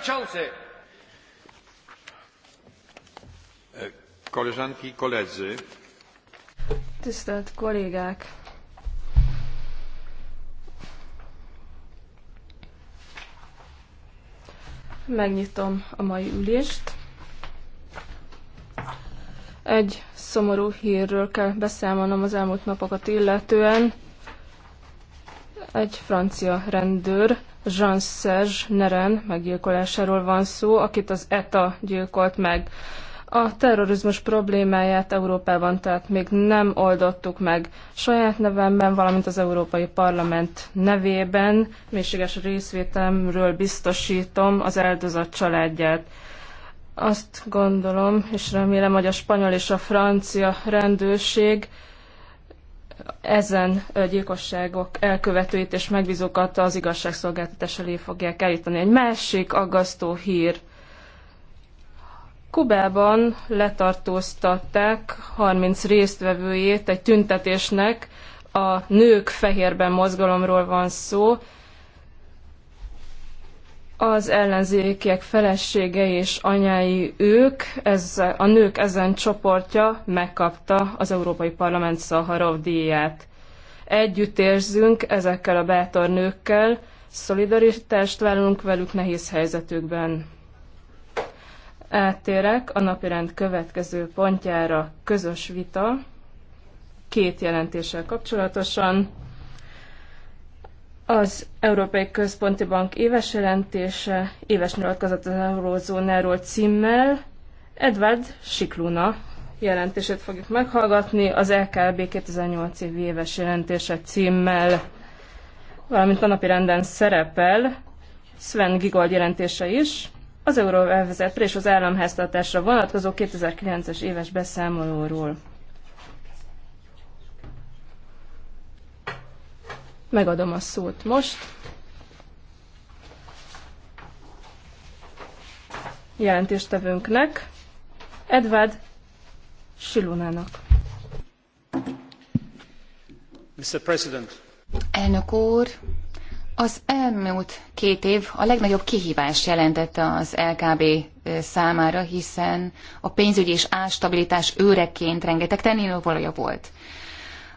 przewodniczący! Koleżanki i koledzy. Tisztelt kollégák! Megnyitom a mai ülést. Egy szomorú hírről kell beszámolnom az elmúlt napokat illetően. Egy francia rendőr Jean-Serge Neren meggyilkolásáról van szó, akit az ETA gyilkolt meg. A terrorizmus problémáját Európában tehát még nem oldottuk meg saját nevemben, valamint az Európai Parlament nevében. Mélységes részvétemről biztosítom az áldozat családját. Azt gondolom, és remélem, hogy a spanyol és a francia rendőrség ezen gyilkosságok elkövetőit és megbízókat az igazságszolgáltatás elé fogják állítani. Egy másik aggasztó hír. Kubában letartóztatták 30 résztvevőjét egy tüntetésnek, a nők fehérben mozgalomról van szó, az ellenzékiek feleségei és anyái ők, ez, a nők ezen csoportja megkapta az Európai Parlament Szaharov díját. Együtt érzünk ezekkel a bátor nőkkel, szolidaritást vállalunk velük nehéz helyzetükben. Áttérek a napirend következő pontjára közös vita két jelentéssel kapcsolatosan. Az Európai Központi Bank éves jelentése, éves nyilatkozat az eurózónáról címmel Edward Sikluna jelentését fogjuk meghallgatni, az LKB 2008 év éves jelentése címmel, valamint a napi renden szerepel Sven Gigold jelentése is, az euróvezetre és az államháztartásra vonatkozó 2009-es éves beszámolóról. Megadom a szót most. Jelentéstevőnknek, Edvard Silunának. Mr. President. Elnök úr, az elmúlt két év a legnagyobb kihívás jelentette az LKB számára, hiszen a pénzügyi és ástabilitás őreként rengeteg tennivalója volt.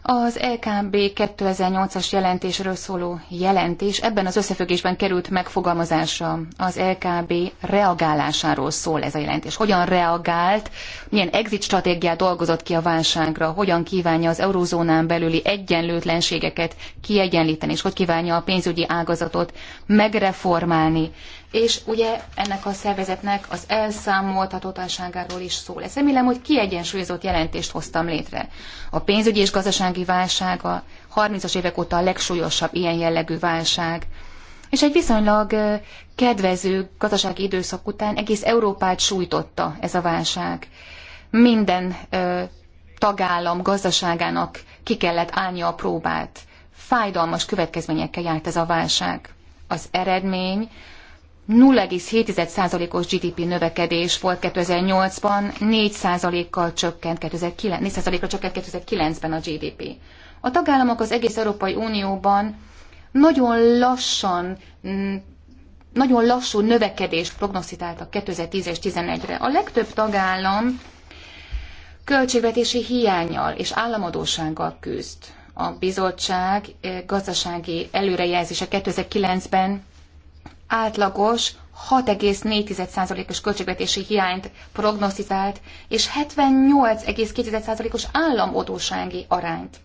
Az LKB 2008-as jelentésről szóló jelentés ebben az összefüggésben került megfogalmazásra. Az LKB reagálásáról szól ez a jelentés. Hogyan reagált, milyen exit stratégiát dolgozott ki a válságra, hogyan kívánja az eurózónán belüli egyenlőtlenségeket kiegyenlíteni, és hogy kívánja a pénzügyi ágazatot megreformálni és ugye ennek a szervezetnek az elszámoltatótáságáról is szól. Ez remélem, hogy kiegyensúlyozott jelentést hoztam létre. A pénzügyi és gazdasági válság a 30-as évek óta a legsúlyosabb ilyen jellegű válság, és egy viszonylag kedvező gazdasági időszak után egész Európát sújtotta ez a válság. Minden tagállam gazdaságának ki kellett állnia a próbát. Fájdalmas következményekkel járt ez a válság. Az eredmény 0,7%-os GDP növekedés volt 2008-ban, 4%-kal csökkent 2009, 4%-ra csökkent 2009-ben a GDP. A tagállamok az egész Európai Unióban nagyon lassan mm, nagyon lassú növekedést prognosztizáltak 2010 és 2011-re. A legtöbb tagállam költségvetési hiányjal és államadósággal küzd. A bizottság eh, gazdasági előrejelzése 2009-ben átlagos 6,4%-os költségvetési hiányt prognosztizált, és 78,2%-os államodósági arányt.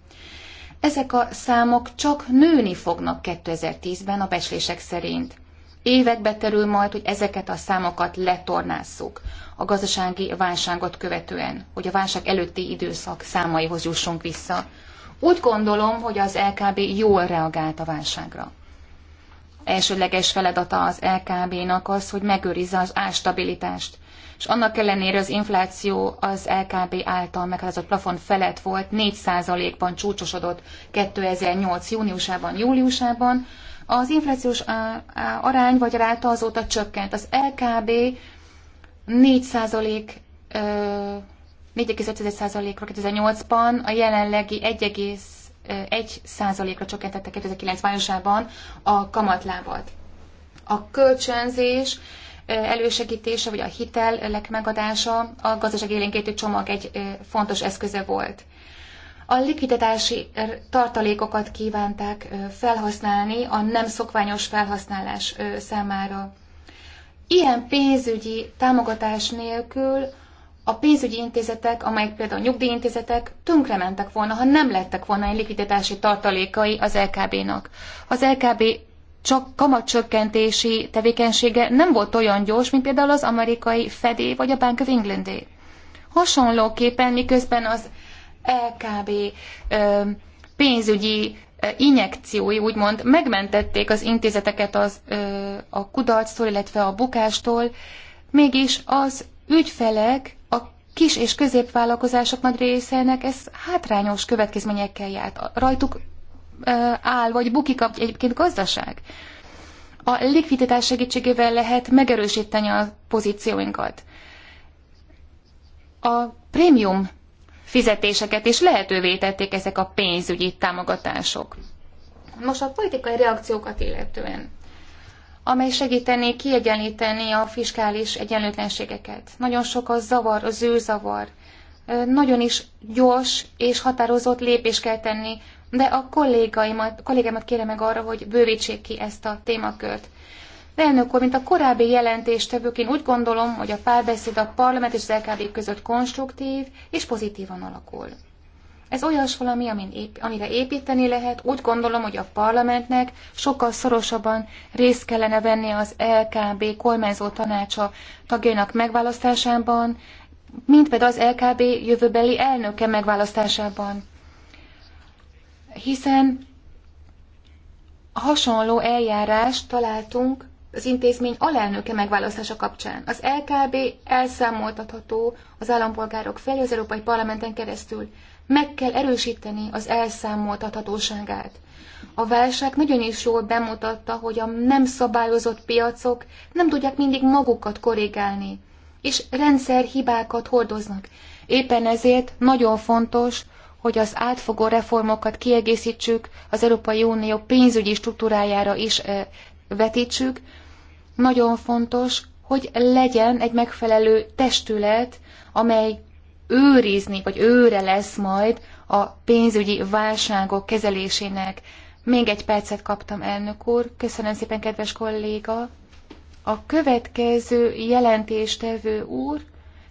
Ezek a számok csak nőni fognak 2010-ben a becslések szerint. Évekbe terül majd, hogy ezeket a számokat letornásszuk a gazdasági válságot követően, hogy a válság előtti időszak számaihoz jussunk vissza. Úgy gondolom, hogy az LKB jól reagált a válságra elsődleges feladata az LKB-nak az, hogy megőrizze az ástabilitást. És annak ellenére az infláció az LKB által meghatározott plafon felett volt, 4%-ban csúcsosodott 2008. júniusában, júliusában. Az inflációs arány vagy ráta azóta csökkent. Az LKB 4% 4,5%-ra 2008-ban, a jelenlegi 1, egy százalékra csökkentette 2009 májusában a kamatlábat. A kölcsönzés elősegítése, vagy a hitelek megadása a gazdaság élénkétű csomag egy fontos eszköze volt. A likviditási tartalékokat kívánták felhasználni a nem szokványos felhasználás számára. Ilyen pénzügyi támogatás nélkül a pénzügyi intézetek, amelyek például nyugdíjintézetek tönkrementek volna, ha nem lettek volna egy likviditási tartalékai az LKB-nak. Az LKB csak kamatcsökkentési tevékenysége nem volt olyan gyors, mint például az amerikai Fedé vagy a Bank of Englandé. Hasonlóképpen, miközben az LKB ö, pénzügyi injekciói, úgymond megmentették az intézeteket az, ö, a kudarctól, illetve a bukástól, mégis az ügyfelek, a kis és középvállalkozások nagy részének ez hátrányos következményekkel járt. Rajtuk áll, vagy bukik egyébként gazdaság. A likviditás segítségével lehet megerősíteni a pozícióinkat. A prémium fizetéseket is lehetővé tették ezek a pénzügyi támogatások. Most a politikai reakciókat illetően amely segítené kiegyenlíteni a fiskális egyenlőtlenségeket. Nagyon sok a zavar, az zűrzavar. Nagyon is gyors és határozott lépést kell tenni, de a kollégáimat, kollégámat kérem meg arra, hogy bővítsék ki ezt a témakört. De elnök úr, mint a korábbi jelentéstevők, én úgy gondolom, hogy a párbeszéd a parlament és az LKB között konstruktív és pozitívan alakul. Ez olyas valami, amire építeni lehet. Úgy gondolom, hogy a parlamentnek sokkal szorosabban részt kellene venni az LKB kormányzó tanácsa tagjainak megválasztásában, mint például az LKB jövőbeli elnöke megválasztásában. Hiszen hasonló eljárást találtunk az intézmény alelnöke megválasztása kapcsán. Az LKB elszámoltatható az állampolgárok felé az Európai Parlamenten keresztül. Meg kell erősíteni az elszámoltathatóságát. A válság nagyon is jól bemutatta, hogy a nem szabályozott piacok nem tudják mindig magukat korrigálni, és rendszerhibákat hordoznak. Éppen ezért nagyon fontos, hogy az átfogó reformokat kiegészítsük, az Európai Unió pénzügyi struktúrájára is vetítsük. Nagyon fontos, hogy legyen egy megfelelő testület, amely őrizni, vagy őre lesz majd a pénzügyi válságok kezelésének. Még egy percet kaptam, elnök úr. Köszönöm szépen, kedves kolléga. A következő jelentéstevő úr,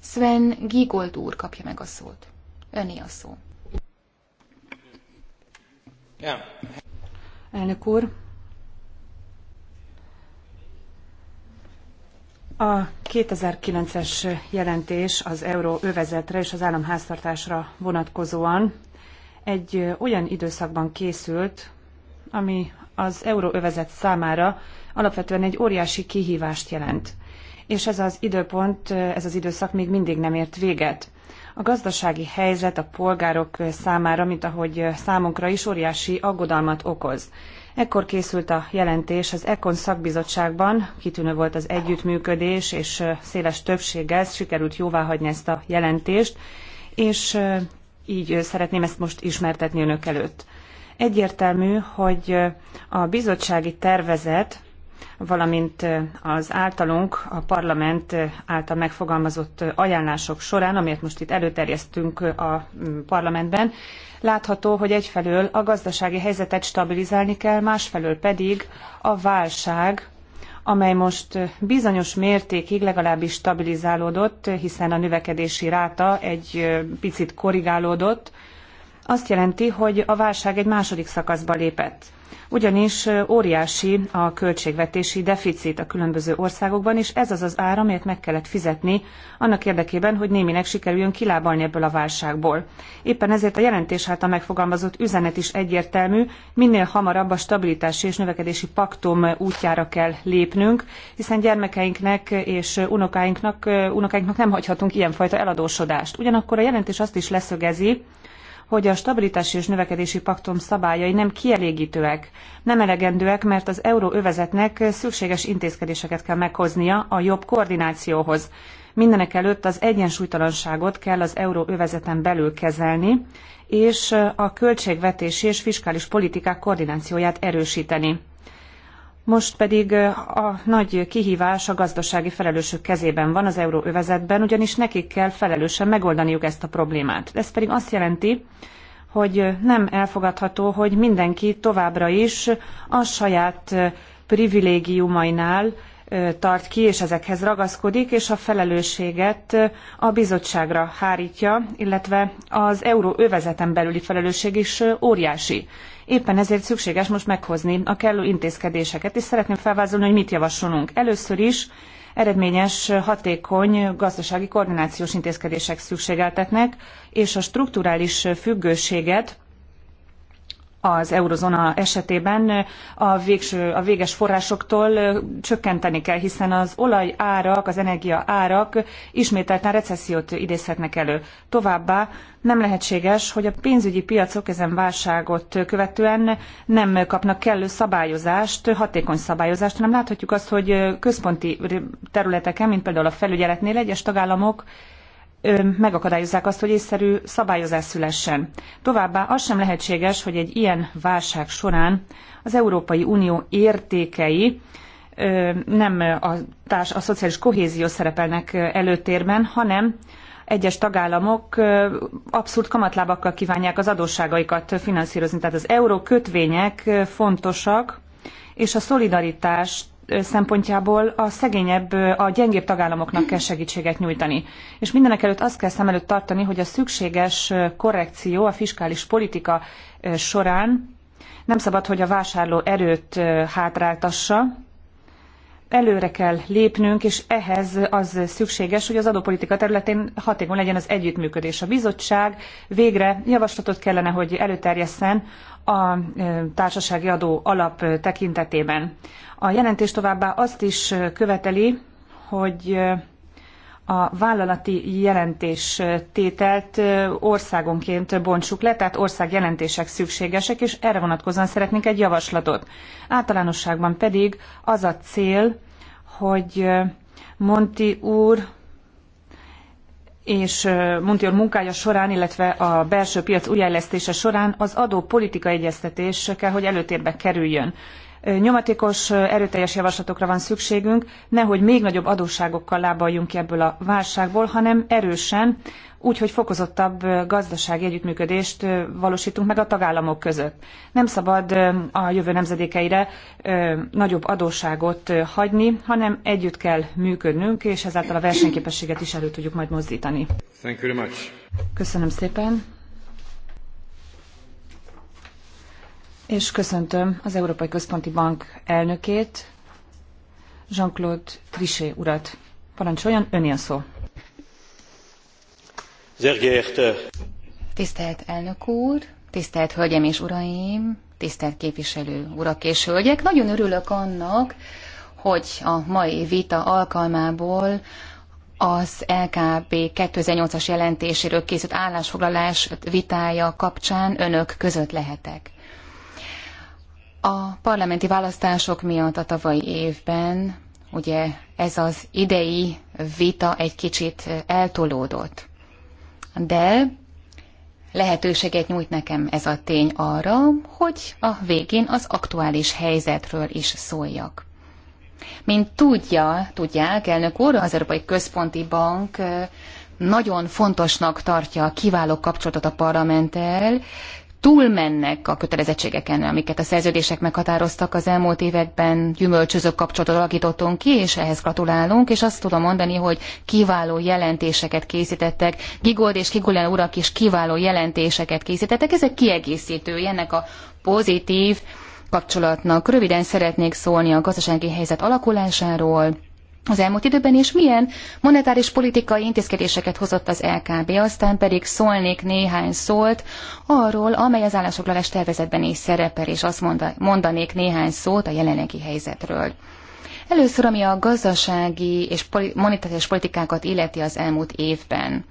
Sven Gigold úr kapja meg a szót. Öné a szó. Yeah. Elnök úr, A 2009-es jelentés az euróövezetre és az államháztartásra vonatkozóan egy olyan időszakban készült, ami az euróövezet számára alapvetően egy óriási kihívást jelent. És ez az időpont, ez az időszak még mindig nem ért véget. A gazdasági helyzet a polgárok számára, mint ahogy számunkra is óriási aggodalmat okoz. Ekkor készült a jelentés az Ekon szakbizottságban, kitűnő volt az együttműködés, és széles többséggel sikerült jóváhagyni ezt a jelentést, és így szeretném ezt most ismertetni önök előtt. Egyértelmű, hogy a bizottsági tervezet valamint az általunk a parlament által megfogalmazott ajánlások során, amelyet most itt előterjesztünk a parlamentben, látható, hogy egyfelől a gazdasági helyzetet stabilizálni kell, másfelől pedig a válság amely most bizonyos mértékig legalábbis stabilizálódott, hiszen a növekedési ráta egy picit korrigálódott, azt jelenti, hogy a válság egy második szakaszba lépett. Ugyanis óriási a költségvetési deficit a különböző országokban, és ez az az ára, amelyet meg kellett fizetni annak érdekében, hogy néminek sikerüljön kilábalni ebből a válságból. Éppen ezért a jelentés által megfogalmazott üzenet is egyértelmű, minél hamarabb a stabilitási és növekedési paktum útjára kell lépnünk, hiszen gyermekeinknek és unokáinknak, unokáinknak nem hagyhatunk ilyenfajta eladósodást. Ugyanakkor a jelentés azt is leszögezi, hogy a stabilitási és növekedési paktum szabályai nem kielégítőek, nem elegendőek, mert az euróövezetnek szükséges intézkedéseket kell meghoznia a jobb koordinációhoz. Mindenekelőtt az egyensúlytalanságot kell az euróövezeten belül kezelni, és a költségvetési és fiskális politikák koordinációját erősíteni. Most pedig a nagy kihívás a gazdasági felelősök kezében van az euróövezetben, ugyanis nekik kell felelősen megoldaniuk ezt a problémát. Ez pedig azt jelenti, hogy nem elfogadható, hogy mindenki továbbra is a saját privilégiumainál tart ki, és ezekhez ragaszkodik, és a felelősséget a bizottságra hárítja, illetve az euróövezeten belüli felelősség is óriási. Éppen ezért szükséges most meghozni a kellő intézkedéseket, és szeretném felvázolni, hogy mit javasolunk. Először is eredményes, hatékony gazdasági koordinációs intézkedések szükségeltetnek, és a strukturális függőséget az eurozóna esetében a, végső, a véges forrásoktól csökkenteni kell, hiszen az olaj árak, az energia árak ismételten recessziót idézhetnek elő. Továbbá nem lehetséges, hogy a pénzügyi piacok ezen válságot követően nem kapnak kellő szabályozást, hatékony szabályozást, hanem láthatjuk azt, hogy központi területeken, mint például a felügyeletnél egyes tagállamok megakadályozzák azt, hogy észszerű szabályozás szülessen. Továbbá az sem lehetséges, hogy egy ilyen válság során az Európai Unió értékei nem a, társ, a szociális kohézió szerepelnek előtérben, hanem egyes tagállamok abszurd kamatlábakkal kívánják az adósságaikat finanszírozni. Tehát az euró kötvények fontosak, és a szolidaritást szempontjából a szegényebb, a gyengébb tagállamoknak kell segítséget nyújtani. És mindenek előtt azt kell szem előtt tartani, hogy a szükséges korrekció a fiskális politika során nem szabad, hogy a vásárló erőt hátráltassa, előre kell lépnünk, és ehhez az szükséges, hogy az adópolitika területén hatékony legyen az együttműködés. A bizottság végre javaslatot kellene, hogy előterjesszen a társasági adó alap tekintetében. A jelentés továbbá azt is követeli, hogy a vállalati jelentés tételt országonként bontsuk le, tehát országjelentések szükségesek, és erre vonatkozóan szeretnénk egy javaslatot. Általánosságban pedig az a cél, hogy Monti úr és Montior munkája során, illetve a belső piac újjáélesztése során az adó politika egyeztetés kell, hogy előtérbe kerüljön. Nyomatékos, erőteljes javaslatokra van szükségünk, nehogy még nagyobb adósságokkal lábaljunk ki ebből a válságból, hanem erősen, úgy, hogy fokozottabb gazdasági együttműködést valósítunk meg a tagállamok között. Nem szabad a jövő nemzedékeire nagyobb adósságot hagyni, hanem együtt kell működnünk, és ezáltal a versenyképességet is elő tudjuk majd mozdítani. Köszönöm szépen. és köszöntöm az Európai Központi Bank elnökét, Jean-Claude Trichet urat. Parancsoljon, öné a szó. Tisztelt elnök úr, tisztelt hölgyem és uraim, tisztelt képviselő urak és hölgyek, nagyon örülök annak, hogy a mai vita alkalmából az LKB 2008-as jelentéséről készült állásfoglalás vitája kapcsán önök között lehetek. A parlamenti választások miatt a tavalyi évben, ugye ez az idei vita egy kicsit eltolódott. De lehetőséget nyújt nekem ez a tény arra, hogy a végén az aktuális helyzetről is szóljak. Mint tudja, tudják, elnök úr, az Európai Központi Bank nagyon fontosnak tartja a kiváló kapcsolatot a parlamenttel, túlmennek a kötelezettségeken, amiket a szerződések meghatároztak az elmúlt években, gyümölcsöző kapcsolatot alakítottunk ki, és ehhez gratulálunk, és azt tudom mondani, hogy kiváló jelentéseket készítettek, Gigold és Kigulen urak is kiváló jelentéseket készítettek, ezek kiegészítői ennek a pozitív kapcsolatnak. Röviden szeretnék szólni a gazdasági helyzet alakulásáról, az elmúlt időben, és milyen monetáris politikai intézkedéseket hozott az LKB, aztán pedig szólnék néhány szólt arról, amely az állásfoglalás tervezetben is szerepel, és azt mondanék néhány szót a jelenlegi helyzetről. Először, ami a gazdasági és monetáris politikákat illeti az elmúlt évben.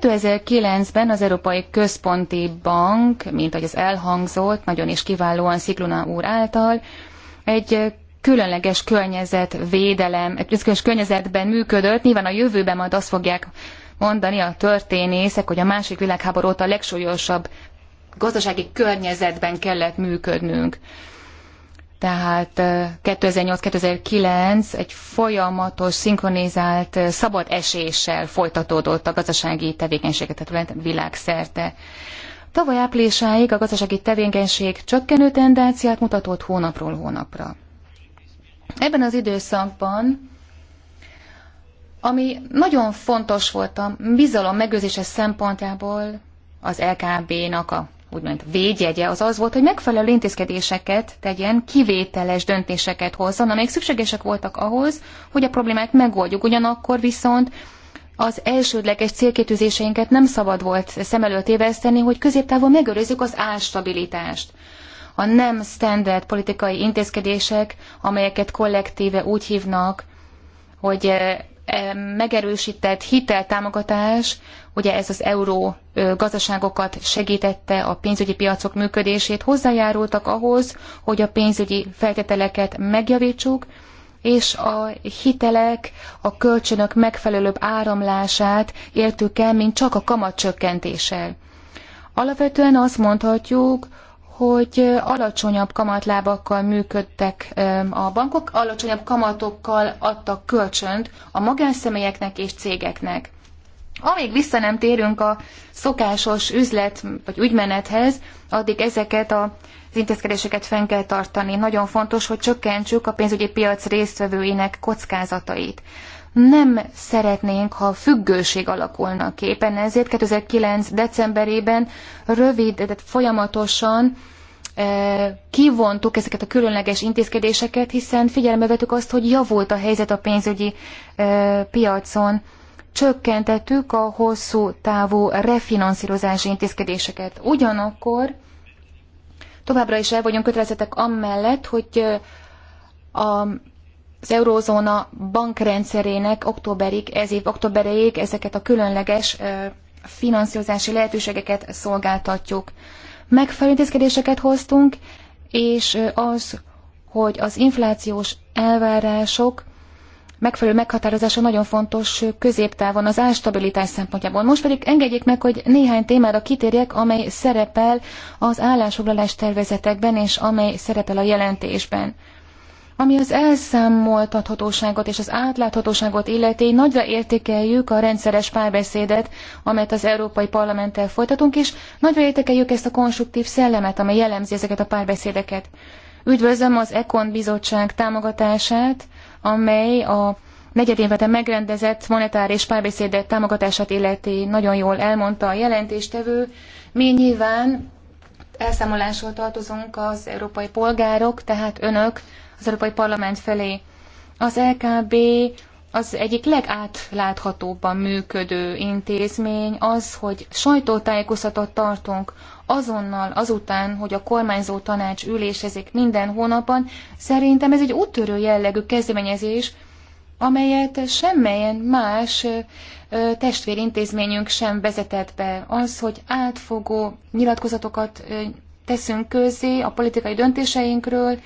2009-ben az Európai Központi Bank, mint ahogy az elhangzott, nagyon is kiválóan Szikluna úr által, egy különleges védelem, egy különleges környezetben működött, nyilván a jövőben majd azt fogják mondani a történészek, hogy a másik világháború óta a legsúlyosabb gazdasági környezetben kellett működnünk. Tehát 2008-2009 egy folyamatos, szinkronizált, szabad eséssel folytatódott a gazdasági tevékenységet, tehát világszerte. Tavaly áprilisáig a gazdasági tevékenység csökkenő tendenciát mutatott hónapról hónapra. Ebben az időszakban, ami nagyon fontos volt a bizalom megőrzése szempontjából, az LKB-nak a úgymond védjegye az az volt, hogy megfelelő intézkedéseket tegyen, kivételes döntéseket hozzon, amelyek szükségesek voltak ahhoz, hogy a problémát megoldjuk. Ugyanakkor viszont az elsődleges célkitűzéseinket nem szabad volt szem előtt éveszteni, hogy középtávon megőrizzük az árstabilitást a nem standard politikai intézkedések, amelyeket kollektíve úgy hívnak, hogy eh, eh, megerősített hiteltámogatás, ugye ez az euró gazdaságokat segítette, a pénzügyi piacok működését, hozzájárultak ahhoz, hogy a pénzügyi feltételeket megjavítsuk, és a hitelek, a kölcsönök megfelelőbb áramlását értük el, mint csak a kamat csökkentéssel. Alapvetően azt mondhatjuk, hogy alacsonyabb kamatlábakkal működtek a bankok, alacsonyabb kamatokkal adtak kölcsönt a magánszemélyeknek és cégeknek. Amíg vissza nem térünk a szokásos üzlet vagy ügymenethez, addig ezeket a az intézkedéseket fenn kell tartani. Nagyon fontos, hogy csökkentsük a pénzügyi piac résztvevőinek kockázatait. Nem szeretnénk, ha függőség alakulna képen, ezért 2009. decemberében rövid, tehát folyamatosan kivontuk ezeket a különleges intézkedéseket, hiszen figyelembe vettük azt, hogy javult a helyzet a pénzügyi piacon. Csökkentettük a hosszú távú refinanszírozási intézkedéseket. Ugyanakkor továbbra is el vagyunk kötelezettek amellett, hogy a az eurózóna bankrendszerének októberig, ez év októberéig ezeket a különleges finanszírozási lehetőségeket szolgáltatjuk megfelelő intézkedéseket hoztunk, és az, hogy az inflációs elvárások megfelelő meghatározása nagyon fontos középtávon az állstabilitás szempontjából. Most pedig engedjék meg, hogy néhány témára kitérjek, amely szerepel az állásfoglalás tervezetekben, és amely szerepel a jelentésben. Ami az elszámoltathatóságot és az átláthatóságot illeti, nagyra értékeljük a rendszeres párbeszédet, amelyet az Európai Parlamenttel folytatunk, és nagyra értékeljük ezt a konstruktív szellemet, amely jellemzi ezeket a párbeszédeket. Üdvözlöm az Econ Bizottság támogatását, amely a negyedévente megrendezett monetáris párbeszédet támogatását illeti nagyon jól elmondta a jelentéstevő. Mi nyilván elszámolásról tartozunk az európai polgárok, tehát önök az Európai Parlament felé. Az LKB az egyik legátláthatóbban működő intézmény az, hogy sajtótájékoztatót tartunk azonnal azután, hogy a kormányzó tanács ülésezik minden hónapban, szerintem ez egy úttörő jellegű kezdeményezés, amelyet semmilyen más testvérintézményünk sem vezetett be. Az, hogy átfogó nyilatkozatokat teszünk közzé a politikai döntéseinkről,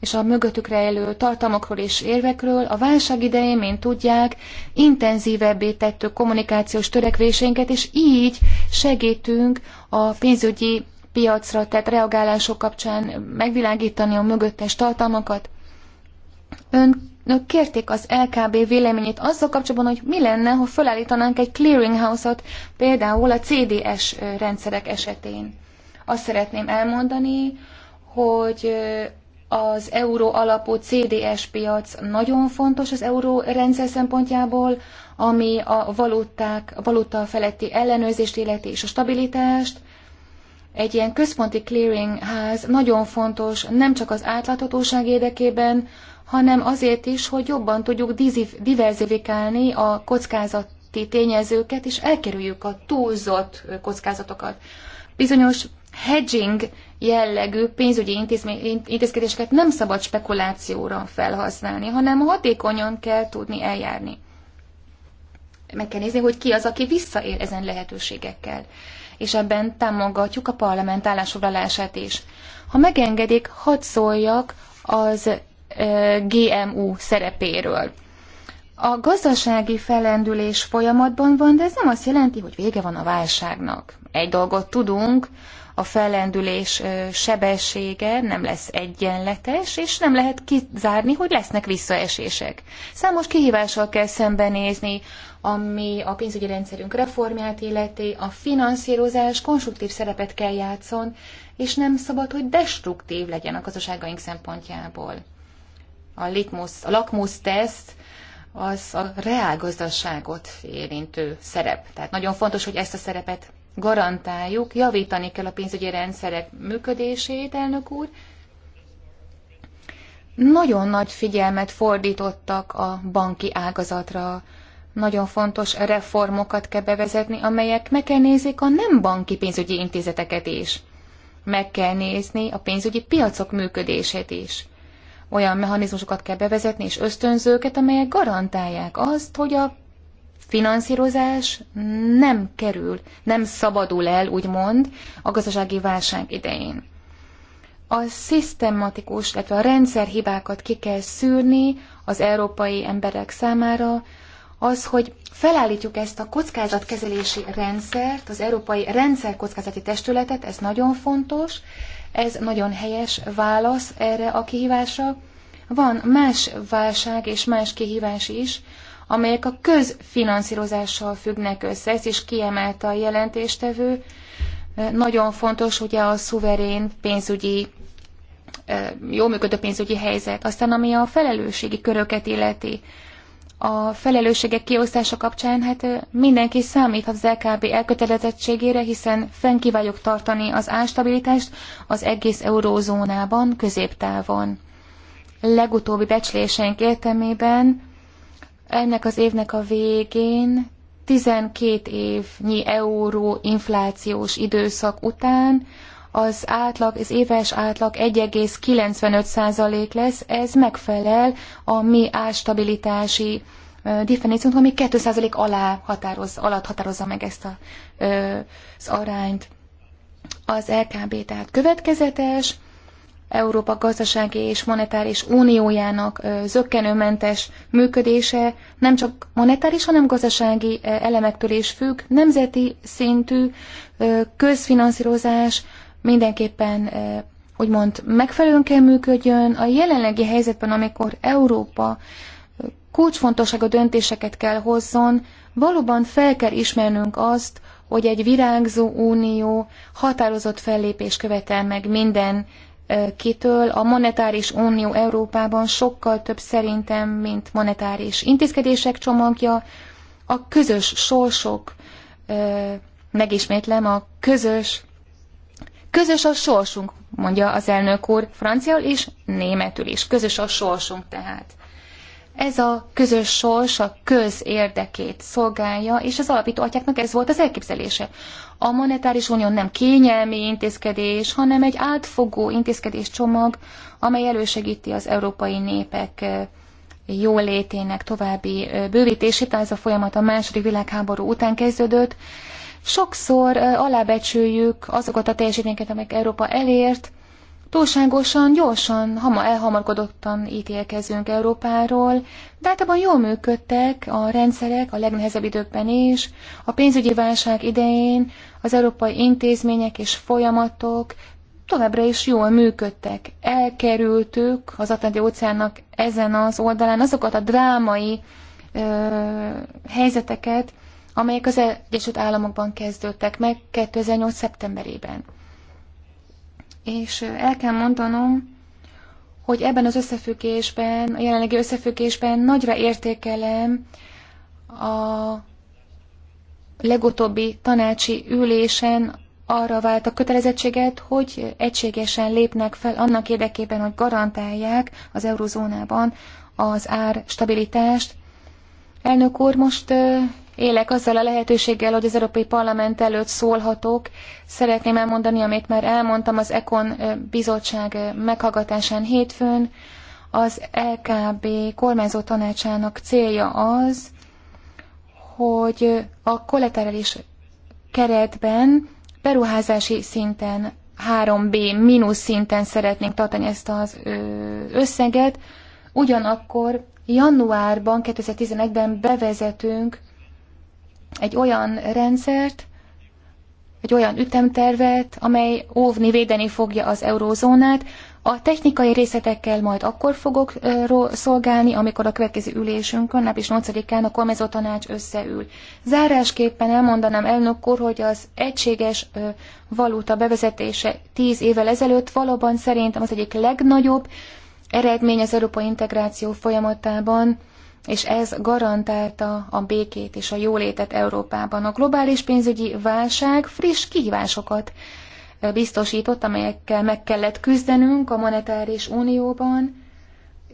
és a mögöttük rejlő tartalmakról és érvekről. A válság idején, mint tudják, intenzívebbé tettük kommunikációs törekvéseinket, és így segítünk a pénzügyi piacra tett reagálások kapcsán megvilágítani a mögöttes tartalmakat. Önök kérték az LKB véleményét azzal kapcsolatban, hogy mi lenne, ha felállítanánk egy clearinghouse-ot például a CDS rendszerek esetén. Azt szeretném elmondani, hogy az euró alapú CDS piac nagyon fontos az euró rendszer szempontjából, ami a valuták, a valuta feletti ellenőrzést illeti és a stabilitást. Egy ilyen központi clearing ház nagyon fontos nem csak az átláthatóság érdekében, hanem azért is, hogy jobban tudjuk diverzifikálni a kockázati tényezőket, és elkerüljük a túlzott kockázatokat. Bizonyos hedging jellegű pénzügyi intézkedéseket nem szabad spekulációra felhasználni, hanem hatékonyan kell tudni eljárni. Meg kell nézni, hogy ki az, aki visszaél ezen lehetőségekkel. És ebben támogatjuk a parlament állásfoglalását is. Ha megengedik, hadd szóljak az GMU szerepéről. A gazdasági felendülés folyamatban van, de ez nem azt jelenti, hogy vége van a válságnak. Egy dolgot tudunk, a fellendülés sebessége nem lesz egyenletes, és nem lehet kizárni, hogy lesznek visszaesések. Számos szóval kihívással kell szembenézni, ami a pénzügyi rendszerünk reformját illeti, a finanszírozás konstruktív szerepet kell játszon, és nem szabad, hogy destruktív legyen a gazdaságaink szempontjából. A, litmus, a lakmus teszt, az a reálgazdaságot érintő szerep. Tehát nagyon fontos, hogy ezt a szerepet garantáljuk, javítani kell a pénzügyi rendszerek működését, elnök úr. Nagyon nagy figyelmet fordítottak a banki ágazatra. Nagyon fontos reformokat kell bevezetni, amelyek meg kell nézik a nem banki pénzügyi intézeteket is. Meg kell nézni a pénzügyi piacok működését is olyan mechanizmusokat kell bevezetni és ösztönzőket, amelyek garantálják azt, hogy a finanszírozás nem kerül, nem szabadul el, úgymond, a gazdasági válság idején. A szisztematikus, illetve a rendszerhibákat ki kell szűrni az európai emberek számára, az, hogy felállítjuk ezt a kockázatkezelési rendszert, az Európai Rendszerkockázati Testületet, ez nagyon fontos, ez nagyon helyes válasz erre a kihívásra. Van más válság és más kihívás is, amelyek a közfinanszírozással függnek össze, ezt is kiemelte a jelentéstevő. Nagyon fontos ugye a szuverén pénzügyi, jó működő pénzügyi helyzet. Aztán ami a felelősségi köröket illeti, a felelősségek kiosztása kapcsán hát mindenki számíthat az LKB elkötelezettségére, hiszen fenn kívánjuk tartani az ástabilitást az egész eurózónában középtávon. Legutóbbi becsléseink értelmében ennek az évnek a végén 12 évnyi euró inflációs időszak után az átlag, az éves átlag 1,95% lesz, ez megfelel a mi ástabilitási definíciónk, ami 2% alá határoz, alatt határozza meg ezt a, az arányt. Az LKB tehát következetes, Európa gazdasági és monetáris uniójának zöggenőmentes működése nem csak monetáris, hanem gazdasági elemektől is függ. Nemzeti szintű közfinanszírozás mindenképpen úgymond megfelelően kell működjön. A jelenlegi helyzetben, amikor Európa kulcsfontosságú döntéseket kell hozzon, valóban fel kell ismernünk azt, hogy egy virágzó unió határozott fellépés követel meg minden kitől a monetáris unió Európában sokkal több szerintem, mint monetáris intézkedések csomagja, a közös sorsok, megismétlem, a közös, közös a sorsunk, mondja az elnök úr franciául és németül is. Közös a sorsunk tehát. Ez a közös sors a közérdekét szolgálja, és az alapító atyáknak ez volt az elképzelése. A monetáris unió nem kényelmi intézkedés, hanem egy átfogó intézkedéscsomag, amely elősegíti az európai népek jólétének további bővítését. Ez a folyamat a második világháború után kezdődött. Sokszor alábecsüljük azokat a teljesítményeket, amelyek Európa elért, túlságosan gyorsan, hama elhamarkodottan ítélkezünk Európáról, de általában jól működtek a rendszerek a legnehezebb időkben is. A pénzügyi válság idején az európai intézmények és folyamatok továbbra is jól működtek. Elkerültük az Atlanti óceánnak ezen az oldalán azokat a drámai ö, helyzeteket, amelyek az Egyesült Államokban kezdődtek meg 2008. szeptemberében és el kell mondanom, hogy ebben az összefüggésben, a jelenlegi összefüggésben nagyra értékelem a legutóbbi tanácsi ülésen arra vált a kötelezettséget, hogy egységesen lépnek fel annak érdekében, hogy garantálják az eurozónában az ár stabilitást. Elnök úr, most élek azzal a lehetőséggel, hogy az Európai Parlament előtt szólhatok. Szeretném elmondani, amit már elmondtam az Ekon bizottság meghallgatásán hétfőn. Az LKB kormányzó tanácsának célja az, hogy a kollaterális keretben beruházási szinten 3B mínusz szinten szeretnénk tartani ezt az összeget, ugyanakkor januárban, 2011-ben bevezetünk egy olyan rendszert, egy olyan ütemtervet, amely óvni, védeni fogja az eurózónát. A technikai részletekkel majd akkor fogok szolgálni, amikor a következő ülésünkön, is 8-án a kormányzó tanács összeül. Zárásképpen elmondanám elnök úr, hogy az egységes valuta bevezetése 10 évvel ezelőtt valóban szerintem az egyik legnagyobb eredmény az európai integráció folyamatában, és ez garantálta a békét és a jólétet Európában. A globális pénzügyi válság friss kihívásokat eh, biztosított, amelyekkel meg kellett küzdenünk a monetáris unióban,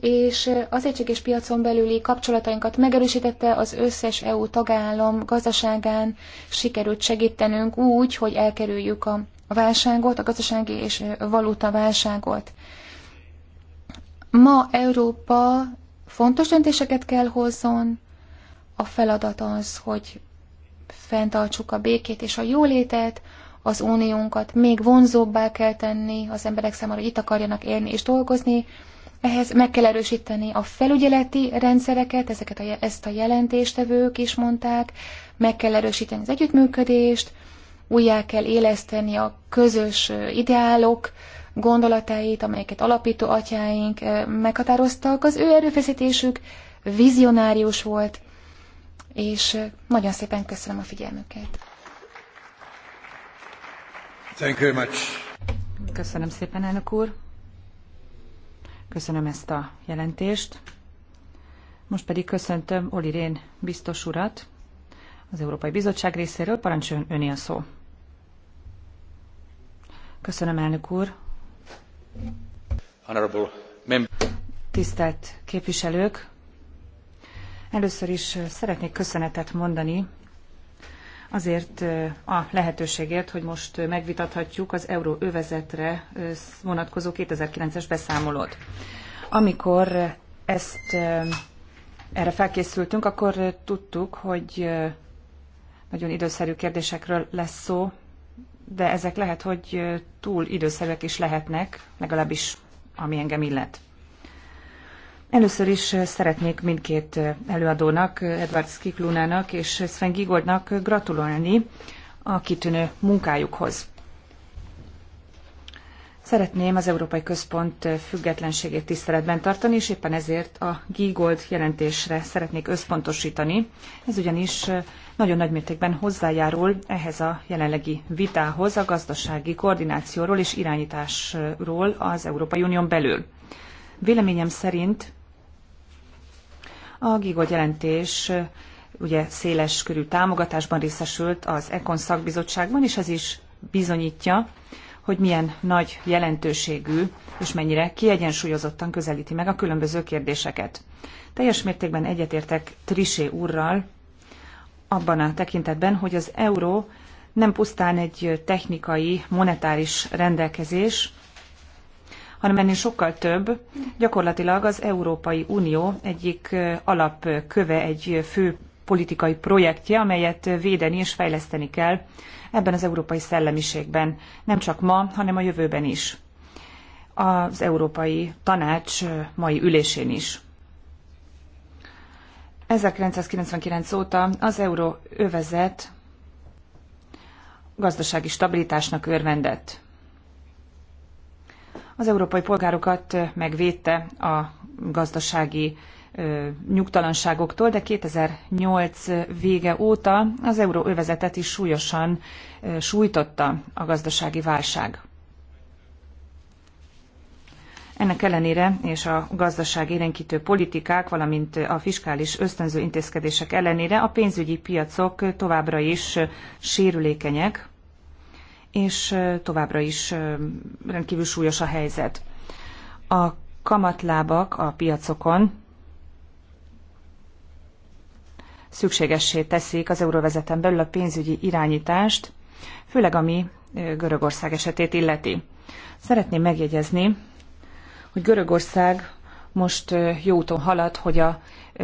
és eh, az egységes piacon belüli kapcsolatainkat megerősítette az összes EU tagállam gazdaságán, sikerült segítenünk úgy, hogy elkerüljük a válságot, a gazdasági és eh, valuta válságot. Ma Európa fontos döntéseket kell hozzon, a feladat az, hogy fenntartsuk a békét és a jólétet, az uniónkat még vonzóbbá kell tenni az emberek számára, hogy itt akarjanak élni és dolgozni, ehhez meg kell erősíteni a felügyeleti rendszereket, ezeket a, ezt a jelentéstevők is mondták, meg kell erősíteni az együttműködést, újjá kell éleszteni a közös ideálok gondolatait, amelyeket alapító atyáink meghatároztak. Az ő erőfeszítésük vizionárius volt, és nagyon szépen köszönöm a figyelmüket. Thank you very much. Köszönöm szépen, elnök úr. Köszönöm ezt a jelentést. Most pedig köszöntöm Oli Rén biztos urat az Európai Bizottság részéről. Parancsoljon öné a szó. Köszönöm, elnök úr. Tisztelt képviselők! Először is szeretnék köszönetet mondani azért a lehetőségért, hogy most megvitathatjuk az euróövezetre vonatkozó 2009-es beszámolót. Amikor ezt erre felkészültünk, akkor tudtuk, hogy nagyon időszerű kérdésekről lesz szó, de ezek lehet, hogy túl időszerűek is lehetnek, legalábbis ami engem illet. Először is szeretnék mindkét előadónak, Edward Skiklunának és Sven Gigoldnak gratulálni a kitűnő munkájukhoz. Szeretném az Európai Központ függetlenségét tiszteletben tartani, és éppen ezért a Gigold jelentésre szeretnék összpontosítani. Ez ugyanis nagyon nagy mértékben hozzájárul ehhez a jelenlegi vitához a gazdasági koordinációról és irányításról az Európai Unión belül. Véleményem szerint a Gigot jelentés ugye széles körű támogatásban részesült az Ekon szakbizottságban, és ez is bizonyítja, hogy milyen nagy jelentőségű és mennyire kiegyensúlyozottan közelíti meg a különböző kérdéseket. Teljes mértékben egyetértek Trisé úrral abban a tekintetben, hogy az euró nem pusztán egy technikai, monetáris rendelkezés, hanem ennél sokkal több. Gyakorlatilag az Európai Unió egyik alapköve, egy fő politikai projektje, amelyet védeni és fejleszteni kell ebben az európai szellemiségben, nem csak ma, hanem a jövőben is. Az Európai Tanács mai ülésén is. 1999 óta az euró övezet gazdasági stabilitásnak örvendett. Az európai polgárokat megvédte a gazdasági nyugtalanságoktól, de 2008 vége óta az euróövezetet is súlyosan sújtotta a gazdasági válság. Ennek ellenére és a gazdaság érenkítő politikák, valamint a fiskális ösztönző intézkedések ellenére a pénzügyi piacok továbbra is sérülékenyek, és továbbra is rendkívül súlyos a helyzet. A kamatlábak a piacokon szükségessé teszik az euróvezeten belül a pénzügyi irányítást, főleg ami Görögország esetét illeti. Szeretném megjegyezni, hogy Görögország most jó úton halad, hogy a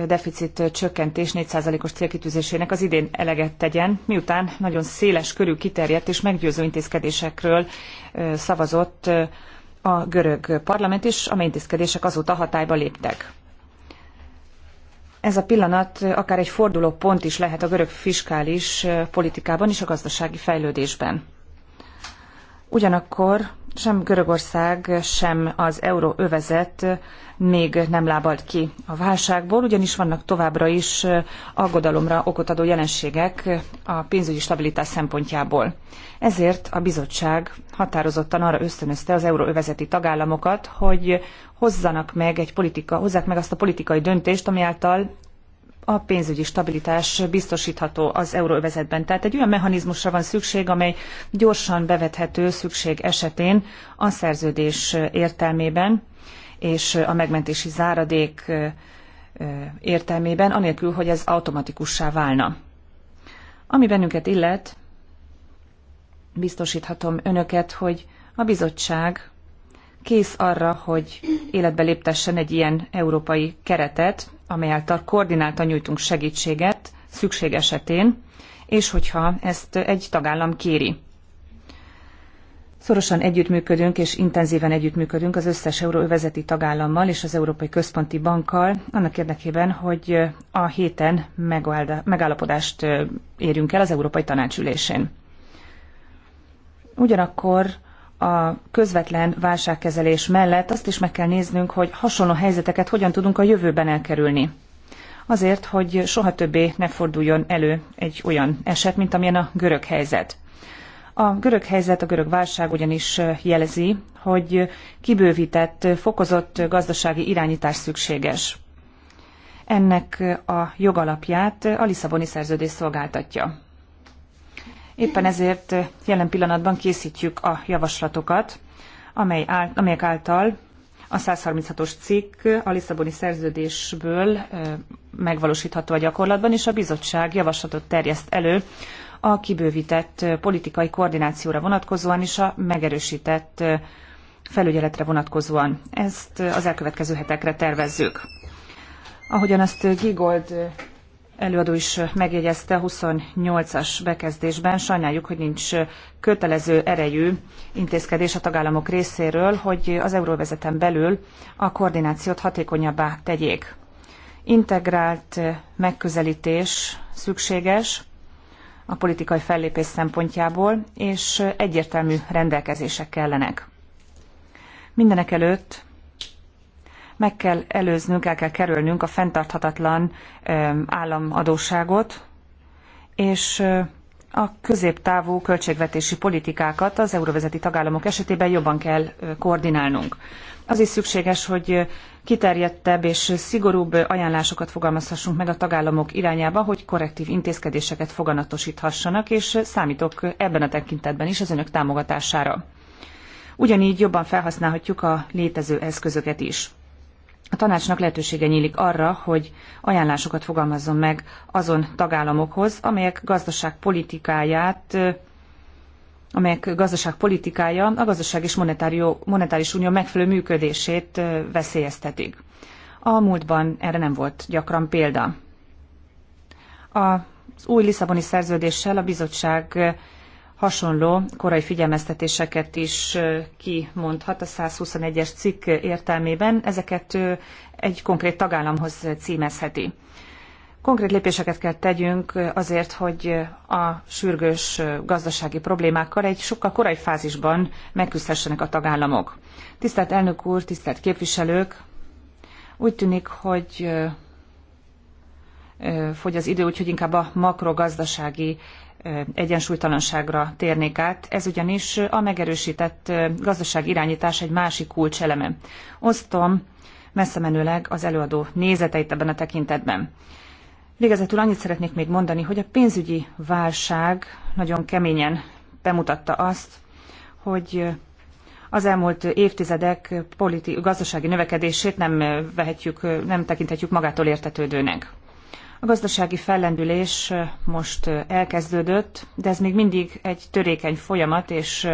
deficit csökkentés 4%-os célkitűzésének az idén eleget tegyen, miután nagyon széles körű kiterjedt és meggyőző intézkedésekről szavazott a görög parlament, és amely intézkedések azóta hatályba léptek. Ez a pillanat akár egy forduló pont is lehet a görög fiskális politikában és a gazdasági fejlődésben. Ugyanakkor sem Görögország, sem az euróövezet még nem lábalt ki a válságból, ugyanis vannak továbbra is aggodalomra okot adó jelenségek a pénzügyi stabilitás szempontjából. Ezért a bizottság határozottan arra ösztönözte az euróövezeti tagállamokat, hogy hozzanak meg egy politika, hozzák meg azt a politikai döntést, ami által a pénzügyi stabilitás biztosítható az euróövezetben. Tehát egy olyan mechanizmusra van szükség, amely gyorsan bevethető szükség esetén a szerződés értelmében és a megmentési záradék értelmében, anélkül, hogy ez automatikussá válna. Ami bennünket illet, biztosíthatom önöket, hogy a bizottság kész arra, hogy életbe léptessen egy ilyen európai keretet, amely által koordináltan nyújtunk segítséget szükség esetén, és hogyha ezt egy tagállam kéri. Szorosan együttműködünk és intenzíven együttműködünk az összes euróövezeti tagállammal és az Európai Központi Bankkal annak érdekében, hogy a héten megállapodást érjünk el az Európai Tanácsülésén. Ugyanakkor a közvetlen válságkezelés mellett azt is meg kell néznünk, hogy hasonló helyzeteket hogyan tudunk a jövőben elkerülni. Azért, hogy soha többé ne forduljon elő egy olyan eset, mint amilyen a görög helyzet. A görög helyzet, a görög válság ugyanis jelezi, hogy kibővített, fokozott gazdasági irányítás szükséges. Ennek a jogalapját a Lisszaboni szerződés szolgáltatja. Éppen ezért jelen pillanatban készítjük a javaslatokat, amely áll, amelyek által a 136-os cikk a Lisszaboni szerződésből megvalósítható a gyakorlatban, és a bizottság javaslatot terjeszt elő a kibővített politikai koordinációra vonatkozóan és a megerősített felügyeletre vonatkozóan. Ezt az elkövetkező hetekre tervezzük. Ahogyan azt Gigold előadó is megjegyezte a 28-as bekezdésben, sajnáljuk, hogy nincs kötelező erejű intézkedés a tagállamok részéről, hogy az euróvezeten belül a koordinációt hatékonyabbá tegyék. Integrált megközelítés szükséges a politikai fellépés szempontjából, és egyértelmű rendelkezések kellenek. Mindenek előtt meg kell előznünk, el kell kerülnünk a fenntarthatatlan államadóságot, és a középtávú költségvetési politikákat az euróvezeti tagállamok esetében jobban kell koordinálnunk. Az is szükséges, hogy kiterjedtebb és szigorúbb ajánlásokat fogalmazhassunk meg a tagállamok irányába, hogy korrektív intézkedéseket foganatosíthassanak, és számítok ebben a tekintetben is az önök támogatására. Ugyanígy jobban felhasználhatjuk a létező eszközöket is a tanácsnak lehetősége nyílik arra, hogy ajánlásokat fogalmazzon meg azon tagállamokhoz, amelyek politikáját, amelyek gazdaságpolitikája a gazdaság és monetáris unió megfelelő működését veszélyeztetik. A múltban erre nem volt gyakran példa. Az új Lisszaboni szerződéssel a bizottság hasonló korai figyelmeztetéseket is kimondhat a 121-es cikk értelmében. Ezeket egy konkrét tagállamhoz címezheti. Konkrét lépéseket kell tegyünk azért, hogy a sürgős gazdasági problémákkal egy sokkal korai fázisban megküzdhessenek a tagállamok. Tisztelt elnök úr, tisztelt képviselők, úgy tűnik, hogy fogy az idő, úgyhogy inkább a makrogazdasági egyensúlytalanságra térnék át, ez ugyanis a megerősített gazdaság irányítás egy másik kulcseleme. Osztom messze menőleg az előadó nézeteit ebben a tekintetben. Végezetül annyit szeretnék még mondani, hogy a pénzügyi válság nagyon keményen bemutatta azt, hogy az elmúlt évtizedek politi- gazdasági növekedését nem vehetjük, nem tekinthetjük magától értetődőnek. A gazdasági fellendülés most elkezdődött, de ez még mindig egy törékeny folyamat, és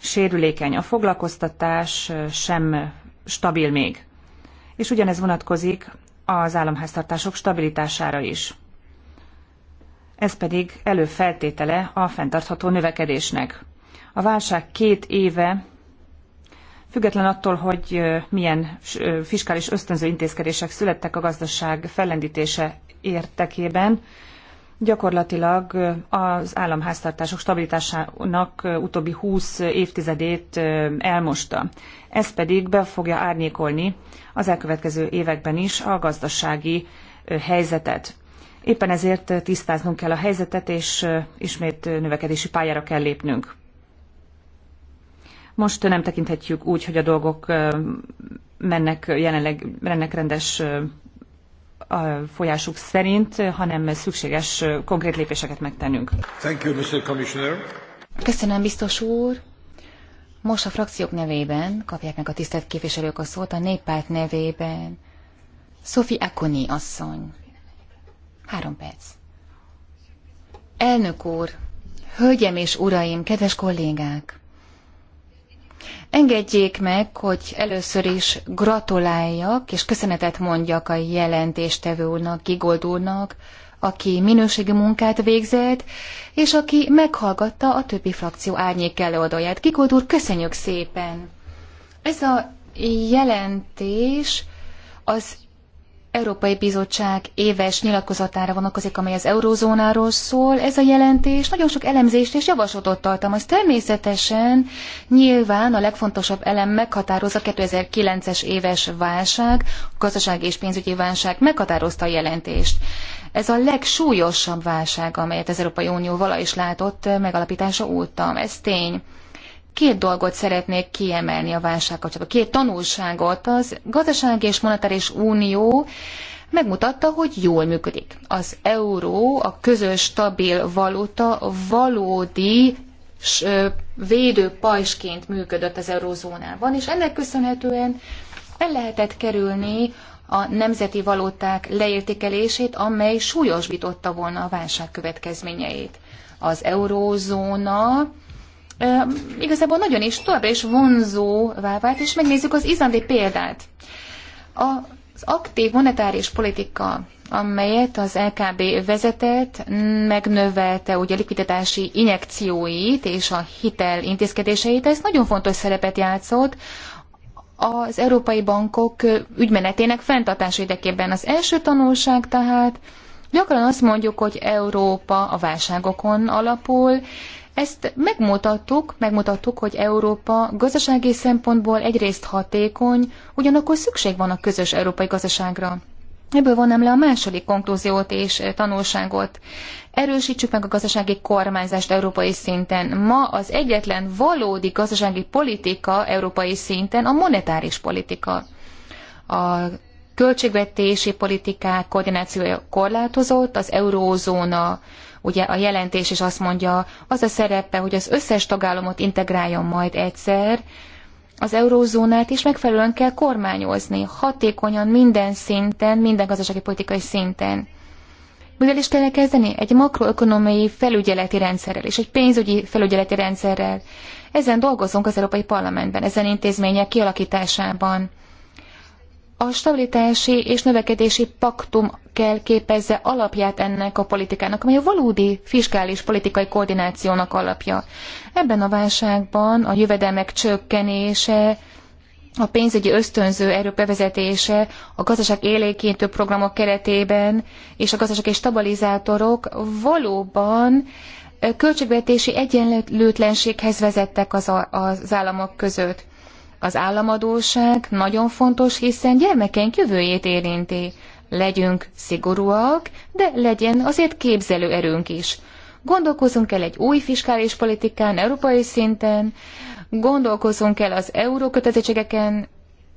sérülékeny. A foglalkoztatás sem stabil még. És ugyanez vonatkozik az államháztartások stabilitására is. Ez pedig előfeltétele a fenntartható növekedésnek. A válság két éve Független attól, hogy milyen fiskális ösztönző intézkedések születtek a gazdaság fellendítése értekében, gyakorlatilag az államháztartások stabilitásának utóbbi 20 évtizedét elmosta. Ez pedig be fogja árnyékolni az elkövetkező években is a gazdasági helyzetet. Éppen ezért tisztáznunk kell a helyzetet, és ismét növekedési pályára kell lépnünk. Most nem tekinthetjük úgy, hogy a dolgok mennek jelenleg mennek rendes folyásuk szerint, hanem szükséges konkrét lépéseket megtennünk. Thank you, Mr. Commissioner. Köszönöm, biztos úr. Most a frakciók nevében kapják meg a tisztelt képviselők a szót, a néppárt nevében. Sophie Akoni asszony. Három perc. Elnök úr, hölgyem és uraim, kedves kollégák! Engedjék meg, hogy először is gratuláljak és köszönetet mondjak a jelentéstevő úrnak, Gigold úrnak, aki minőségi munkát végzett, és aki meghallgatta a többi frakció árnyék előadóját. Gigold úr, köszönjük szépen! Ez a jelentés az Európai Bizottság éves nyilatkozatára vonatkozik, amely az eurózónáról szól. Ez a jelentés nagyon sok elemzést és javaslatot tartalmaz. Természetesen nyilván a legfontosabb elem meghatározza 2009-es éves válság, a gazdasági és pénzügyi válság meghatározta a jelentést. Ez a legsúlyosabb válság, amelyet az Európai Unió vala is látott megalapítása óta. Ez tény. Két dolgot szeretnék kiemelni a válság kapcsolatban. Két tanulságot. Az gazdasági és monetáris unió megmutatta, hogy jól működik. Az euró, a közös stabil valuta valódi védőpajsként működött az eurózónában, és ennek köszönhetően el lehetett kerülni a nemzeti valuták leértékelését, amely súlyosbította volna a válság következményeit. Az eurózóna igazából nagyon is továbbra is vonzóvá vált, és megnézzük az izlandi példát. Az aktív monetáris politika, amelyet az LKB vezetett, megnövelte ugye a likviditási injekcióit és a hitel intézkedéseit, ez nagyon fontos szerepet játszott az európai bankok ügymenetének fenntartása érdekében. Az első tanulság tehát, gyakran azt mondjuk, hogy Európa a válságokon alapul, ezt megmutattuk, megmutattuk, hogy Európa gazdasági szempontból egyrészt hatékony, ugyanakkor szükség van a közös európai gazdaságra. Ebből van le a második konklúziót és tanulságot. Erősítsük meg a gazdasági kormányzást európai szinten. Ma az egyetlen valódi gazdasági politika európai szinten a monetáris politika. A költségvetési politikák koordinációja korlátozott, az eurózóna Ugye a jelentés is azt mondja, az a szerepe, hogy az összes tagállamot integráljon majd egyszer, az eurózónát is megfelelően kell kormányozni, hatékonyan minden szinten, minden gazdasági politikai szinten. Mivel is kellene kezdeni? Egy makroökonomiai felügyeleti rendszerrel és egy pénzügyi felügyeleti rendszerrel. Ezen dolgozunk az Európai Parlamentben, ezen intézmények kialakításában. A stabilitási és növekedési paktum kell képezze alapját ennek a politikának, amely a valódi fiskális politikai koordinációnak alapja. Ebben a válságban a jövedelmek csökkenése, a pénzügyi ösztönző erők bevezetése a gazdaság élénkintő programok keretében és a gazdaság és stabilizátorok valóban költségvetési egyenlőtlenséghez vezettek az, a, az államok között. Az államadóság nagyon fontos, hiszen gyermekeink jövőjét érinti. Legyünk szigorúak, de legyen azért képzelő erőnk is. Gondolkozunk el egy új fiskális politikán, európai szinten, gondolkozunk el az euró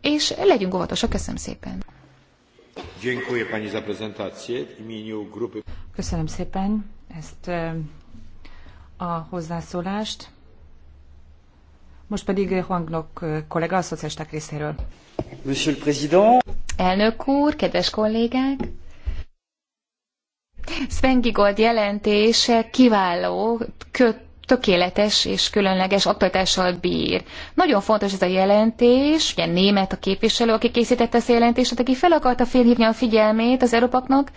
és legyünk óvatosak. Köszönöm szépen! Köszönöm szépen ezt e, a hozzászólást. Most pedig Huangnok kollega a szocialisták részéről. Monsieur le Président. Elnök úr, kedves kollégák! Sven Gigold jelentése kiváló, köt, tökéletes és különleges aktualitással bír. Nagyon fontos ez a jelentés, ugye német a képviselő, aki készítette ezt a jelentést, aki fel akarta félhívni a figyelmét az európaknak,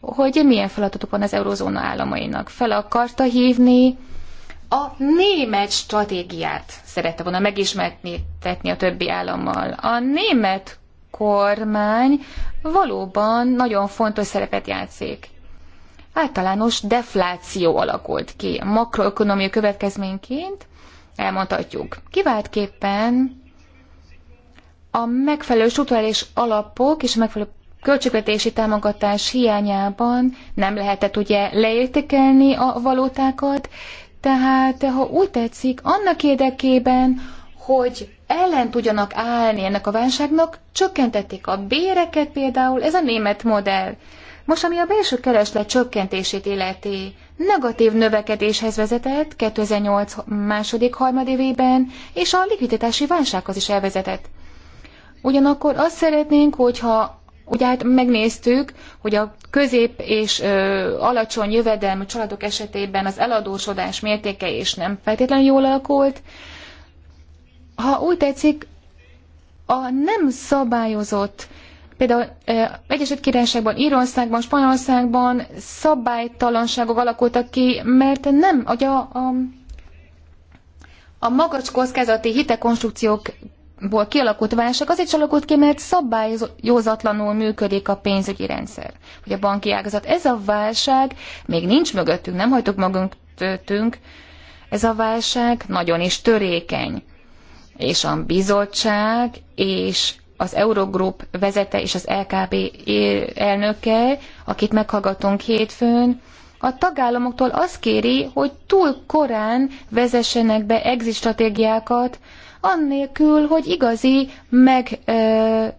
hogy milyen feladatok van az eurozóna államainak. Fel akarta hívni a német stratégiát szerette volna megismertetni a többi állammal. A német kormány valóban nagyon fontos szerepet játszik. Általános defláció alakult ki makroökonómiai következményként, elmondhatjuk. Kiváltképpen a megfelelő struktúrális alapok és a megfelelő költségvetési támogatás hiányában nem lehetett ugye leértékelni a valótákat, tehát, ha úgy tetszik, annak érdekében, hogy ellen tudjanak állni ennek a válságnak, csökkentették a béreket például, ez a német modell. Most, ami a belső kereslet csökkentését illeti, negatív növekedéshez vezetett 2008 második harmadévében, és a likviditási válsághoz is elvezetett. Ugyanakkor azt szeretnénk, hogyha Ugye hát megnéztük, hogy a közép és ö, alacsony jövedelmű családok esetében az eladósodás mértéke is nem feltétlenül jól alakult. Ha úgy tetszik, a nem szabályozott, például ö, Egyesült Királyságban, Írországban, Spanyolországban szabálytalanságok alakultak ki, mert nem, hogy a, a, a magas kockázati hitekonstrukciók ból kialakult válság azért is alakult ki, mert szabályozatlanul működik a pénzügyi rendszer, hogy a banki ágazat. Ez a válság még nincs mögöttünk, nem magunk tőtünk. ez a válság nagyon is törékeny. És a bizottság és az Eurogroup vezete és az LKB elnöke, akit meghallgatunk hétfőn, a tagállamoktól azt kéri, hogy túl korán vezessenek be exit stratégiákat, annélkül, hogy igazi megkötő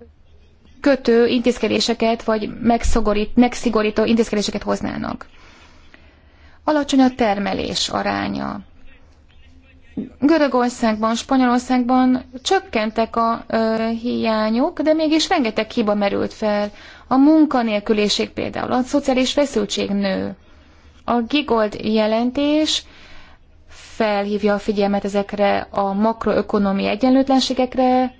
intézkedéseket, vagy megszigorít, megszigorító intézkedéseket hoznának. Alacsony a termelés aránya. Görögországban, Spanyolországban csökkentek a ö, hiányok, de mégis rengeteg hiba merült fel. A munkanélküliség például, a szociális feszültség nő. A Gigold jelentés felhívja a figyelmet ezekre a makroökonomi egyenlőtlenségekre.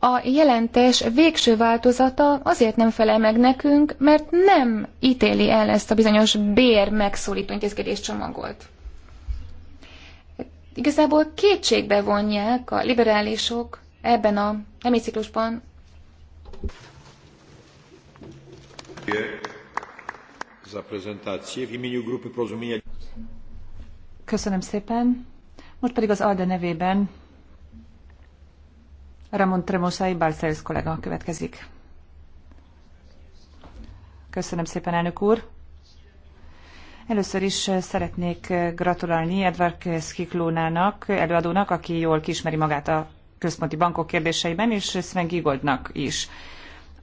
A jelentés végső változata azért nem felel meg nekünk, mert nem ítéli el ezt a bizonyos bér megszólító intézkedés csomagot. Igazából kétségbe vonják a liberálisok ebben a hemiciklusban. za prezentację. W imieniu grupy porozumienia Köszönöm szépen. Most pedig az ALDE nevében Ramon Tremosai Balcells kollega következik. Köszönöm szépen, elnök úr. Először is eh, szeretnék eh, gratulálni Edvard Skiklónának, előadónak, aki jól kismeri magát a központi bankok kérdéseiben, és Sven Gigoldnak is.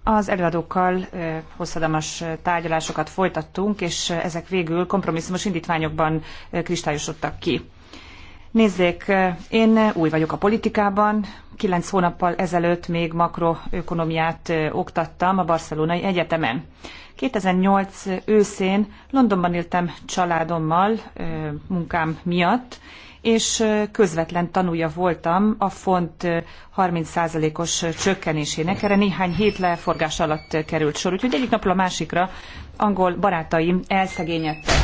Az előadókkal hosszadalmas tárgyalásokat folytattunk, és ezek végül kompromisszumos indítványokban kristályosodtak ki. Nézzék, én új vagyok a politikában. Kilenc hónappal ezelőtt még makroökonomiát oktattam a Barcelonai Egyetemen. 2008 őszén Londonban éltem családommal munkám miatt, és közvetlen tanúja voltam a font 30%-os csökkenésének. Erre néhány hét leforgás alatt került sor, úgyhogy egyik napról a másikra angol barátaim elszegényedtek,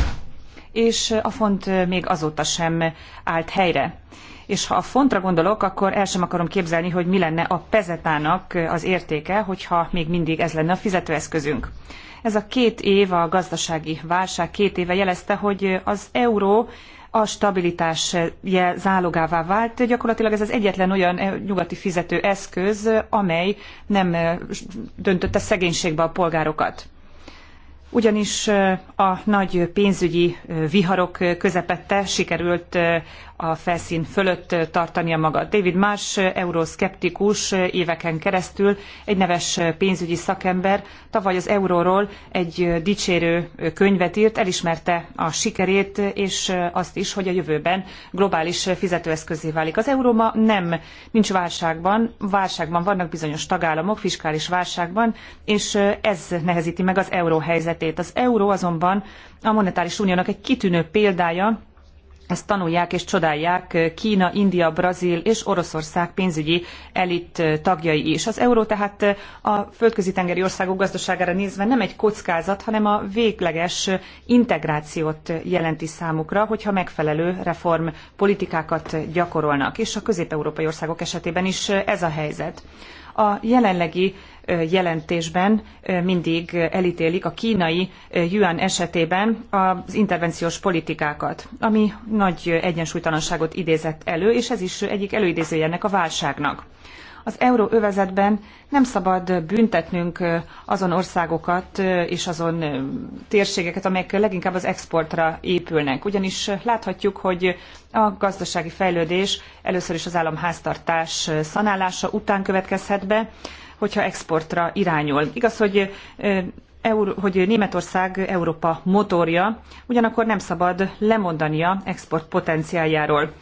és a font még azóta sem állt helyre. És ha a fontra gondolok, akkor el sem akarom képzelni, hogy mi lenne a pezetának az értéke, hogyha még mindig ez lenne a fizetőeszközünk. Ez a két év, a gazdasági válság két éve jelezte, hogy az euró a stabilitás zálogává vált. Gyakorlatilag ez az egyetlen olyan eh, nyugati fizető eszköz, amely nem eh, döntötte szegénységbe a polgárokat ugyanis eh, a nagy pénzügyi viharok közepette sikerült a felszín fölött tartania maga. David más euroszkeptikus éveken keresztül egy neves pénzügyi szakember tavaly az euróról egy dicsérő könyvet írt, elismerte a sikerét, és azt is, hogy a jövőben globális fizetőeszközé válik. Az euró ma nem nincs válságban, válságban vannak bizonyos tagállamok, fiskális válságban, és ez nehezíti meg az euró helyzetét. Az euró azonban a monetáris uniónak egy kitűnő példája, ezt tanulják és csodálják Kína, India, Brazil és Oroszország pénzügyi elit tagjai is. Az euró tehát a földközi tengeri országok gazdaságára nézve nem egy kockázat, hanem a végleges integrációt jelenti számukra, hogyha megfelelő reformpolitikákat gyakorolnak. És a közép-európai országok esetében is ez a helyzet. A jelenlegi jelentésben mindig elítélik a kínai yuan esetében az intervenciós politikákat, ami nagy egyensúlytalanságot idézett elő, és ez is egyik előidézője ennek a válságnak az euróövezetben nem szabad büntetnünk azon országokat és azon térségeket, amelyek leginkább az exportra épülnek. Ugyanis láthatjuk, hogy a gazdasági fejlődés először is az államháztartás szanálása után következhet be, hogyha exportra irányul. Igaz, hogy Eur, hogy Németország Európa motorja, ugyanakkor nem szabad lemondania export potenciáljáról.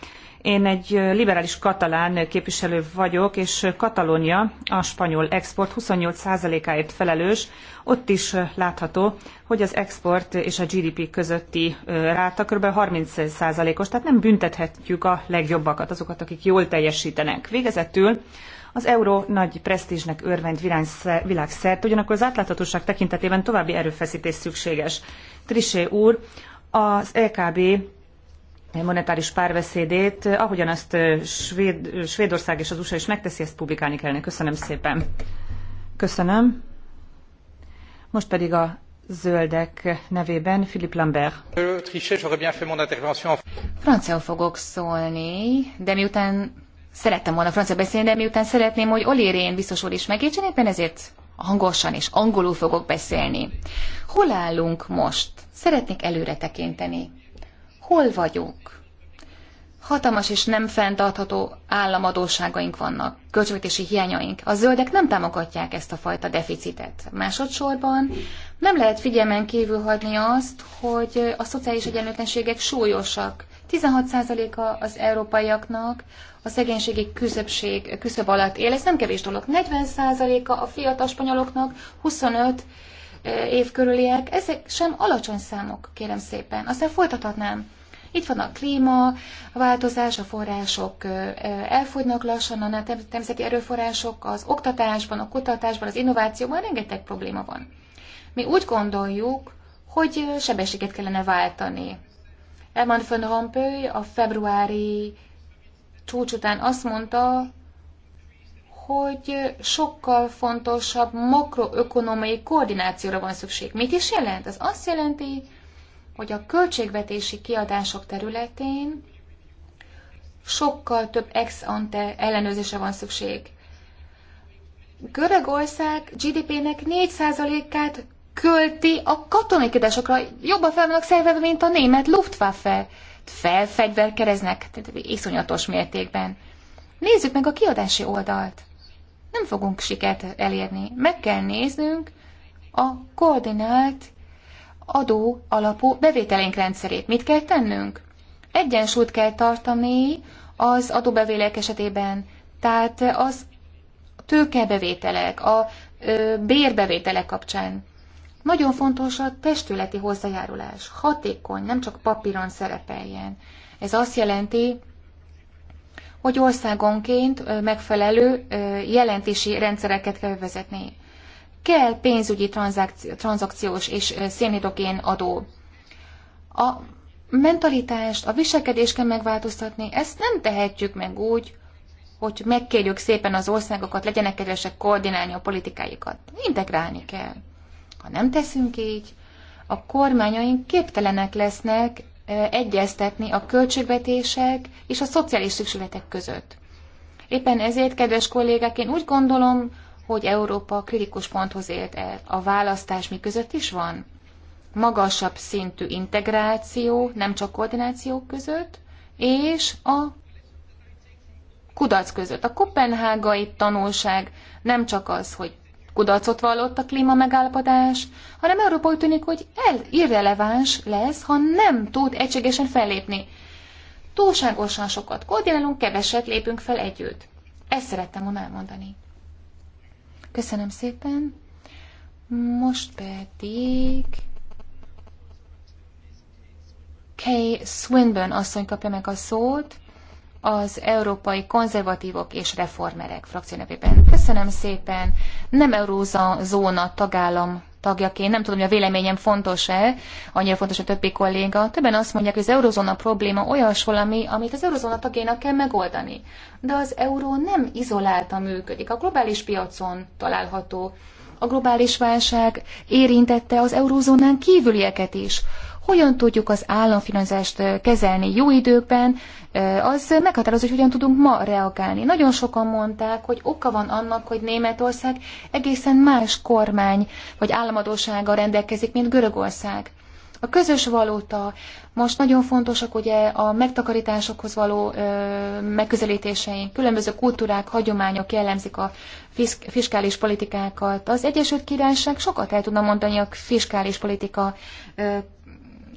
Én egy liberális katalán képviselő vagyok, és Katalónia a spanyol export 28%-áért felelős. Ott is látható, hogy az export és a GDP közötti ráta kb. 30%-os, tehát nem büntethetjük a legjobbakat, azokat, akik jól teljesítenek. Végezetül az euró nagy presztízsnek örvend világszerte, ugyanakkor az átláthatóság tekintetében további erőfeszítés szükséges. Trisé úr, az EKB monetáris párbeszédét, ahogyan azt Svéd, Svédország és az USA is megteszi, ezt publikálni kellene. Köszönöm szépen. Köszönöm. Most pedig a zöldek nevében Philippe Lambert. Francia fogok szólni, de miután szerettem volna francia beszélni, de miután szeretném, hogy Olérén biztos úr is megértsen, éppen ezért hangosan és angolul fogok beszélni. Hol állunk most? Szeretnék előre tekinteni. Hol vagyunk? Hatalmas és nem fenntartható államadóságaink vannak, költségvetési hiányaink. A zöldek nem támogatják ezt a fajta deficitet. Másodszorban nem lehet figyelmen kívül hagyni azt, hogy a szociális egyenlőtlenségek súlyosak. 16%-a az európaiaknak a szegénységi küszöbség küszöb alatt él, ez nem kevés dolog. 40%-a a fiatal spanyoloknak, 25 e, év körüliek, ezek sem alacsony számok, kérem szépen. Aztán folytathatnám. Itt van a klíma, a változás, a források e, e, elfogynak lassan, a természeti erőforrások az oktatásban, a kutatásban, az innovációban rengeteg probléma van. Mi úgy gondoljuk, hogy sebességet kellene váltani. Herman von Rompuy a februári csúcs után azt mondta, hogy sokkal fontosabb makroökonomiai koordinációra van szükség. Mit is jelent? Ez azt jelenti, hogy a költségvetési kiadások területén sokkal több ex ante ellenőrzése van szükség. Görögország GDP-nek 4%-át költi a katonai kiadásokra. Jobban fel vannak szervezve, mint a német Luftwaffe. Felfegyverkereznek, tehát iszonyatos mértékben. Nézzük meg a kiadási oldalt. Nem fogunk sikert elérni. Meg kell néznünk a koordinált adó alapú bevételénk rendszerét. Mit kell tennünk? Egyensúlyt kell tartani az adóbevélek esetében. Tehát az tőkebevételek, a bérbevételek kapcsán. Nagyon fontos a testületi hozzájárulás, hatékony, nem csak papíron szerepeljen. Ez azt jelenti, hogy országonként megfelelő jelentési rendszereket kell vezetni. Kell pénzügyi tranzakciós és szénhidrogén adó. A mentalitást, a viselkedést kell megváltoztatni, ezt nem tehetjük meg úgy, hogy megkérjük szépen az országokat, legyenek kedvesek koordinálni a politikáikat. Integrálni kell. Ha nem teszünk így, a kormányaink képtelenek lesznek egyeztetni a költségvetések és a szociális szükségletek között. Éppen ezért, kedves kollégák, én úgy gondolom, hogy Európa kritikus ponthoz ért el. A választás mi között is van? Magasabb szintű integráció, nem csak koordináció között, és a kudarc között. A kopenhágai tanulság nem csak az, hogy kudarcot vallott a megállapodás, hanem Európa úgy tűnik, hogy el, irreleváns lesz, ha nem tud egységesen fellépni. Túlságosan sokat koordinálunk, keveset lépünk fel együtt. Ezt szerettem volna elmondani. Köszönöm szépen. Most pedig... Kay Swinburne asszony kapja meg a szót az európai konzervatívok és reformerek frakció nevében. Köszönöm szépen. Nem eurózóna tagállam tagjaként, nem tudom, hogy a véleményem fontos-e, annyira fontos a többi kolléga. Többen azt mondják, hogy az eurozóna probléma olyas valami, amit az eurozóna tagjainak kell megoldani. De az euró nem izoláltan működik. A globális piacon található. A globális válság érintette az eurózónán kívülieket is hogyan tudjuk az államfinanszást kezelni jó időkben, az meghatározó, hogy hogyan tudunk ma reagálni. Nagyon sokan mondták, hogy oka van annak, hogy Németország egészen más kormány vagy államadósága rendelkezik, mint Görögország. A közös valóta, most nagyon fontosak ugye a megtakarításokhoz való ö, megközelítéseink, különböző kultúrák, hagyományok jellemzik a fisk- fiskális politikákat. Az Egyesült Királyság sokat el tudna mondani a fiskális politika ö,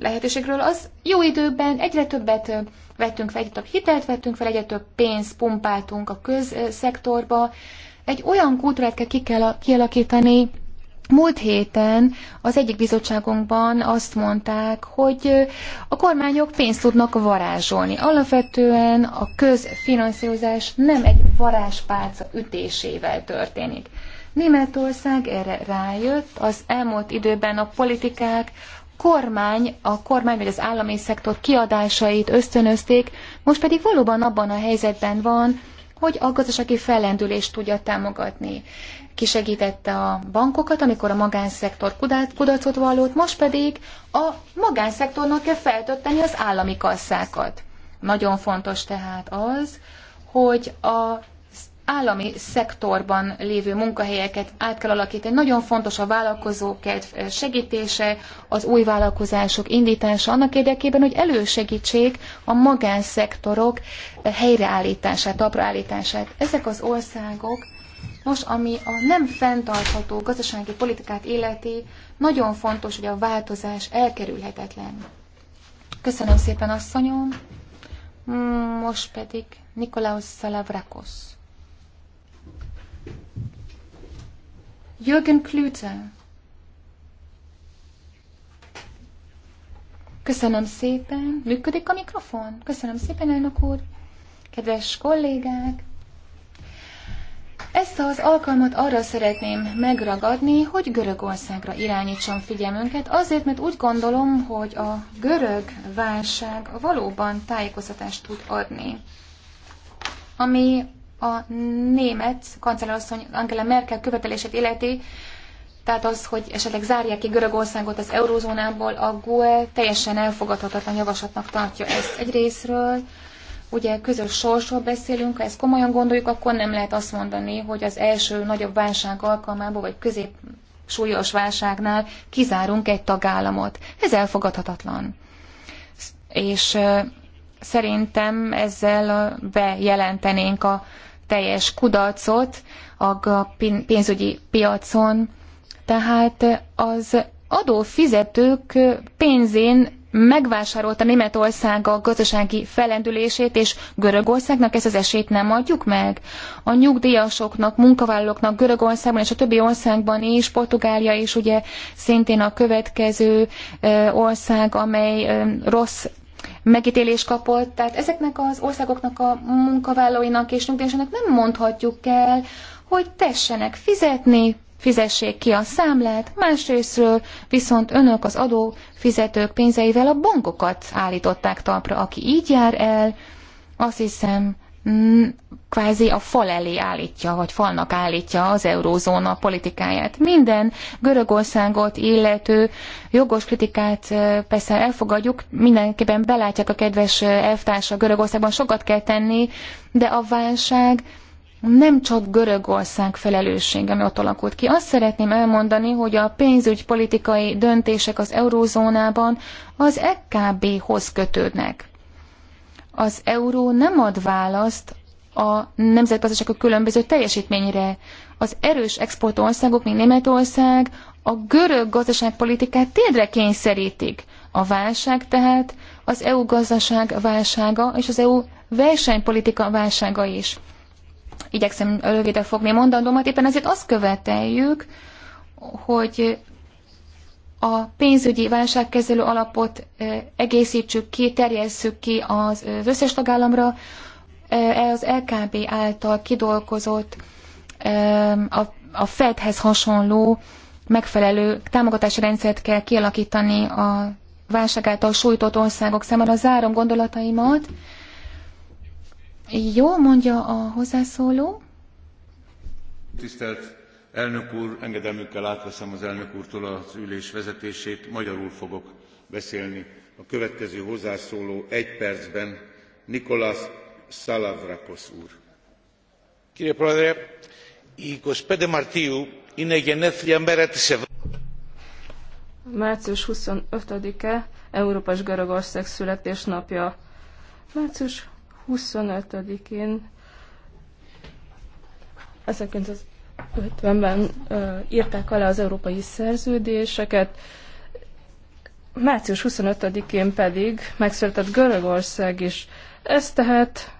lehetőségről, az jó időben egyre többet vettünk fel, egyre több hitelt vettünk fel, egyre több pénzt pumpáltunk a közszektorba. Egy olyan kultúrát kell, ki kell kialakítani, Múlt héten az egyik bizottságunkban azt mondták, hogy a kormányok pénzt tudnak varázsolni. Alapvetően a közfinanszírozás nem egy varázspálca ütésével történik. Németország erre rájött, az elmúlt időben a politikák kormány, a kormány vagy az állami szektor kiadásait ösztönözték, most pedig valóban abban a helyzetben van, hogy a gazdasági fellendülést tudja támogatni. Kisegítette a bankokat, amikor a magánszektor kudarcot vallott, most pedig a magánszektornak kell feltölteni az állami kasszákat. Nagyon fontos tehát az, hogy a állami szektorban lévő munkahelyeket át kell alakítani. Nagyon fontos a vállalkozók eh, segítése, az új vállalkozások indítása annak érdekében, hogy elősegítsék a magánszektorok eh, helyreállítását, apraállítását. Ezek az országok most, ami a nem fenntartható gazdasági politikát illeti, nagyon fontos, hogy a változás elkerülhetetlen. Köszönöm szépen, asszonyom! Most pedig Nikolaus Szalavrakosz. Jürgen Klüte. Köszönöm szépen. Működik a mikrofon? Köszönöm szépen, elnök úr. Kedves kollégák, ezt az alkalmat arra szeretném megragadni, hogy Görögországra irányítsam figyelmünket, azért, mert úgy gondolom, hogy a görög válság valóban tájékoztatást tud adni, ami a német kancellárasszony Angela Merkel követelését illeti, tehát az, hogy esetleg zárják ki Görögországot az eurózónából, a GUE teljesen elfogadhatatlan javaslatnak tartja ezt egy Ugye közös sorsról beszélünk, ha ezt komolyan gondoljuk, akkor nem lehet azt mondani, hogy az első nagyobb válság alkalmából, vagy közép súlyos válságnál kizárunk egy tagállamot. Ez elfogadhatatlan. És szerintem ezzel bejelentenénk a teljes kudarcot a pénzügyi piacon, tehát az adófizetők pénzén megvásárolta Németország a gazdasági fellendülését, és Görögországnak ezt az esélyt nem adjuk meg. A nyugdíjasoknak, munkavállalóknak Görögországban és a többi országban is, Portugália is ugye szintén a következő ország, amely rossz megítélés kapott. Tehát ezeknek az országoknak a munkavállalóinak és nyugdíjasoknak nem mondhatjuk el, hogy tessenek fizetni, fizessék ki a számlát, másrésztről viszont önök az adó fizetők pénzeivel a bankokat állították talpra. Aki így jár el, azt hiszem, kvázi a fal elé állítja, vagy falnak állítja az eurózóna politikáját. Minden Görögországot illető jogos kritikát persze elfogadjuk, mindenképpen belátják a kedves elvtársa Görögországban, sokat kell tenni, de a válság nem csak Görögország felelősség, ami ott alakult ki. Azt szeretném elmondani, hogy a pénzügypolitikai döntések az eurózónában az EKB-hoz kötődnek az euró nem ad választ a nemzetgazdaságok különböző teljesítményre. Az erős exportországok, mint Németország, a görög gazdaságpolitikát térdre kényszerítik. A válság tehát az EU gazdaság válsága és az EU versenypolitika válsága is. Igyekszem rövidre fogni mondandómat, éppen ezért azt követeljük, hogy a pénzügyi válságkezelő alapot egészítsük ki, terjesszük ki az összes tagállamra, e az LKB által kidolgozott a Fedhez hasonló megfelelő támogatási rendszert kell kialakítani a válság által sújtott országok számára. Zárom gondolataimat. Jó, mondja a hozzászóló. Tisztelt Elnök úr, engedelmükkel átveszem az elnök úrtól az ülés vezetését, magyarul fogok beszélni. A következő hozzászóló egy percben Nikolas Szalavrakos úr. Kérje Prodre, 25 Martiu, είναι γενέθλια μέρα Március 25-e Európa és Görögország születésnapja. Március 25-én 1900 50-ben írták alá az európai szerződéseket, március 25-én pedig megszületett Görögország is. Ez tehát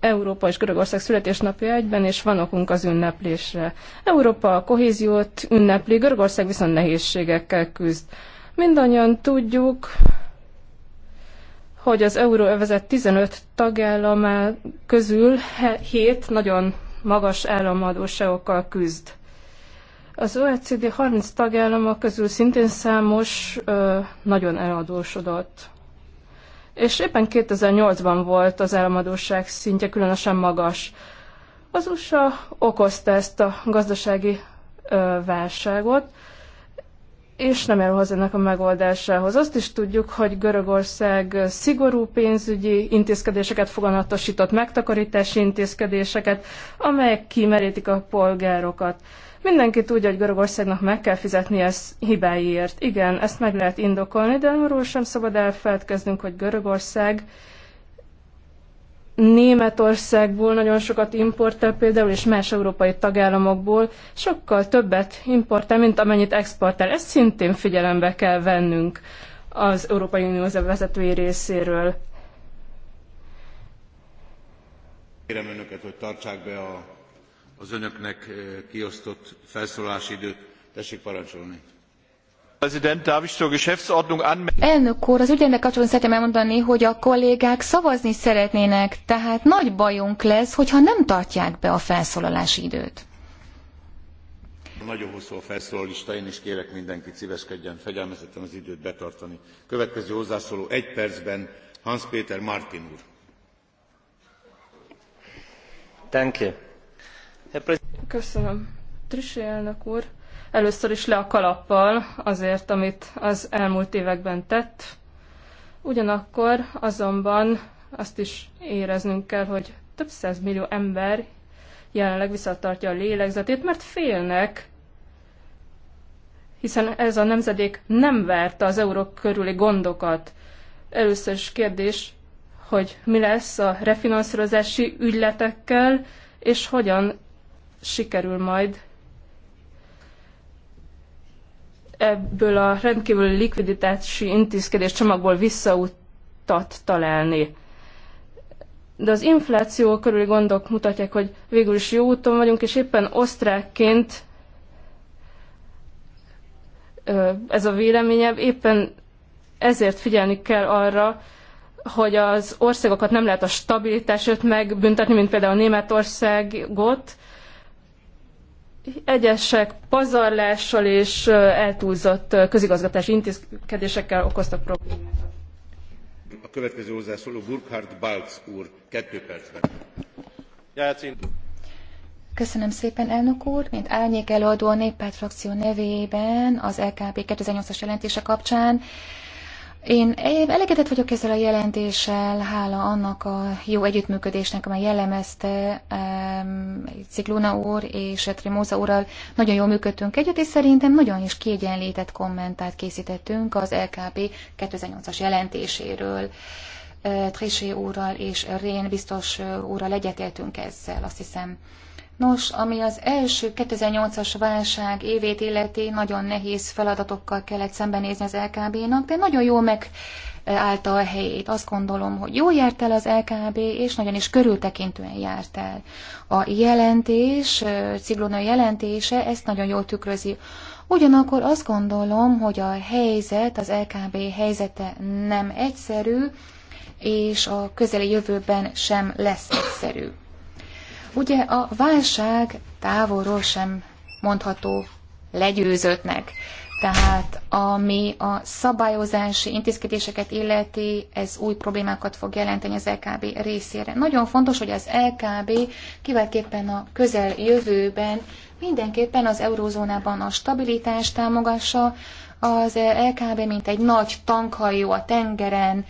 Európa és Görögország születésnapja egyben, és van okunk az ünneplésre. Európa a kohéziót ünnepli, Görögország viszont nehézségekkel küzd. Mindannyian tudjuk, hogy az euróövezet 15 tagállamá közül 7 nagyon magas államadóságokkal küzd. Az OECD 30 tagállama közül szintén számos nagyon eladósodott. És éppen 2008-ban volt az államadóság szintje különösen magas. Az USA okozta ezt a gazdasági válságot, és nem járul hozzá ennek a megoldásához. Azt is tudjuk, hogy Görögország szigorú pénzügyi intézkedéseket foganatosított, megtakarítási intézkedéseket, amelyek kimerítik a polgárokat. Mindenki tudja, hogy Görögországnak meg kell fizetni ezt hibáiért. Igen, ezt meg lehet indokolni, de arról sem szabad elfeledkeznünk, hogy Görögország Németországból nagyon sokat importál például, és más európai tagállamokból sokkal többet importál, mint amennyit exportál. Ezt szintén figyelembe kell vennünk az Európai Unió vezetői részéről. Kérem önöket, hogy tartsák be a, az önöknek eh, kiosztott felszólási időt. Tessék parancsolni. Elnök úr, az ügyelnek kapcsolatban szeretném elmondani, hogy a kollégák szavazni szeretnének, tehát nagy bajunk lesz, hogyha nem tartják be a felszólalási időt. Nagyon hosszú a felszólalista, én is kérek mindenkit, szíveskedjen fegyelmezetten az időt betartani. Következő hozzászóló egy percben Hans Péter Martin úr. Thank you. Köszönöm. Trissi elnök úr, Először is le a kalappal azért, amit az elmúlt években tett. Ugyanakkor azonban azt is éreznünk kell, hogy több száz millió ember jelenleg visszatartja a lélegzetét, mert félnek, hiszen ez a nemzedék nem verte az eurók körüli gondokat. Először is kérdés, hogy mi lesz a refinanszírozási ügyletekkel, és hogyan sikerül majd ebből a rendkívül likviditási intézkedés csomagból visszautat találni. De az infláció körüli gondok mutatják, hogy végül is jó úton vagyunk, és éppen osztrákként ez a véleményem, éppen ezért figyelni kell arra, hogy az országokat nem lehet a stabilitásért megbüntetni, mint például Németországot, egyesek pazarlással és eltúlzott közigazgatási intézkedésekkel okoztak problémát. A következő hozzászóló Burkhard Balc úr, kettő percben. Jácin. Hát Köszönöm szépen, elnök úr! Mint árnyék előadó a Néppárt frakció nevében az LKP 2008-as jelentése kapcsán én elégedett vagyok ezzel a jelentéssel, hála annak a jó együttműködésnek, amely jellemezte um, Cikluna úr és Trimóza úrral. Nagyon jól működtünk együtt, és szerintem nagyon is kiegyenlített kommentát készítettünk az LKP 2008-as jelentéséről. trésé úrral és Rén biztos úrral egyetértünk ezzel, azt hiszem. Nos, ami az első 2008-as válság évét illeti, nagyon nehéz feladatokkal kellett szembenézni az LKB-nak, de nagyon jól megállta a helyét. Azt gondolom, hogy jó járt el az LKB, és nagyon is körültekintően járt el. A jelentés, Ciglona jelentése ezt nagyon jól tükrözi. Ugyanakkor azt gondolom, hogy a helyzet, az LKB helyzete nem egyszerű, és a közeli jövőben sem lesz egyszerű. Ugye a válság távolról sem mondható legyőzöttnek. Tehát ami a szabályozási intézkedéseket illeti, ez új problémákat fog jelenteni az LKB részére. Nagyon fontos, hogy az LKB kiváltképpen a közeljövőben mindenképpen az eurózónában a stabilitást támogassa, az LKB mint egy nagy tankhajó a tengeren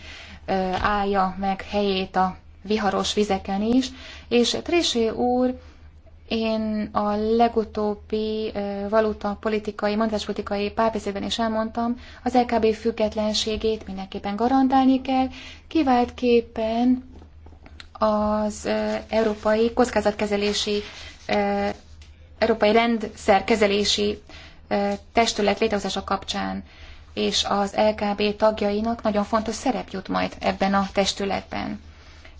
állja meg helyét a viharos vizeken is, és Trésé úr, én a legutóbbi valuta politikai, mondáspolitikai párbeszédben is elmondtam, az LKB függetlenségét mindenképpen garantálni kell, kiváltképpen az európai kockázatkezelési, európai rendszerkezelési testület létrehozása kapcsán és az LKB tagjainak nagyon fontos szerep jut majd ebben a testületben.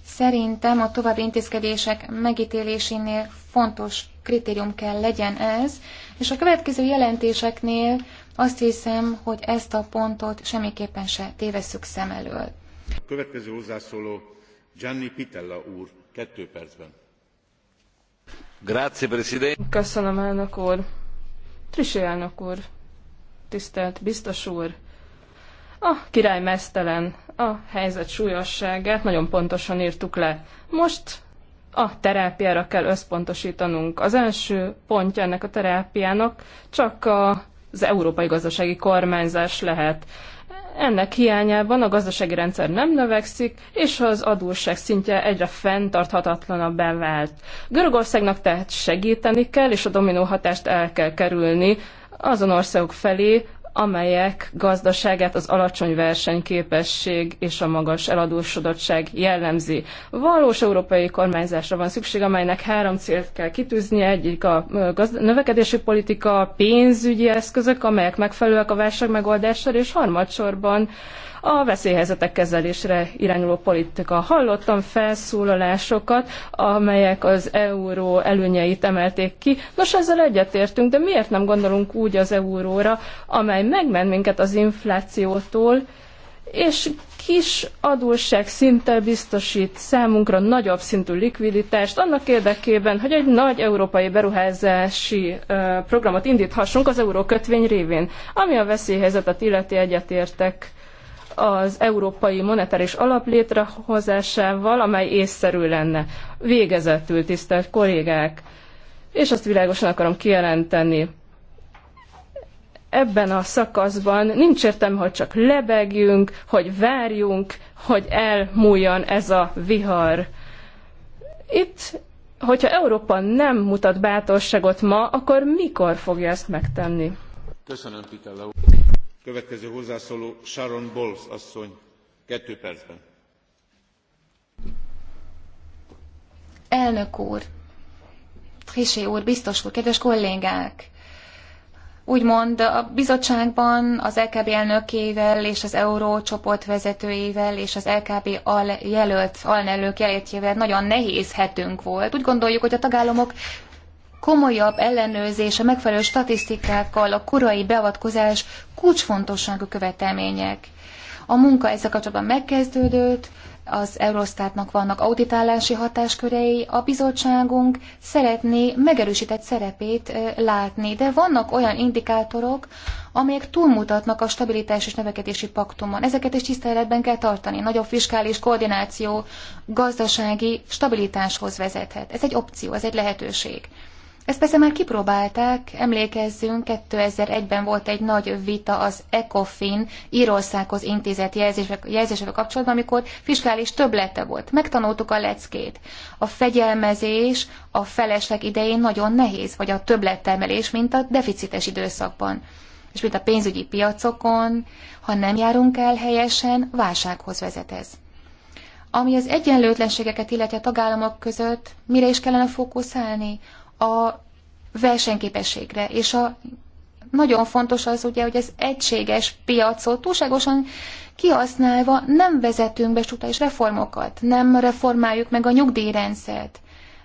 Szerintem a további intézkedések megítélésénél fontos kritérium kell legyen ez, és a következő jelentéseknél azt hiszem, hogy ezt a pontot semmiképpen se tévesszük szem elől. Következő hozzászóló Gianni Pitella úr, kettő percben. Grazie, Presidente. Köszönöm, elnök úr. Trisi elnök úr, tisztelt biztos úr, a király mesztelen a helyzet súlyosságát nagyon pontosan írtuk le. Most a terápiára kell összpontosítanunk. Az első pontja ennek a terápiának csak a, az európai gazdasági kormányzás lehet. Ennek hiányában a gazdasági rendszer nem növekszik, és az adósság szintje egyre fenntarthatatlanabb vált. Görögországnak tehát segíteni kell, és a dominó hatást el kell kerülni azon országok felé, amelyek gazdaságát az alacsony versenyképesség és a magas eladósodottság jellemzi. Valós európai kormányzásra van szükség, amelynek három célt kell kitűzni: Egyik a növekedési politika, pénzügyi eszközök, amelyek megfelelőek a válság megoldására, és harmadsorban a veszélyhelyzetek kezelésre irányuló politika. Hallottam felszólalásokat, amelyek az euró előnyeit emelték ki. Nos, ezzel egyetértünk, de miért nem gondolunk úgy az euróra, amely megment minket az inflációtól, és kis adósság szinttel biztosít számunkra nagyobb szintű likviditást, annak érdekében, hogy egy nagy európai beruházási programot indíthassunk az eurókötvény révén. Ami a veszélyhelyzetet illeti egyetértek az Európai Monetáris Alap létrehozásával, amely észszerű lenne. Végezetül, tisztelt kollégák, és azt világosan akarom kijelenteni, ebben a szakaszban nincs értelme, hogy csak lebegjünk, hogy várjunk, hogy elmúljon ez a vihar. Itt, hogyha Európa nem mutat bátorságot ma, akkor mikor fogja ezt megtenni? Köszönöm, következő sharon percben. elnök úr trichet úr biztos úr kedves kollégák! úgymond a bizottságban az ekb elnökével és az eurócsoport vezetőjével és az ekb jelölt alnelnök jelöltjével nagyon nehéz hetünk volt. Úgy gondoljuk, hogy a tagállamok komolyabb ellenőrzés a megfelelő statisztikákkal a korai beavatkozás kulcsfontosságú követelmények. A munka ezzel kapcsolatban megkezdődött, az Eurostatnak vannak auditálási hatáskörei, a bizottságunk szeretné megerősített szerepét látni, de vannak olyan indikátorok, amelyek túlmutatnak a stabilitás és növekedési paktumon. Ezeket is tiszteletben kell tartani. Nagyobb fiskális koordináció gazdasági stabilitáshoz vezethet. Ez egy opció, ez egy lehetőség. Ezt persze már kipróbálták, emlékezzünk, 2001-ben volt egy nagy vita az ECOFIN Írországhoz intézett jelzésével kapcsolatban, amikor fiskális töblete volt. Megtanultuk a leckét. A fegyelmezés a felesleg idején nagyon nehéz, vagy a többlettermelés, mint a deficites időszakban. És mint a pénzügyi piacokon, ha nem járunk el helyesen, válsághoz vezet ez. Ami az egyenlőtlenségeket illeti a tagállamok között, mire is kellene fókuszálni? a versenyképességre, és a nagyon fontos az ugye, hogy az egységes piacot túlságosan kihasználva nem vezetünk be és reformokat, nem reformáljuk meg a nyugdíjrendszert.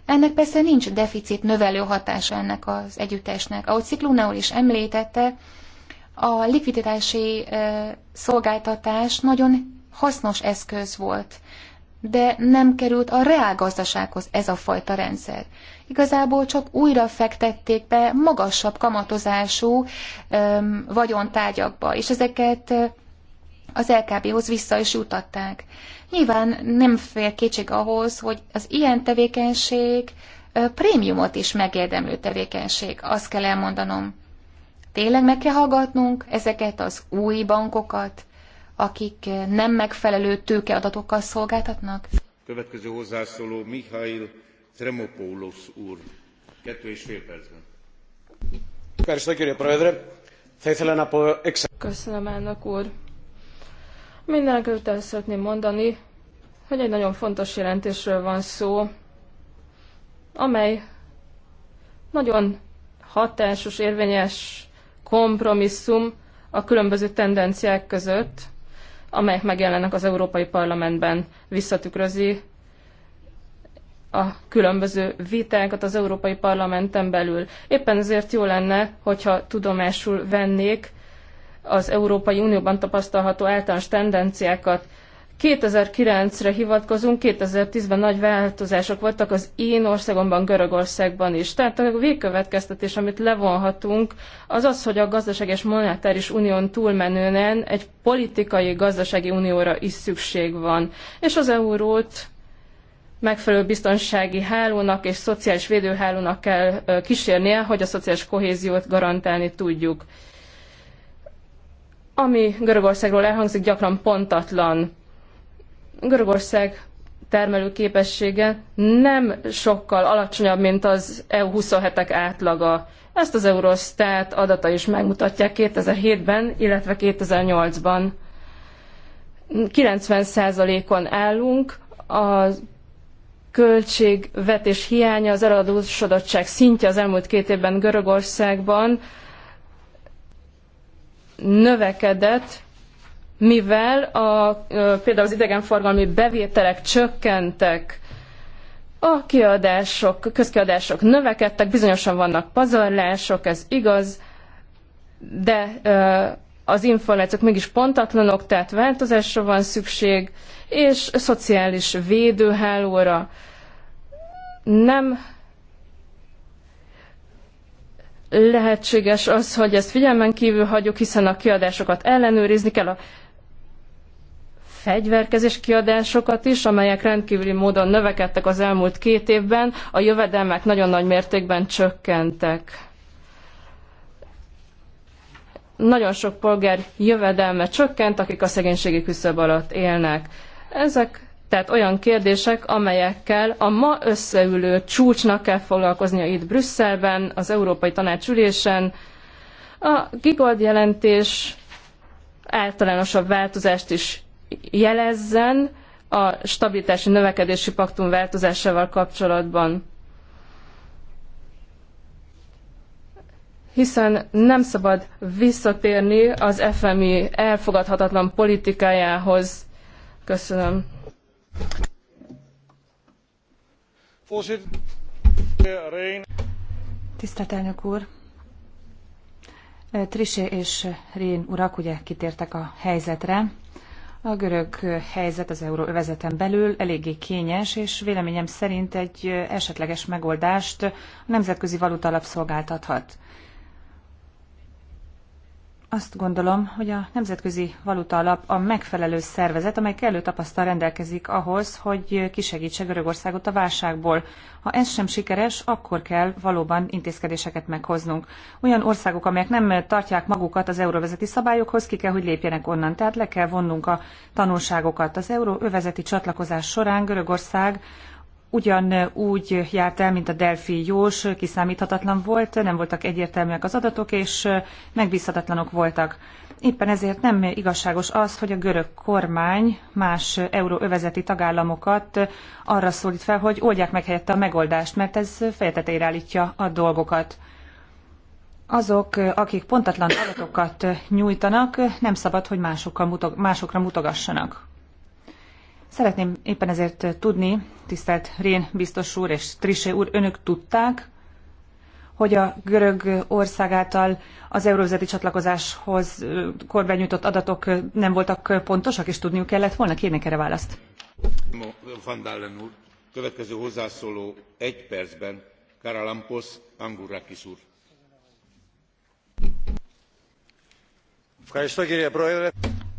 Ennek persze nincs deficit növelő hatása ennek az együttesnek. Ahogy Ciklóna is említette, a likviditási szolgáltatás nagyon hasznos eszköz volt, de nem került a reálgazdasághoz ez a fajta rendszer igazából csak újra fektették be magasabb kamatozású öm, vagyontárgyakba, és ezeket az LKB-hoz vissza is jutatták. Nyilván nem fér kétség ahhoz, hogy az ilyen tevékenység prémiumot is megérdemlő tevékenység, azt kell elmondanom. Tényleg meg kell hallgatnunk ezeket az új bankokat, akik nem megfelelő tőkeadatokkal szolgáltatnak? Következő hozzászóló Mihail elnök Mindenekelőtt el szeretném mondani, hogy egy nagyon fontos jelentésről van szó, amely nagyon hatásos, érvényes kompromisszum a különböző tendenciák között, amelyek megjelennek az Európai Parlamentben, visszatükrözi a különböző vitákat az Európai Parlamenten belül. Éppen ezért jó lenne, hogyha tudomásul vennék az Európai Unióban tapasztalható általános tendenciákat. 2009-re hivatkozunk, 2010-ben nagy változások voltak az én országomban, Görögországban is. Tehát a végkövetkeztetés, amit levonhatunk, az az, hogy a gazdaság és monetáris unión túlmenően egy politikai gazdasági unióra is szükség van. És az eurót megfelelő biztonsági hálónak és szociális védőhálónak kell kísérnie, hogy a szociális kohéziót garantálni tudjuk. Ami Görögországról elhangzik, gyakran pontatlan. Görögország termelőképessége nem sokkal alacsonyabb, mint az EU27-ek átlaga. Ezt az Eurostat adata is megmutatják 2007-ben, illetve 2008-ban. 90%-on állunk, a költségvetés hiánya, az eladósodottság szintje az elmúlt két évben Görögországban növekedett, mivel a, például az idegenforgalmi bevételek csökkentek, a kiadások, közkiadások növekedtek, bizonyosan vannak pazarlások, ez igaz, de az információk mégis pontatlanok, tehát változásra van szükség, és szociális védőhálóra. Nem lehetséges az, hogy ezt figyelmen kívül hagyjuk, hiszen a kiadásokat ellenőrizni kell, a fegyverkezés kiadásokat is, amelyek rendkívüli módon növekedtek az elmúlt két évben, a jövedelmek nagyon nagy mértékben csökkentek nagyon sok polgár jövedelme csökkent, akik a szegénységi küszöb alatt élnek. Ezek tehát olyan kérdések, amelyekkel a ma összeülő csúcsnak kell foglalkoznia itt Brüsszelben, az Európai Tanács ülésen. A Gigold jelentés általánosabb változást is jelezzen a stabilitási növekedési paktum változásával kapcsolatban. hiszen nem szabad visszatérni az FMI elfogadhatatlan politikájához. Köszönöm. Tisztelt elnök úr! Trisé és Rén urak ugye kitértek a helyzetre. A görög helyzet az euróövezeten belül eléggé kényes, és véleményem szerint egy esetleges megoldást a Nemzetközi Valuta Alap szolgáltathat azt gondolom, hogy a Nemzetközi Valuta Alap a megfelelő szervezet, amely kellő tapasztal rendelkezik ahhoz, hogy kisegítse Görögországot a válságból. Ha ez sem sikeres, akkor kell valóban intézkedéseket meghoznunk. Olyan országok, amelyek nem tartják magukat az euróvezeti szabályokhoz, ki kell, hogy lépjenek onnan. Tehát le kell vonnunk a tanulságokat. Az euróövezeti csatlakozás során Görögország ugyanúgy járt el, mint a Delfi Jós, kiszámíthatatlan volt, nem voltak egyértelműek az adatok, és megbízhatatlanok voltak. Éppen ezért nem igazságos az, hogy a görög kormány más euróövezeti tagállamokat arra szólít fel, hogy oldják meg helyette a megoldást, mert ez fejetetére állítja a dolgokat. Azok, akik pontatlan adatokat nyújtanak, nem szabad, hogy másokra mutogassanak. Szeretném éppen ezért tudni, tisztelt Rén biztos úr és Trise úr, önök tudták, hogy a görög ország által az eurózeti csatlakozáshoz nyújtott adatok nem voltak pontosak, és tudniuk kellett volna? Kérnék erre választ. Van Dallen úr, következő hozzászóló egy percben, Karalampos Angurakis úr.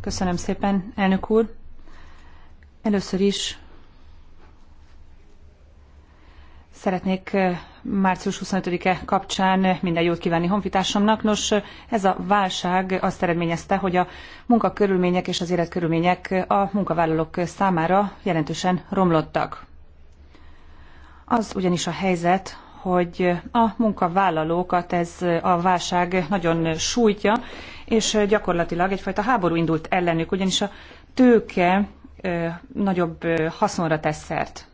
Köszönöm szépen, elnök úr. Először is szeretnék eh, március 25-e kapcsán minden jót kívánni honfitársamnak. Nos, ez a válság azt eredményezte, hogy a munkakörülmények és az életkörülmények a munkavállalók számára jelentősen romlottak. Az ugyanis a helyzet, hogy a munkavállalókat ez a válság nagyon sújtja, és gyakorlatilag egyfajta háború indult ellenük, ugyanis a tőke nagyobb haszonra tesz szert.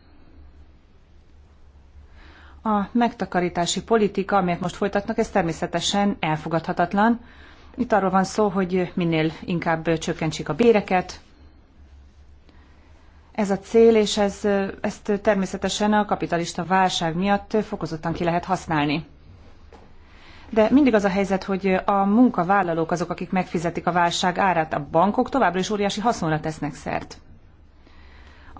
A megtakarítási politika, amelyet most folytatnak, ez természetesen elfogadhatatlan. Itt arról van szó, hogy minél inkább csökkentsék a béreket. Ez a cél, és ez, ezt természetesen a kapitalista válság miatt fokozottan ki lehet használni. De mindig az a helyzet, hogy a munkavállalók azok, akik megfizetik a válság árát, a bankok továbbra is óriási haszonra tesznek szert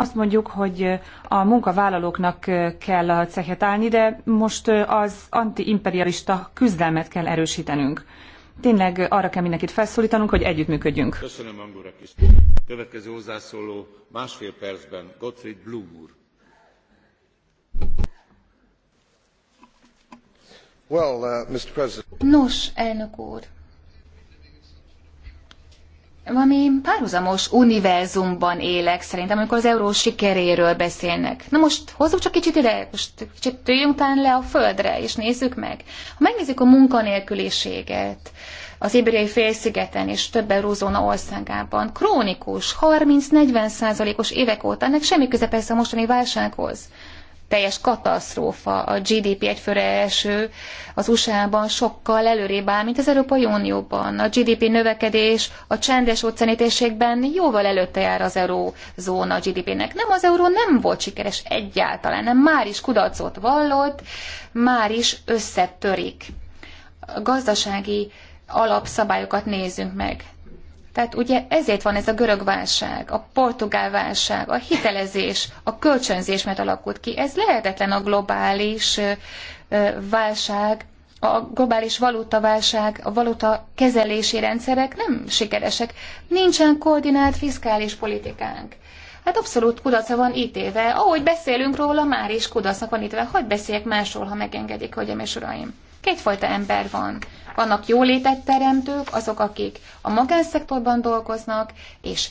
azt mondjuk, hogy a munkavállalóknak kell a cehet állni, de most az antiimperialista küzdelmet kell erősítenünk. Tényleg arra kell mindenkit felszólítanunk, hogy együttműködjünk. Köszönöm, Angurak is. Következő hozzászóló másfél percben Gottfried Blum úr. Uh, Nos, elnök úr, valami párhuzamos univerzumban élek szerintem, amikor az euró sikeréről beszélnek. Na most hozzuk csak kicsit ide, most kicsit tőjünk talán le a földre, és nézzük meg. Ha megnézzük a munkanélküliséget, az ibériai félszigeten és több eurózóna országában krónikus, 30-40 százalékos évek óta, ennek semmi köze persze a mostani válsághoz teljes katasztrófa. A GDP egyfőre első az USA-ban sokkal előrébb áll, mint az Európai Unióban. A GDP növekedés a csendes óceáni térségben jóval előtte jár az eurózóna GDP-nek. Nem, az euró nem volt sikeres egyáltalán, nem már is kudarcot vallott, már is összetörik. A gazdasági alapszabályokat nézzünk meg. Tehát ugye ezért van ez a görög válság, a portugál válság, a hitelezés, a kölcsönzés, mert alakult ki. Ez lehetetlen a globális válság, a globális valutaválság, a valuta kezelési rendszerek nem sikeresek. Nincsen koordinált fiskális politikánk. Hát abszolút kudarca van ítéve. Ahogy beszélünk róla, már is kudarcnak van ítéve. Hadd beszéljek másról, ha megengedik, hölgyeim és uraim. Kétfajta ember van vannak jólétet teremtők, azok, akik a magánszektorban dolgoznak, és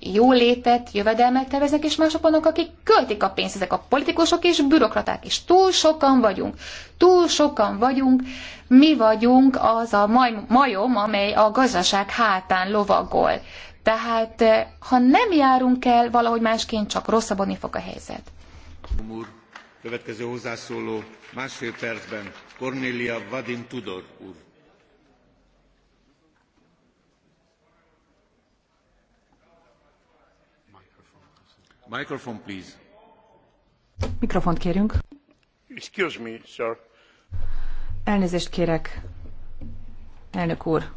jólétet, jövedelmet terveznek, és mások vannak, akik költik a pénzt, ezek a politikusok és bürokraták is. Túl sokan vagyunk, túl sokan vagyunk, mi vagyunk az a maj, majom, amely a gazdaság hátán lovagol. Tehát, eh, ha nem járunk el, valahogy másként csak rosszabbodni fog a helyzet. Úr, következő hozzászóló másfél percben Cornélia Vadim Tudor úr. Microphone, Mikrofont kérünk. Excuse me, sir. Elnézést kérek, elnök úr.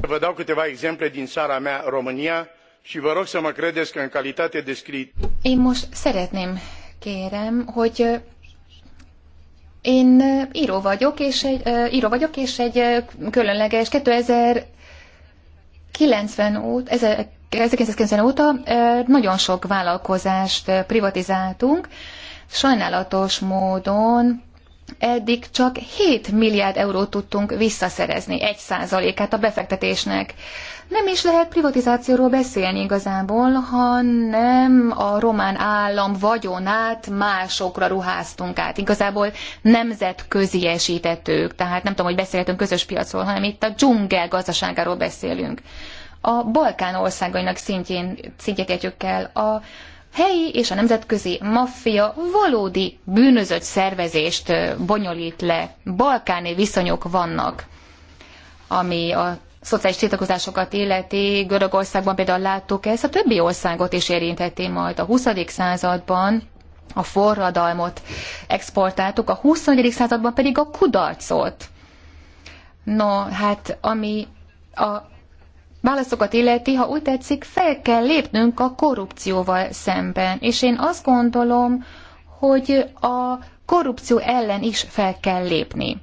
Vă dau câteva exemple din țara mea, România, și vă rog să mă credeți că în calitate de Én most szeretném, kérem, hogy én író vagyok, és egy, író vagyok, és egy különleges 2090 óta, 1990 óta nagyon sok vállalkozást privatizáltunk. Sajnálatos módon eddig csak 7 milliárd eurót tudtunk visszaszerezni, 1 százalékát a befektetésnek. Nem is lehet privatizációról beszélni igazából, hanem a román állam vagyonát másokra ruháztunk át. Igazából nemzetköziesítettük, tehát nem tudom, hogy beszélhetünk közös piacról, hanem itt a dzsungel gazdaságáról beszélünk a Balkán országainak szintjén, szintjét értjük el. A helyi és a nemzetközi maffia valódi bűnözött szervezést bonyolít le. Balkáni viszonyok vannak, ami a szociális tiltakozásokat illeti, Görögországban például láttuk ezt, a többi országot is érintették majd a 20. században, a forradalmot exportáltuk, a 21. században pedig a kudarcot. No, hát ami a válaszokat illeti, ha úgy tetszik, fel kell lépnünk a korrupcióval szemben. És én azt gondolom, hogy a korrupció ellen is fel kell lépni.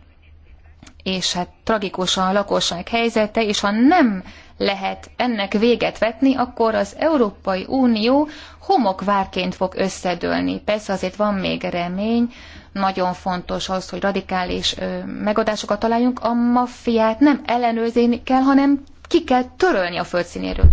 És hát tragikus a lakosság helyzete, és ha nem lehet ennek véget vetni, akkor az Európai Unió homokvárként fog összedőlni. Persze azért van még remény, nagyon fontos az, hogy radikális megoldásokat találjunk. A maffiát nem ellenőrizni kell, hanem ki kell törölni a földszínéről.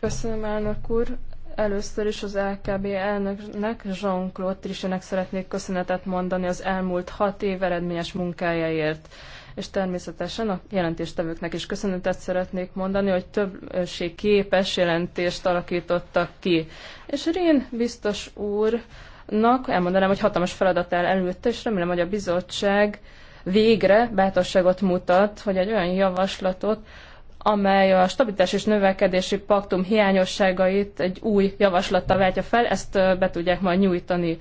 Köszönöm, elnök úr. Először is az LKB elnöknek, Jean-Claude Trichének szeretnék köszönetet mondani az elmúlt hat év eredményes munkájáért és természetesen a jelentéstevőknek is köszönetet szeretnék mondani, hogy többség képes jelentést alakítottak ki. És Rén biztos úrnak elmondanám, hogy hatalmas feladat áll előtte, és remélem, hogy a bizottság végre bátorságot mutat, hogy egy olyan javaslatot, amely a stabilitás és növekedési paktum hiányosságait egy új javaslattal váltja fel, ezt be tudják majd nyújtani,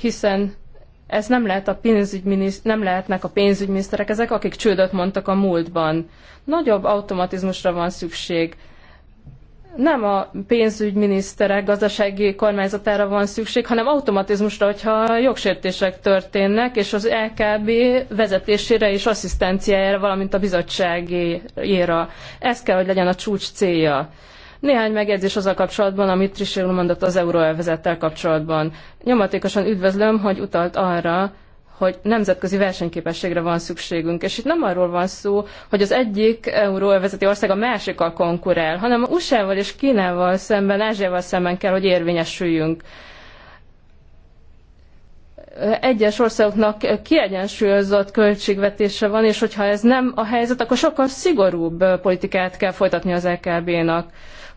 hiszen ez nem, lehet a nem lehetnek a pénzügyminiszterek, ezek akik csődöt mondtak a múltban. Nagyobb automatizmusra van szükség nem a pénzügyminiszterek gazdasági kormányzatára van szükség, hanem automatizmusra, hogyha jogsértések történnek, és az LKB vezetésére és asszisztenciájára, valamint a bizottságéra. Ez kell, hogy legyen a csúcs célja. Néhány megjegyzés azzal kapcsolatban, amit Trisérul mondott az euróelvezettel kapcsolatban. Nyomatékosan üdvözlöm, hogy utalt arra, hogy nemzetközi versenyképességre van szükségünk. És itt nem arról van szó, hogy az egyik euróvezeti ország a másikkal konkurál, hanem USA-val és Kínával szemben, Ázsiával szemben kell, hogy érvényesüljünk egyes országoknak kiegyensúlyozott költségvetése van, és hogyha ez nem a helyzet, akkor sokkal szigorúbb politikát kell folytatni az LKB-nak. E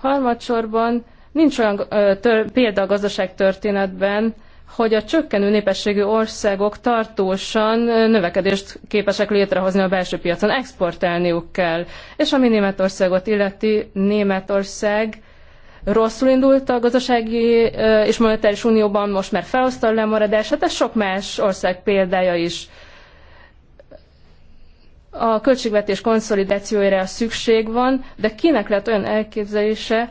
Harmadsorban nincs olyan példa a gazdaságtörténetben, hogy a csökkenő népességű országok tartósan növekedést képesek létrehozni a belső piacon, exportálniuk kell. És ami Németországot illeti, Németország rosszul indult a gazdasági és monetáris unióban, most már felhozta a lemaradását, ez sok más ország példája is. A költségvetés konszolidációjára szükség van, de kinek lehet olyan elképzelése,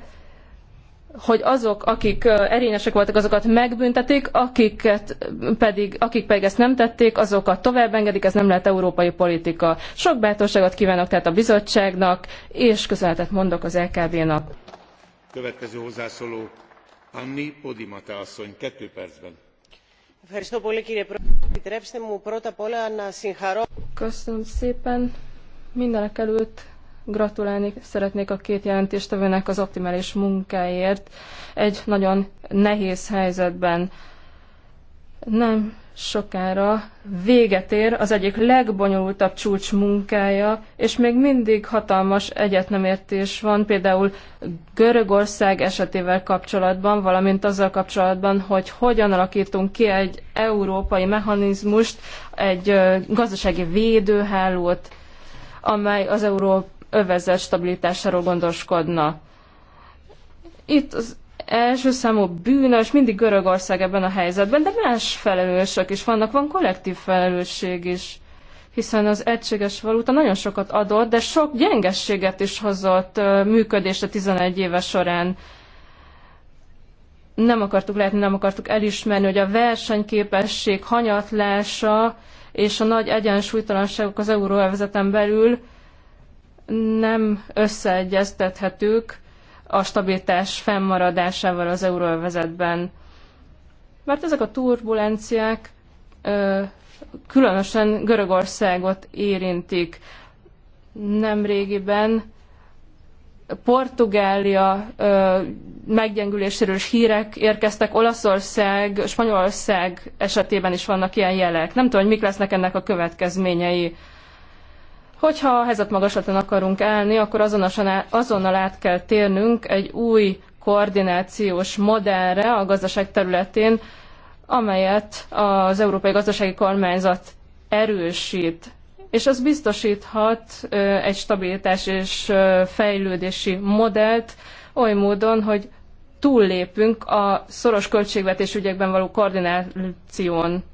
hogy azok, akik erényesek voltak, azokat megbüntetik, akiket pedig, akik pedig ezt nem tették, azokat tovább engedik, ez nem lehet európai politika. Sok bátorságot kívánok tehát a bizottságnak, és közeletet mondok az LKB-nak. Következő hozzászóló Anni Podimata asszony, kettő percben. Köszönöm szépen mindenek előtt Gratulálni szeretnék a két jelentéstevőnek az optimális munkáért egy nagyon nehéz helyzetben. Nem sokára véget ér az egyik legbonyolultabb csúcs munkája, és még mindig hatalmas egyetnemértés van, például Görögország esetével kapcsolatban, valamint azzal kapcsolatban, hogy hogyan alakítunk ki egy európai mechanizmust, egy gazdasági védőhálót, amely az Európa övezet stabilitásáról gondoskodna. Itt az első számú bűnös, mindig Görögország ebben a helyzetben, de más felelősök is vannak, van kollektív felelősség is hiszen az egységes valuta nagyon sokat adott, de sok gyengességet is hozott működésre 11 éve során. Nem akartuk látni, nem akartuk elismerni, hogy a versenyképesség hanyatlása és a nagy egyensúlytalanságok az euróelvezeten belül nem összeegyeztethetők a stabilitás fennmaradásával az euróvezetben. Mert ezek a turbulenciák különösen Görögországot érintik. Nemrégiben Portugália meggyengüléséről is hírek érkeztek, Olaszország, Spanyolország esetében is vannak ilyen jelek. Nem tudom, hogy mik lesznek ennek a következményei. Hogyha a helyzet magaslaton akarunk állni, akkor azonnal át kell térnünk egy új koordinációs modellre a gazdaság területén, amelyet az Európai Gazdasági Kormányzat erősít, és az biztosíthat egy stabilitás és fejlődési modellt oly módon, hogy túllépünk a szoros költségvetés ügyekben való koordináción.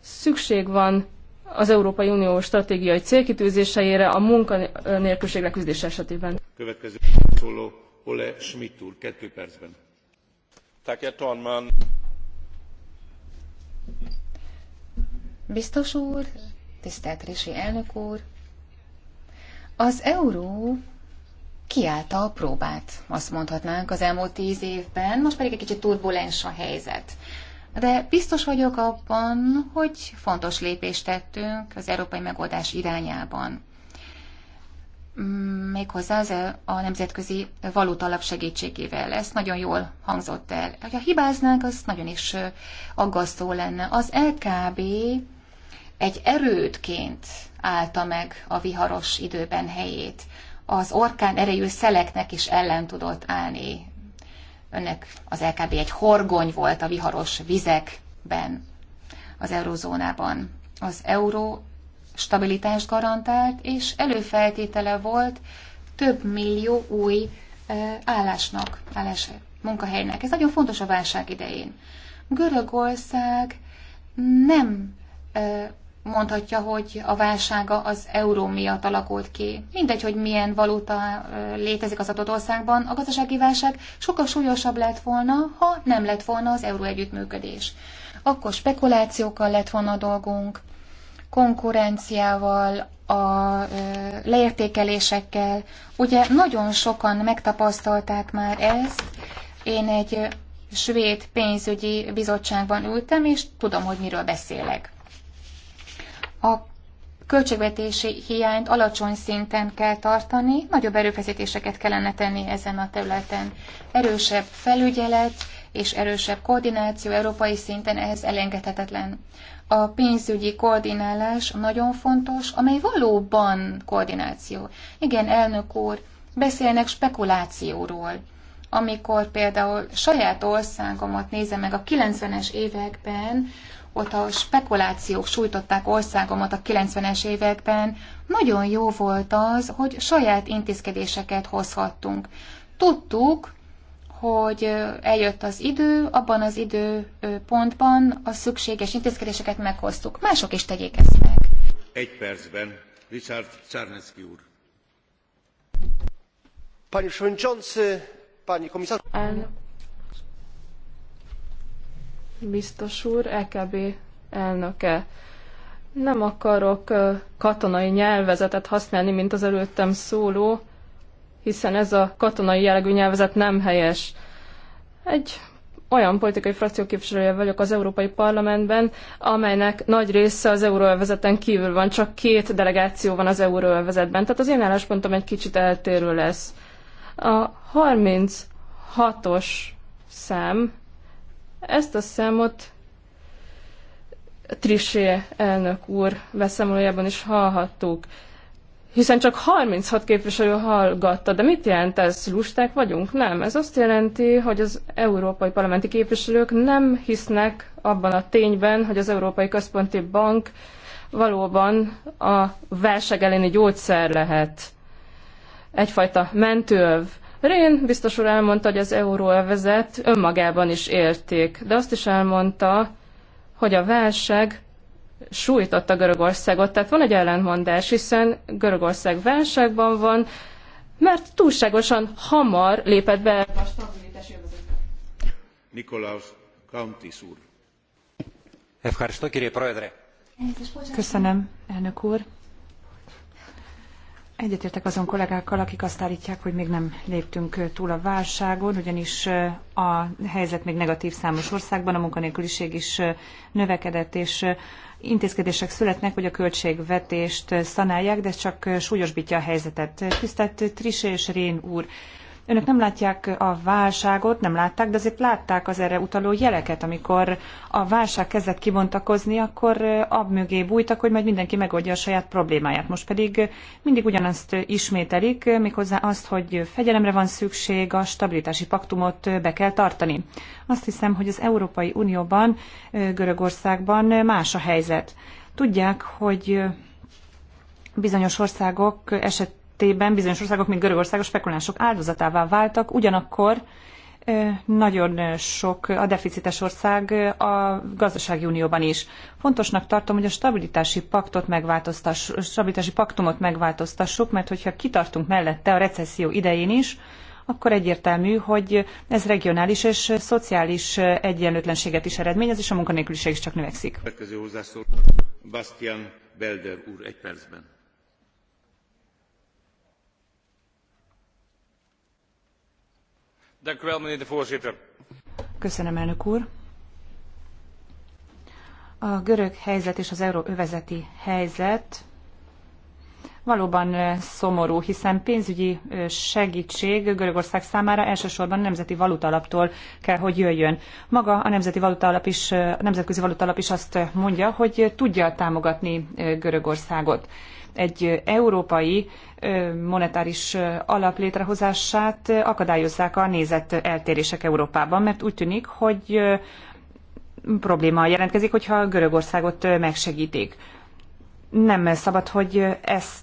Szükség van az Európai Unió stratégiai célkitűzéseire a munkanélküliség leküzdése esetében. Következő szóló Ole Schmidt úr, kettő percben. Biztos úr, tisztelt Risi elnök úr, az euró kiállta a próbát, azt mondhatnánk az elmúlt tíz évben, most pedig egy kicsit turbulens a helyzet de biztos vagyok abban, hogy fontos lépést tettünk az európai megoldás irányában. Mm, méghozzá az a nemzetközi valutalap segítségével. Ez nagyon jól hangzott el. Ha hibáznánk, az nagyon is aggasztó lenne. Az LKB egy erődként állta meg a viharos időben helyét. Az orkán erejű szeleknek is ellen tudott állni Önnek az LKB egy horgony volt a viharos vizekben az eurozónában. Az euró stabilitást garantált, és előfeltétele volt több millió új állásnak, állás munkahelynek. Ez nagyon fontos a válság idején. Görögország nem mondhatja, hogy a válsága az euró miatt alakult ki. Mindegy, hogy milyen valuta létezik az adott országban, a gazdasági válság sokkal súlyosabb lett volna, ha nem lett volna az euró együttműködés. Akkor spekulációkkal lett volna a dolgunk, konkurenciával, a leértékelésekkel. Ugye nagyon sokan megtapasztalták már ezt. Én egy svéd pénzügyi bizottságban ültem, és tudom, hogy miről beszélek a költségvetési hiányt alacsony szinten kell tartani, nagyobb erőfeszítéseket kellene tenni ezen a területen. Erősebb felügyelet és erősebb koordináció európai szinten ehhez elengedhetetlen. A pénzügyi koordinálás nagyon fontos, amely valóban koordináció. Igen, elnök úr, beszélnek spekulációról. Amikor például saját országomat nézem meg a 90-es években, ott a spekulációk sújtották országomat a 90-es években, nagyon jó volt az, hogy saját intézkedéseket hozhattunk. Tudtuk, hogy eljött az idő, abban az időpontban a szükséges intézkedéseket meghoztuk. Mások is tegyék ezt meg. Egy percben Richard Czarnecki úr. Panie Przewodniczący, Panie Komisarzu biztos úr, EKB elnöke. Nem akarok katonai nyelvezetet használni, mint az előttem szóló, hiszen ez a katonai jellegű nyelvezet nem helyes. Egy olyan politikai frakció képviselője vagyok az Európai Parlamentben, amelynek nagy része az euróövezeten kívül van, csak két delegáció van az euróövezetben. Tehát az én álláspontom egy kicsit eltérő lesz. A 36-os szám ezt a számot Trisé elnök úr beszámolójában is hallhattuk. Hiszen csak 36 képviselő hallgatta, de mit jelent ez? Lusták vagyunk? Nem. Ez azt jelenti, hogy az európai parlamenti képviselők nem hisznek abban a tényben, hogy az Európai Központi Bank valóban a válság elleni gyógyszer lehet. Egyfajta mentőöv. Rén biztos úr elmondta, hogy az elvezet, önmagában is érték, de azt is elmondta, hogy a válság sújtotta Görögországot. Tehát van egy ellentmondás, hiszen Görögország válságban van, mert túlságosan hamar lépett be a stabilitási övezetbe. Nikolaus Kantis úr. E e e. Köszönöm, elnök úr. Egyetértek azon kollégákkal, akik azt állítják, hogy még nem léptünk túl a válságon, ugyanis a helyzet még negatív számos országban, a munkanélküliség is növekedett, és intézkedések születnek, hogy a költségvetést szanálják, de ez csak súlyosbítja a helyzetet. Tisztelt Trise és Rén úr, Önök nem látják a válságot, nem látták, de azért látták az erre utaló jeleket, amikor a válság kezdett kibontakozni, akkor ab mögé bújtak, hogy majd mindenki megoldja a saját problémáját. Most pedig mindig ugyanazt ismételik, méghozzá azt, hogy fegyelemre van szükség, a stabilitási paktumot be kell tartani. Azt hiszem, hogy az Európai Unióban, Görögországban más a helyzet. Tudják, hogy bizonyos országok eset esetében bizonyos országok, mint Görögország a spekulánsok áldozatává váltak, ugyanakkor nagyon sok a deficites ország a gazdasági unióban is. Fontosnak tartom, hogy a stabilitási, paktot megváltoztass, stabilitási paktumot megváltoztassuk, mert hogyha kitartunk mellette a recesszió idején is, akkor egyértelmű, hogy ez regionális és szociális egyenlőtlenséget is eredményez, és a munkanélküliség is csak növekszik. Következő Bastian Belder úr egy percben Köszönöm, elnök úr. A görög helyzet és az euróövezeti helyzet valóban szomorú, hiszen pénzügyi segítség Görögország számára elsősorban a Nemzeti valutalaptól kell, hogy jöjjön. Maga a Nemzeti valutalap is, a Nemzetközi valutalap is azt mondja, hogy tudja támogatni Görögországot egy európai monetáris alap létrehozását akadályozzák a nézet eltérések Európában, mert úgy tűnik, hogy probléma jelentkezik, hogyha Görögországot megsegítik. Nem szabad, hogy ezt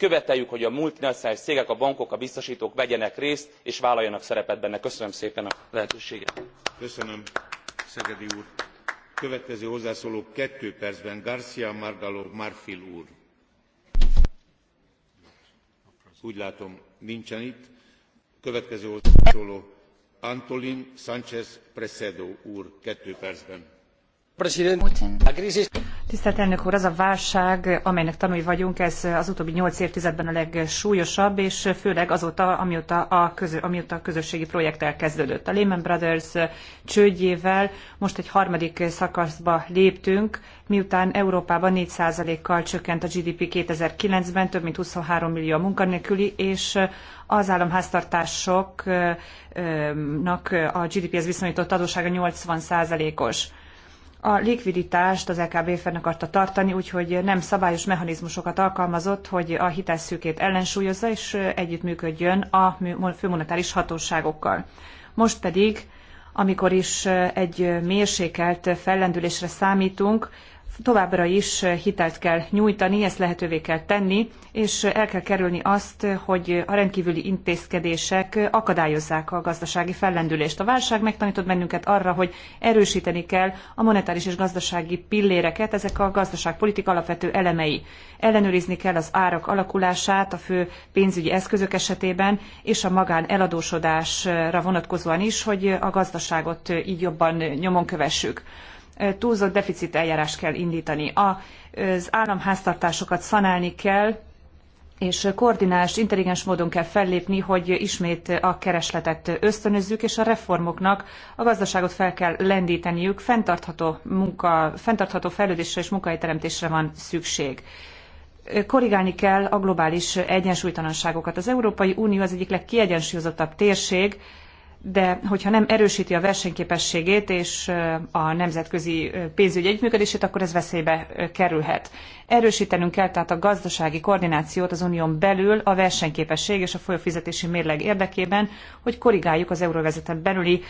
követeljük hogy a multinacionális cégek a bankok a biztostók vegyenek részt és vállaljanak szerepet benne. köszönöm szépen a lehetőséget. köszönöm szegedi úr. következő hozzászóló kettő percben garca margallo marfil úr. úgy látom nincsen itt. következő hozzászóló antolin sánchez presedo úr kettő percben. President, Tisztelt elnök úr, az a válság, amelynek tanúi vagyunk, ez az utóbbi nyolc évtizedben a legsúlyosabb, és főleg azóta, amióta a, közö, amióta a közösségi projekt elkezdődött. A Lehman Brothers csődjével most egy harmadik szakaszba léptünk, miután Európában 4%-kal csökkent a GDP 2009-ben, több mint 23 millió a munkanélküli, és az államháztartásoknak a GDP-hez viszonyított adósága 80%-os a likviditást az LKB e fenn akarta tartani, úgyhogy nem szabályos mechanizmusokat alkalmazott, hogy a hitelszűkét ellensúlyozza és együttműködjön a főmonetáris hatóságokkal. Most pedig, amikor is egy mérsékelt fellendülésre számítunk, továbbra is hitelt kell nyújtani, ezt lehetővé kell tenni, és el kell kerülni azt, hogy a rendkívüli intézkedések akadályozzák a gazdasági fellendülést. A válság megtanított bennünket arra, hogy erősíteni kell a monetáris és gazdasági pilléreket, ezek a gazdaságpolitik alapvető elemei. Ellenőrizni kell az árak alakulását a fő pénzügyi eszközök esetében, és a magán eladósodásra vonatkozóan is, hogy a gazdaságot így jobban nyomon kövessük túlzott deficit eljárás kell indítani. Az államháztartásokat szanálni kell, és koordinált, intelligens módon kell fellépni, hogy ismét a keresletet ösztönözzük, és a reformoknak a gazdaságot fel kell lendíteniük, fenntartható, munka, fenntartható fejlődésre és munkahelyteremtésre van szükség. Korrigálni kell a globális egyensúlytalanságokat. Az Európai Unió az egyik legkiegyensúlyozottabb térség, de hogyha nem erősíti a versenyképességét és a nemzetközi pénzügyi együttműködését, akkor ez veszélybe kerülhet. Erősítenünk kell tehát a gazdasági koordinációt az unión belül a versenyképesség és a folyófizetési mérleg érdekében, hogy korrigáljuk az euróvezetet belüli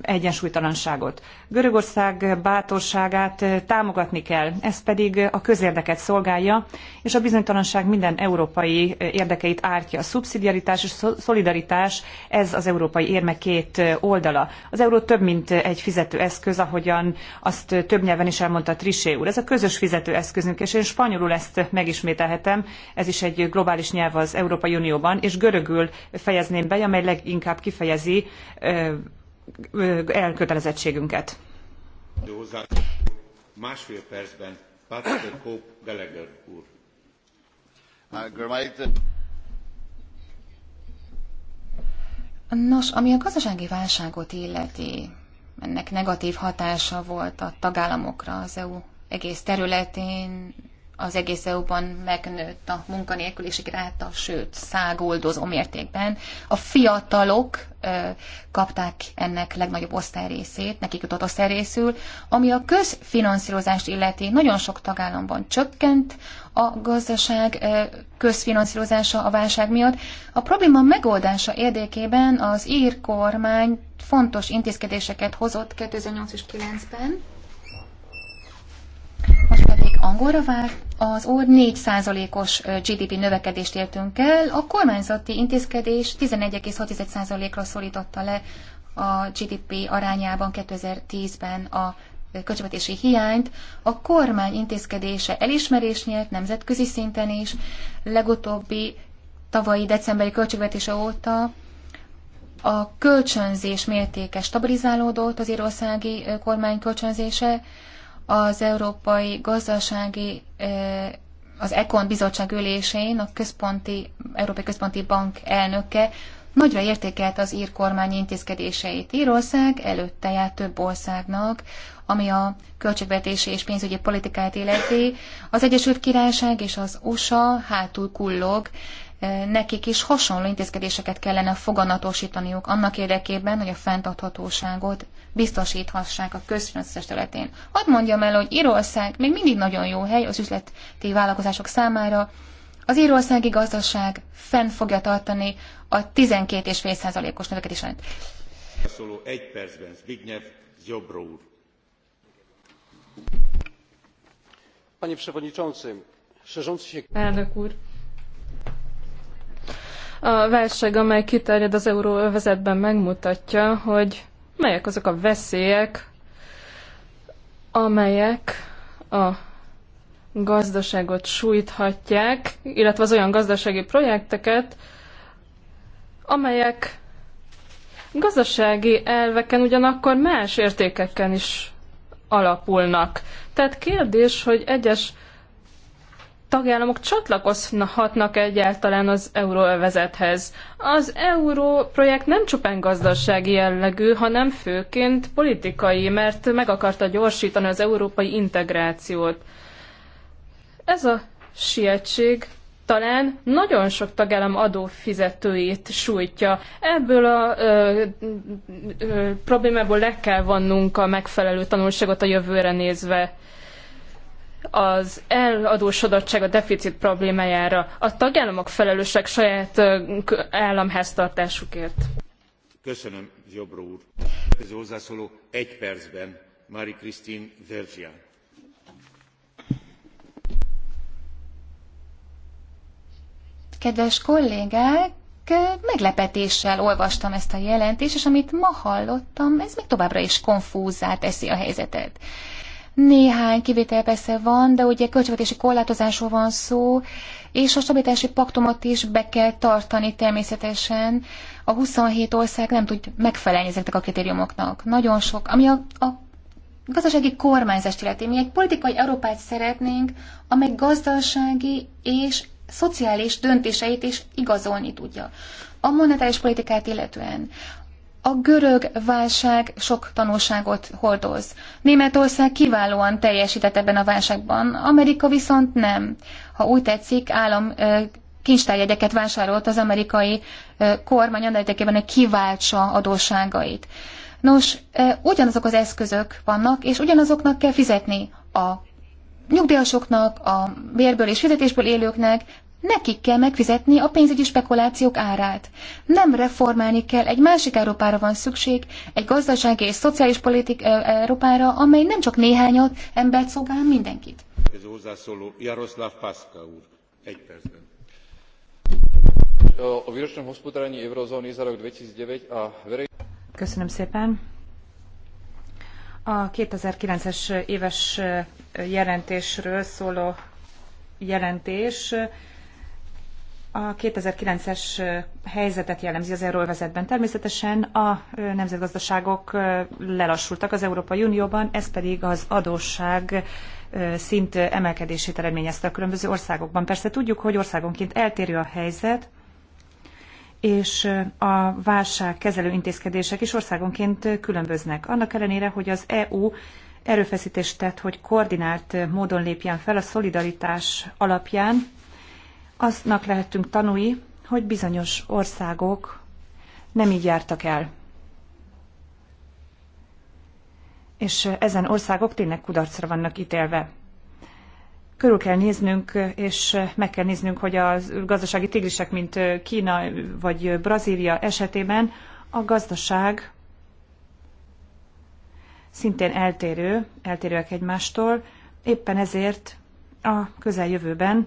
egyensúlytalanságot. Görögország bátorságát támogatni kell, ez pedig a közérdeket szolgálja, és a bizonytalanság minden európai érdekeit ártja. A szubszidiaritás és szolidaritás, ez az európai érme két oldala. Az euró több, mint egy fizetőeszköz, ahogyan azt több nyelven is elmondta Trisé úr. Ez a közös fizetőeszközünk, és én spanyolul ezt megismételhetem, ez is egy globális nyelv az Európai Unióban, és görögül fejezném be, amely leginkább kifejezi elkötelezettségünket. Másfél percben Kóp úr. Uh, Nos, ami a gazdasági válságot illeti, ennek negatív hatása volt a tagállamokra az EU egész területén, az egész EU-ban megnőtt a munkanélküliség ráta, sőt, szágoldozó mértékben. A fiatalok ö, kapták ennek legnagyobb osztályrészét, nekik jutott osztályrészül, ami a közfinanszírozást illeti. Nagyon sok tagállamban csökkent a gazdaság ö, közfinanszírozása a válság miatt. A probléma megoldása érdekében az ír kormány fontos intézkedéseket hozott 2008 és 2009-ben, most pedig angolra vált, az úr 4%-os GDP növekedést értünk el, a kormányzati intézkedés 11,6%-ra szorította le a GDP arányában 2010-ben a költségvetési hiányt. A kormány intézkedése elismerés nyert nemzetközi szinten is. Legutóbbi tavalyi decemberi költségvetése óta a kölcsönzés mértéke stabilizálódott az írországi kormány kölcsönzése. Az Európai Gazdasági az Ekon bizottság ülésén a központi, Európai Központi Bank elnöke nagyra értékelt az ír kormány intézkedéseit. Írország előtte járt több országnak, ami a költségvetési és pénzügyi politikát illeti. Az Egyesült Királyság és az USA hátul kullog nekik is hasonló intézkedéseket kellene foganatosítaniuk annak érdekében, hogy a fenntarthatóságot biztosíthassák a közfinanszírozás területén. Hadd mondjam el, hogy Írország még mindig nagyon jó hely az üzleti vállalkozások számára. Az írországi gazdaság fenn fogja tartani a 12,5%-os növekedés előtt. Szóló egy percben Zbigniew Ziobro úr. Panie Przewodniczący, szerzący się... Elnök úr, a válság, amely kiterjed az euróövezetben megmutatja, hogy melyek azok a veszélyek, amelyek a gazdaságot sújthatják, illetve az olyan gazdasági projekteket, amelyek gazdasági elveken ugyanakkor más értékeken is alapulnak. Tehát kérdés, hogy egyes tagállamok csatlakozhatnak egyáltalán az euróövezethez. Az euró projekt nem csupán gazdasági jellegű, hanem főként politikai, mert meg akarta gyorsítani az európai integrációt. Ez a sietség talán nagyon sok tagállam adófizetőit sújtja. Ebből a ö, ö, problémából le kell vannunk a megfelelő tanulságot a jövőre nézve az eladósodottság a deficit problémájára. A tagállamok felelősek saját államháztartásukért. Köszönöm, Jobbro úr. Ez hozzászóló egy percben, Mari Krisztin Vergia. Kedves kollégák, meglepetéssel olvastam ezt a jelentést, és amit ma hallottam, ez még továbbra is konfúzzá teszi a helyzetet. Néhány kivétel persze van, de ugye költségvetési korlátozásról van szó, és a stabilitási paktumot is be kell tartani természetesen. A 27 ország nem tud megfelelni ezeknek a kritériumoknak. Nagyon sok, ami a, a gazdasági kormányzást illeti. Mi egy politikai Európát szeretnénk, amely gazdasági és szociális döntéseit is igazolni tudja. A monetáris politikát illetően a görög válság sok tanulságot hordoz. Németország kiválóan teljesített ebben a válságban, Amerika viszont nem. Ha úgy tetszik, állam kincstárjegyeket vásárolt az amerikai kormány annak érdekében, hogy kiváltsa adósságait. Nos, ugyanazok az eszközök vannak, és ugyanazoknak kell fizetni a nyugdíjasoknak, a bérből és fizetésből élőknek, Nekik kell megfizetni a pénzügyi spekulációk árát. Nem reformálni kell, egy másik Európára van szükség, egy gazdasági és szociális politik Európára, amely nem csak néhányat embert szolgál, mindenkit. Ez hozzászóló Jaroszláv úr, egy percben 2009 a Köszönöm szépen. A 2009-es éves jelentésről szóló jelentés a 2009-es helyzetet jellemzi az euróvezetben. Természetesen a nemzetgazdaságok lelassultak az Európai Unióban, ez pedig az adósság szint emelkedését eredményezte a különböző országokban. Persze tudjuk, hogy országonként eltérő a helyzet, és a válság kezelő intézkedések is országonként különböznek. Annak ellenére, hogy az EU erőfeszítést tett, hogy koordinált módon lépjen fel a szolidaritás alapján, aznak lehetünk tanúi, hogy bizonyos országok nem így jártak el. És ezen országok tényleg kudarcra vannak ítélve. Körül kell néznünk, és meg kell néznünk, hogy a gazdasági tigrisek, mint Kína vagy Brazília esetében a gazdaság szintén eltérő, eltérőek egymástól, éppen ezért a közeljövőben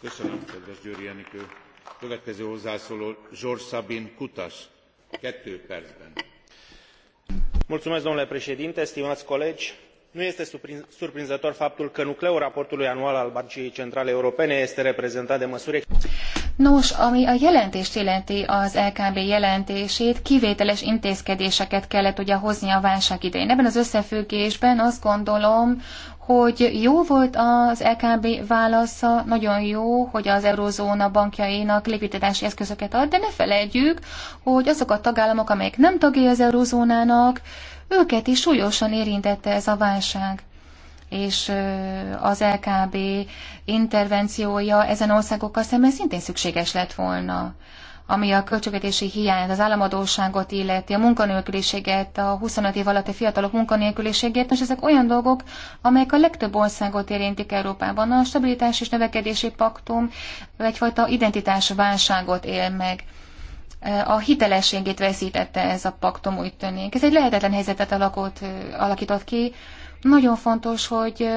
Köszönöm, kedves Győri Enikő. Következő hozzászóló George Sabin Kutas, kettő percben. Mulțumesc, domnule președinte, stimați colegi. Nu este surprinzător faptul că nucleul raportului anual al Băncii Centrale Europene este reprezentat de măsuri... Nos, ami a jelentést jelenti, az LKB jelentését, kivételes intézkedéseket kellett ugye hozni a válság idején. Ebben az összefüggésben azt gondolom, hogy jó volt az LKB válasza, nagyon jó, hogy az eurozóna bankjainak likviditási eszközöket ad, de ne felejtjük, hogy azok a tagállamok, amelyek nem tagjai az eurozónának, őket is súlyosan érintette ez a válság és az LKB intervenciója ezen országokkal szemben szintén szükséges lett volna ami a költségvetési hiányt, az államadóságot illeti, a munkanélküliséget, a 25 év alatti fiatalok munkanélküliségét. Most ezek olyan dolgok, amelyek a legtöbb országot érintik Európában. A stabilitás és növekedési paktum egyfajta identitásválságot él meg. A hitelességét veszítette ez a paktum, úgy tűnik. Ez egy lehetetlen helyzetet alakult, alakított ki. Nagyon fontos, hogy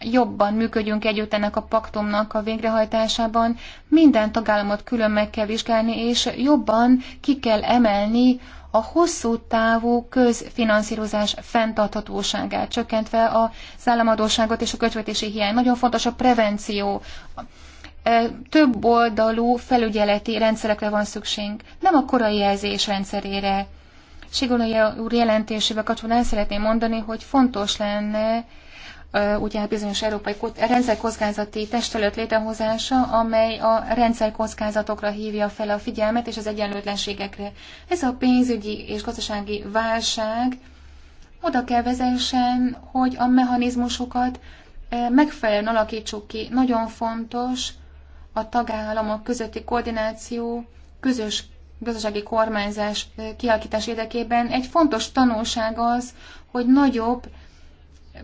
jobban működjünk együtt ennek a paktumnak a végrehajtásában. Minden tagállamot külön meg kell vizsgálni, és jobban ki kell emelni a hosszú távú közfinanszírozás fenntarthatóságát, csökkentve az államadóságot és a költségvetési hiány. Nagyon fontos a prevenció. Több oldalú felügyeleti rendszerekre van szükség, nem a korai jelzés rendszerére. Sigolai úr jelentésével kapcsolatban el szeretném mondani, hogy fontos lenne ugye bizonyos európai rendszerkockázati testület létrehozása, amely a rendszerkockázatokra hívja fel a figyelmet és az egyenlőtlenségekre. Ez a pénzügyi és gazdasági válság oda kell vezessen, hogy a mechanizmusokat megfelelően alakítsuk ki. Nagyon fontos a tagállamok közötti koordináció, közös gazdasági kormányzás kialakítás érdekében. Egy fontos tanulság az, hogy nagyobb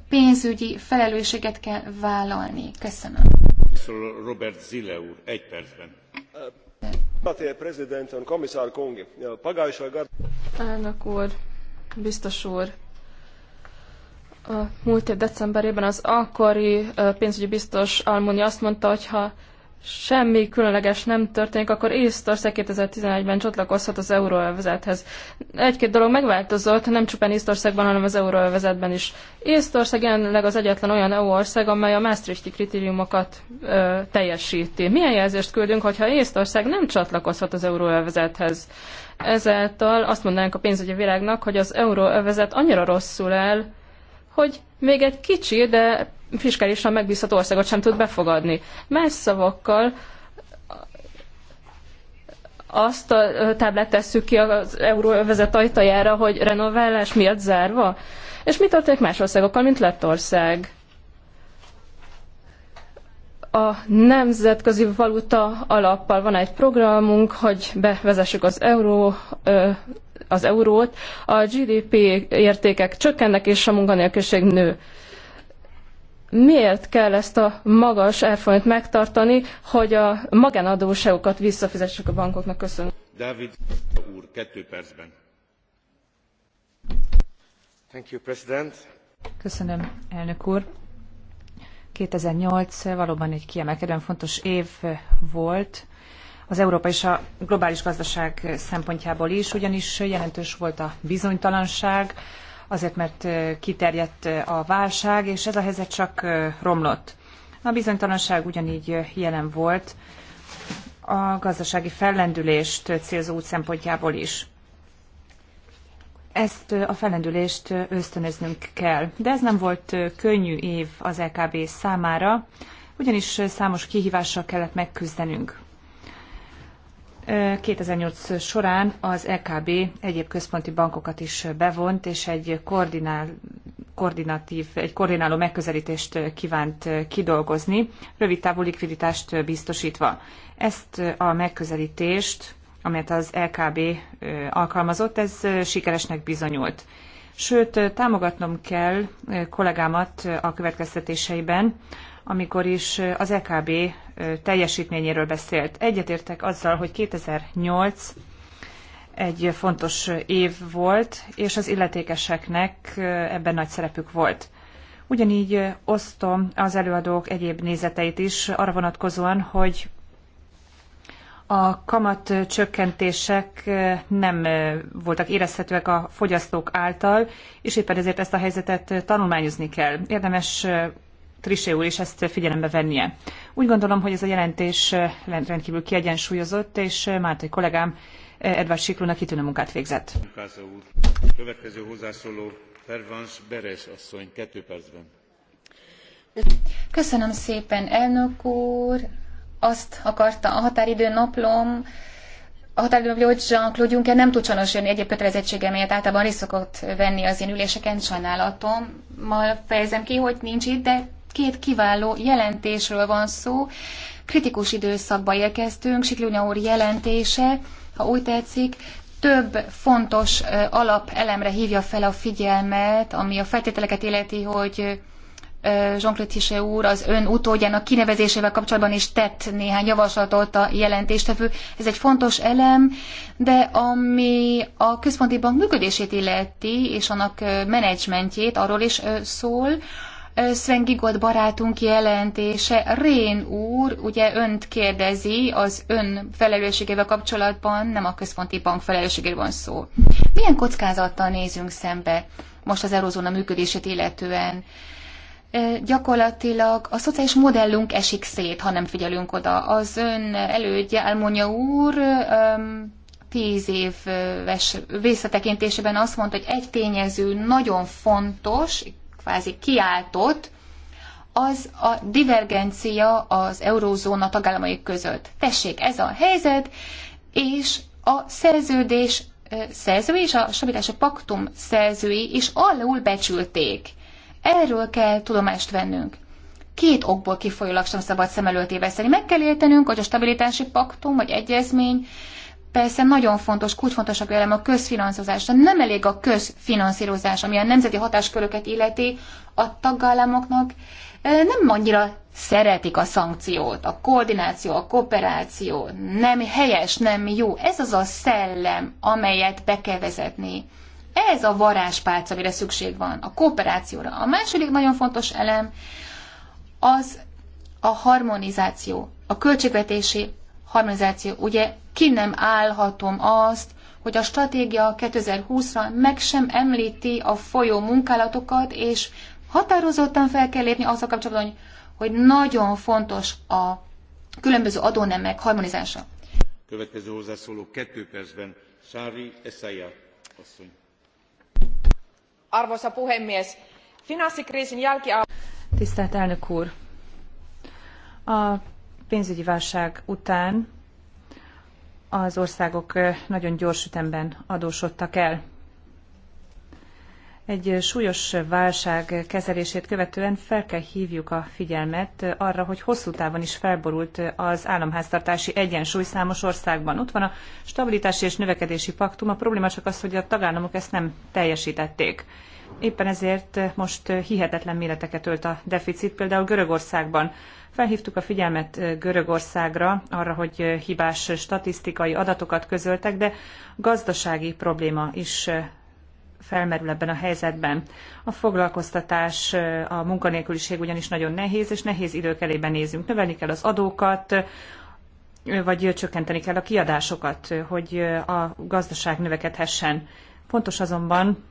pénzügyi felelősséget kell vállalni. Köszönöm. Szóval Robert Zile úr, egy percben. Elnök úr, biztos úr, a múlt év decemberében az akkori pénzügyi biztos Almuni azt mondta, hogy ha semmi különleges nem történik, akkor Észtország 2011-ben csatlakozhat az euróövezethez. Egy-két dolog megváltozott, nem csupán Észtországban, hanem az euróövezetben is. Észtország jelenleg az egyetlen olyan EU ország, amely a Maastrichti kritériumokat ö, teljesíti. Milyen jelzést küldünk, hogyha Észtország nem csatlakozhat az euróövezethez? Ezáltal azt mondanánk a pénzügyi világnak, hogy az euróövezet annyira rosszul áll, hogy még egy kicsi, de fiskálisan megbízható országot sem tud befogadni. Más szavakkal azt a táblát tesszük ki az euróvezet ajtajára, hogy renoválás miatt zárva? És mit történik más országokkal, mint Lettország? A nemzetközi valuta alappal van egy programunk, hogy bevezessük az euró az eurót, a GDP értékek csökkennek és a munkanélküliség nő miért kell ezt a magas árfolyamot megtartani, hogy a magánadóságokat visszafizessük a bankoknak? Köszönöm. David úr, kettő percben. Thank you, President. Köszönöm, elnök úr. 2008 valóban egy kiemelkedően fontos év volt az európai és a globális gazdaság szempontjából is, ugyanis jelentős volt a bizonytalanság, azért mert kiterjedt a válság, és ez a helyzet csak romlott. A bizonytalanság ugyanígy jelen volt a gazdasági fellendülést célzó út szempontjából is. Ezt a fellendülést ösztönöznünk kell. De ez nem volt könnyű év az LKB e számára, ugyanis számos kihívással kellett megküzdenünk. 2008 során az EKB egyéb központi bankokat is bevont, és egy koordinál, koordinatív, egy koordináló megközelítést kívánt kidolgozni, rövid távú likviditást biztosítva. Ezt a megközelítést, amelyet az LKB e alkalmazott, ez sikeresnek bizonyult. Sőt, támogatnom kell kollégámat a következtetéseiben, amikor is az EKB teljesítményéről beszélt. Egyetértek azzal, hogy 2008 egy fontos év volt, és az illetékeseknek ebben nagy szerepük volt. Ugyanígy osztom az előadók egyéb nézeteit is arra vonatkozóan, hogy a kamat csökkentések nem voltak érezhetőek a fogyasztók által, és éppen ezért ezt a helyzetet tanulmányozni kell. Érdemes Trisé úr is ezt figyelembe vennie. Úgy gondolom, hogy ez a jelentés eh, rendkívül kiegyensúlyozott, és eh, Mártai kollégám eh, Edvard Siklónak kitűnő munkát végzett. Következő hozzászóló Pervans Beres asszony, kettő percben. Köszönöm szépen, elnök úr. Azt akarta a határidő naplom, a határidőben, hogy Jean-Claude Juncker nem tud sajnos jönni egyéb kötelezettsége miatt, általában részt szokott venni az én üléseken, sajnálatom. Ma fejezem ki, hogy nincs itt, de Két kiváló jelentésről van szó. Kritikus időszakba érkeztünk, Siklónya úr jelentése, ha úgy tetszik, több fontos alapelemre hívja fel a figyelmet, ami a feltételeket illeti, hogy Jean-Claude Tichet úr az ön utódjának kinevezésével kapcsolatban is tett néhány javaslatot a jelentéstevő. Ez egy fontos elem, de ami a központi bank működését illeti, és annak menedzsmentjét, arról is szól, Sven Gigot barátunk jelentése. Rén úr, ugye önt kérdezi az ön felelősségével kapcsolatban, nem a központi bank felelősségéről van szó. Milyen kockázattal nézünk szembe most az eurozóna működését illetően? gyakorlatilag a szociális modellünk esik szét, ha nem figyelünk oda. Az ön elődje, Almonya úr, tíz éves visszatekintésében azt mondta, hogy egy tényező nagyon fontos, kvázi kiáltott, az a divergencia az eurózóna tagállamai között. Tessék, ez a helyzet, és a szerződés szerzői és a stabilitási paktum szerzői is alul becsülték. Erről kell tudomást vennünk. Két okból kifolyólag sem szabad szem előtt éveszteni. Meg kell értenünk, hogy a stabilitási paktum vagy egyezmény persze nagyon fontos, kulcsfontosabb elem a közfinanszírozás. De nem elég a közfinanszírozás, ami a nemzeti hatásköröket illeti a tagállamoknak, nem annyira szeretik a szankciót, a koordináció, a kooperáció, nem helyes, nem jó. Ez az a szellem, amelyet be kell vezetni. Ez a varázspálca, amire szükség van, a kooperációra. A második nagyon fontos elem az a harmonizáció, a költségvetési harmonizáció. Ugye ki nem állhatom azt, hogy a stratégia 2020-ra meg sem említi a folyó munkálatokat, és határozottan fel kell lépni azzal kapcsolatban, hogy nagyon fontos a különböző adónemek harmonizása. Következő hozzászóló kettő percben Sári Eszája asszony. Arvoisa puhemies, finanssikriisin jälki... Tisztelt elnök úr! A pénzügyi válság után az országok nagyon gyors ütemben adósodtak el egy súlyos válság kezelését követően fel kell hívjuk a figyelmet arra, hogy hosszú távon is felborult az államháztartási egyensúly számos országban. Ott van a stabilitási és növekedési paktum, a probléma csak az, hogy a tagállamok ezt nem teljesítették. Éppen ezért most hihetetlen méreteket ölt a deficit, például Görögországban. Felhívtuk a figyelmet Görögországra arra, hogy hibás statisztikai adatokat közöltek, de gazdasági probléma is felmerül ebben a helyzetben. A foglalkoztatás, a munkanélküliség ugyanis nagyon nehéz, és nehéz idők elében nézünk. Növelni kell az adókat, vagy csökkenteni kell a kiadásokat, hogy a gazdaság növekedhessen. Fontos azonban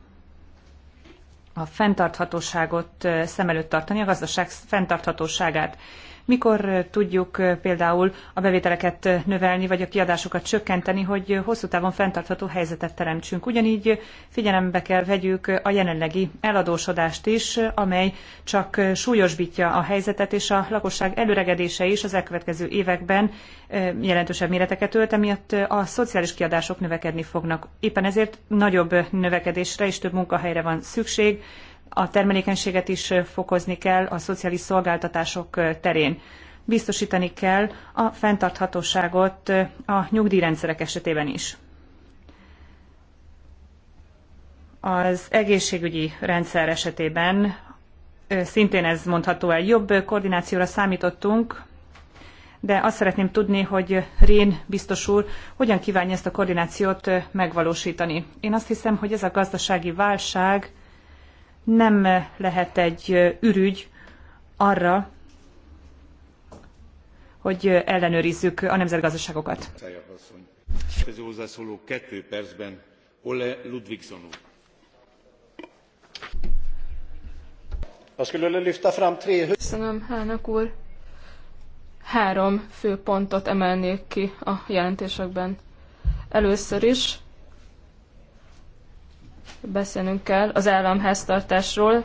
a fenntarthatóságot szem előtt tartani, a gazdaság fenntarthatóságát. Mikor tudjuk például a bevételeket növelni, vagy a kiadásokat csökkenteni, hogy hosszú távon fenntartható helyzetet teremtsünk. Ugyanígy figyelembe kell vegyük a jelenlegi eladósodást is, amely csak súlyosbítja a helyzetet, és a lakosság előregedése is az elkövetkező években jelentősebb méreteket ölt, emiatt a szociális kiadások növekedni fognak. Éppen ezért nagyobb növekedésre és több munkahelyre van szükség, a termelékenységet is fokozni kell a szociális szolgáltatások terén. Biztosítani kell a fenntarthatóságot a nyugdíjrendszerek esetében is. Az egészségügyi rendszer esetében szintén ez mondható el. Jobb koordinációra számítottunk, de azt szeretném tudni, hogy Rén biztos úr hogyan kívánja ezt a koordinációt megvalósítani. Én azt hiszem, hogy ez a gazdasági válság nem lehet egy ürügy arra, hogy ellenőrizzük a nemzetgazdaságokat. kettő percben Ole Ludvigsson úr. Köszönöm, elnök úr. Három fő pontot emelnék ki a jelentésekben. Először is beszélnünk kell az államháztartásról,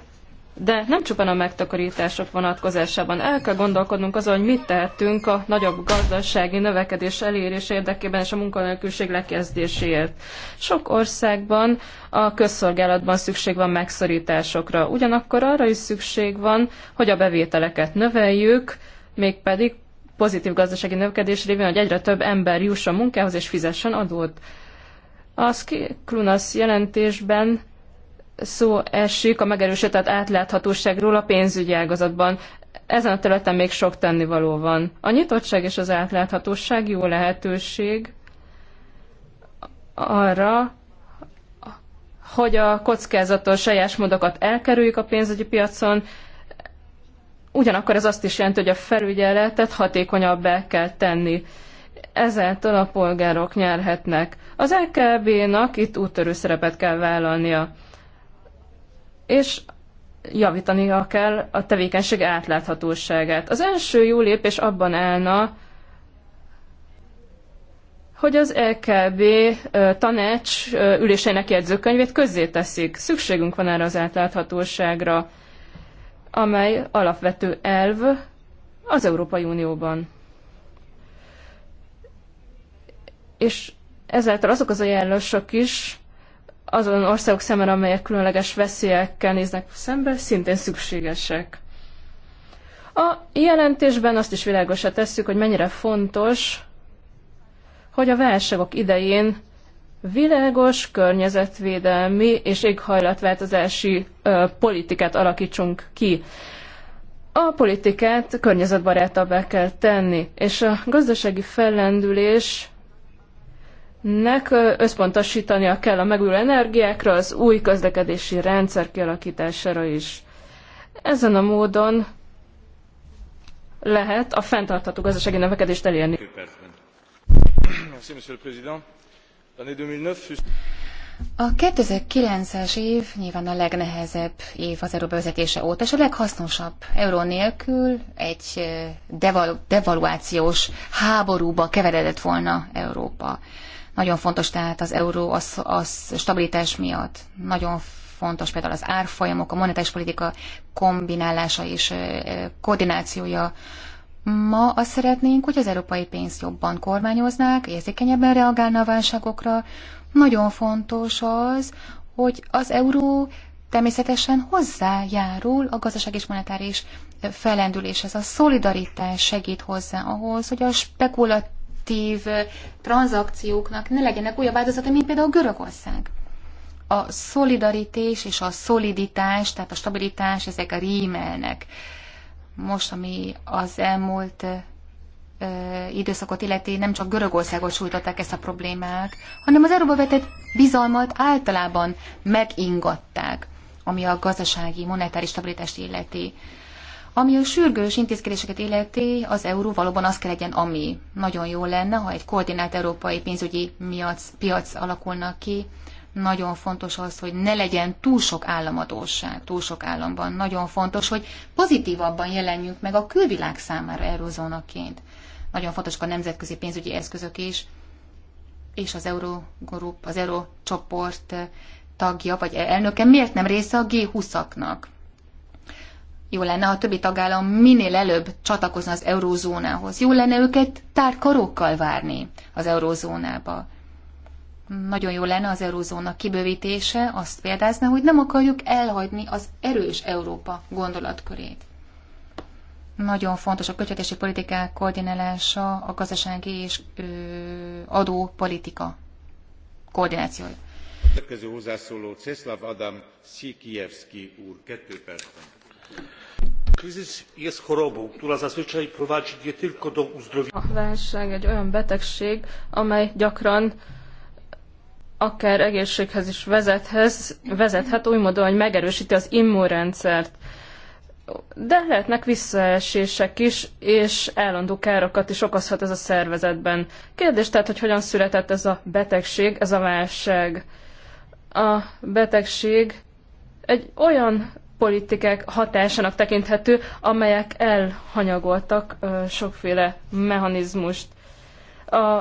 de nem csupán a megtakarítások vonatkozásában. El kell gondolkodnunk azon, hogy mit tehetünk a nagyobb gazdasági növekedés elérés érdekében és a munkanélküliség lekezdéséért. Sok országban a közszolgálatban szükség van megszorításokra. Ugyanakkor arra is szükség van, hogy a bevételeket növeljük, mégpedig pozitív gazdasági növekedés révén, hogy egyre több ember jusson munkához és fizessen adót. A Sklunas jelentésben szó esik a megerősített átláthatóságról a pénzügyi ágazatban. Ezen a területen még sok tennivaló van. A nyitottság és az átláthatóság jó lehetőség arra, hogy a kockázatos módokat elkerüljük a pénzügyi piacon, ugyanakkor ez azt is jelenti, hogy a felügyeletet hatékonyabbá kell tenni ezáltal a polgárok nyerhetnek. Az LKB-nak itt úttörő szerepet kell vállalnia, és javítania kell a tevékenység átláthatóságát. Az első jó lépés abban állna, hogy az LKB tanács ülésének jegyzőkönyvét teszik. Szükségünk van erre az átláthatóságra, amely alapvető elv az Európai Unióban. és ezáltal azok az ajánlások is azon országok számára, amelyek különleges veszélyekkel néznek szembe, szintén szükségesek. A jelentésben azt is világosra tesszük, hogy mennyire fontos, hogy a válságok idején világos környezetvédelmi és éghajlatváltozási ö, politikát alakítsunk ki. A politikát környezetbarátabbá kell tenni, és a gazdasági fellendülés nek összpontosítania kell a megújuló energiákra, az új közlekedési rendszer kialakítására is. Ezen a módon lehet a fenntartható gazdasági növekedést elérni. A 2009-es év nyilván a legnehezebb év az euró bevezetése óta, és a leghasznosabb euró nélkül egy devalu- devaluációs háborúba keveredett volna Európa. Nagyon fontos tehát az euró az, az stabilitás miatt. Nagyon fontos például az árfolyamok, a monetáris politika kombinálása és koordinációja. Ma azt szeretnénk, hogy az európai pénzt jobban kormányoznák, érzékenyebben reagálna a válságokra. Nagyon fontos az, hogy az euró természetesen hozzájárul a gazdaság és monetáris felendüléshez. A szolidaritás segít hozzá ahhoz, hogy a spekulatív fiktív tranzakcióknak ne legyenek újabb áldozatai, mint például Görögország. A szolidaritás és a szoliditás, tehát a stabilitás, ezek a rímelnek. Most, ami az elmúlt időszakot illeti nem csak Görögországot sújtották ezt a problémák, hanem az Európa vetett bizalmat általában megingatták, ami a gazdasági, monetáris stabilitást illeti. Ami a sürgős intézkedéseket illeti, az euró valóban az kell legyen, ami nagyon jó lenne, ha egy koordinált európai pénzügyi miac, piac alakulna ki. Nagyon fontos az, hogy ne legyen túl sok államadóság, túl sok államban. Nagyon fontos, hogy pozitívabban jelenjünk meg a külvilág számára eurozónaként. Nagyon fontosak a nemzetközi pénzügyi eszközök is, és az Eurogroup, az Eurocsoport tagja vagy elnöke miért nem része a G20-aknak? Jó lenne, ha a többi tagállam minél előbb csatlakozna az eurózónához. Jó lenne őket tárkarokkal várni az eurózónába. Nagyon jó lenne az eurózóna kibővítése, azt példázna, hogy nem akarjuk elhagyni az erős Európa gondolatkörét. Nagyon fontos a költségvetési politikák koordinálása, a gazdasági és adópolitika koordinációja. Következő hozzászóló Ceszlav Adam Szikievski úr, kettő percben a válság egy olyan betegség, amely gyakran akár egészséghez is vezethez, vezethet, úgy módon, hogy megerősíti az immunrendszert. De lehetnek visszaesések is, és állandó károkat is okozhat ez a szervezetben. Kérdés tehát, hogy hogyan született ez a betegség, ez a válság. A betegség egy olyan politikák hatásának tekinthető, amelyek elhanyagoltak sokféle mechanizmust. A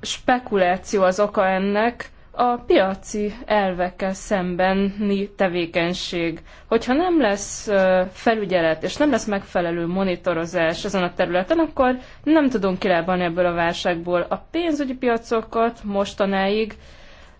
spekuláció az oka ennek, a piaci elvekkel szembeni tevékenység. Hogyha nem lesz felügyelet, és nem lesz megfelelő monitorozás ezen a területen, akkor nem tudunk kilábalni ebből a válságból. A pénzügyi piacokat mostanáig,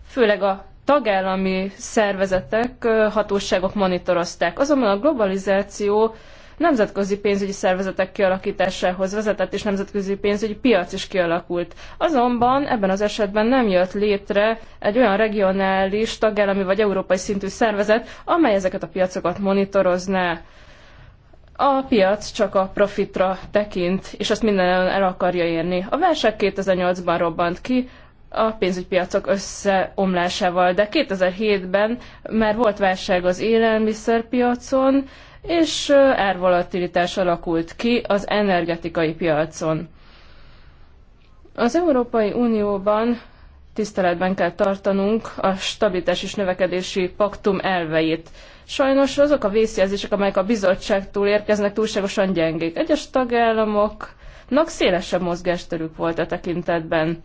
főleg a tagállami szervezetek, hatóságok monitorozták. Azonban a globalizáció nemzetközi pénzügyi szervezetek kialakításához vezetett, és nemzetközi pénzügyi piac is kialakult. Azonban ebben az esetben nem jött létre egy olyan regionális, tagállami vagy európai szintű szervezet, amely ezeket a piacokat monitorozná. A piac csak a profitra tekint, és azt minden el akarja érni. A válság 2008-ban robbant ki, a pénzügypiacok összeomlásával. De 2007-ben már volt válság az élelmiszerpiacon, és árvolatilitás alakult ki az energetikai piacon. Az Európai Unióban tiszteletben kell tartanunk a stabilitás és növekedési paktum elveit. Sajnos azok a vészjelzések, amelyek a bizottságtól érkeznek, túlságosan gyengék. Egyes tagállamoknak szélesebb mozgásterük volt a tekintetben.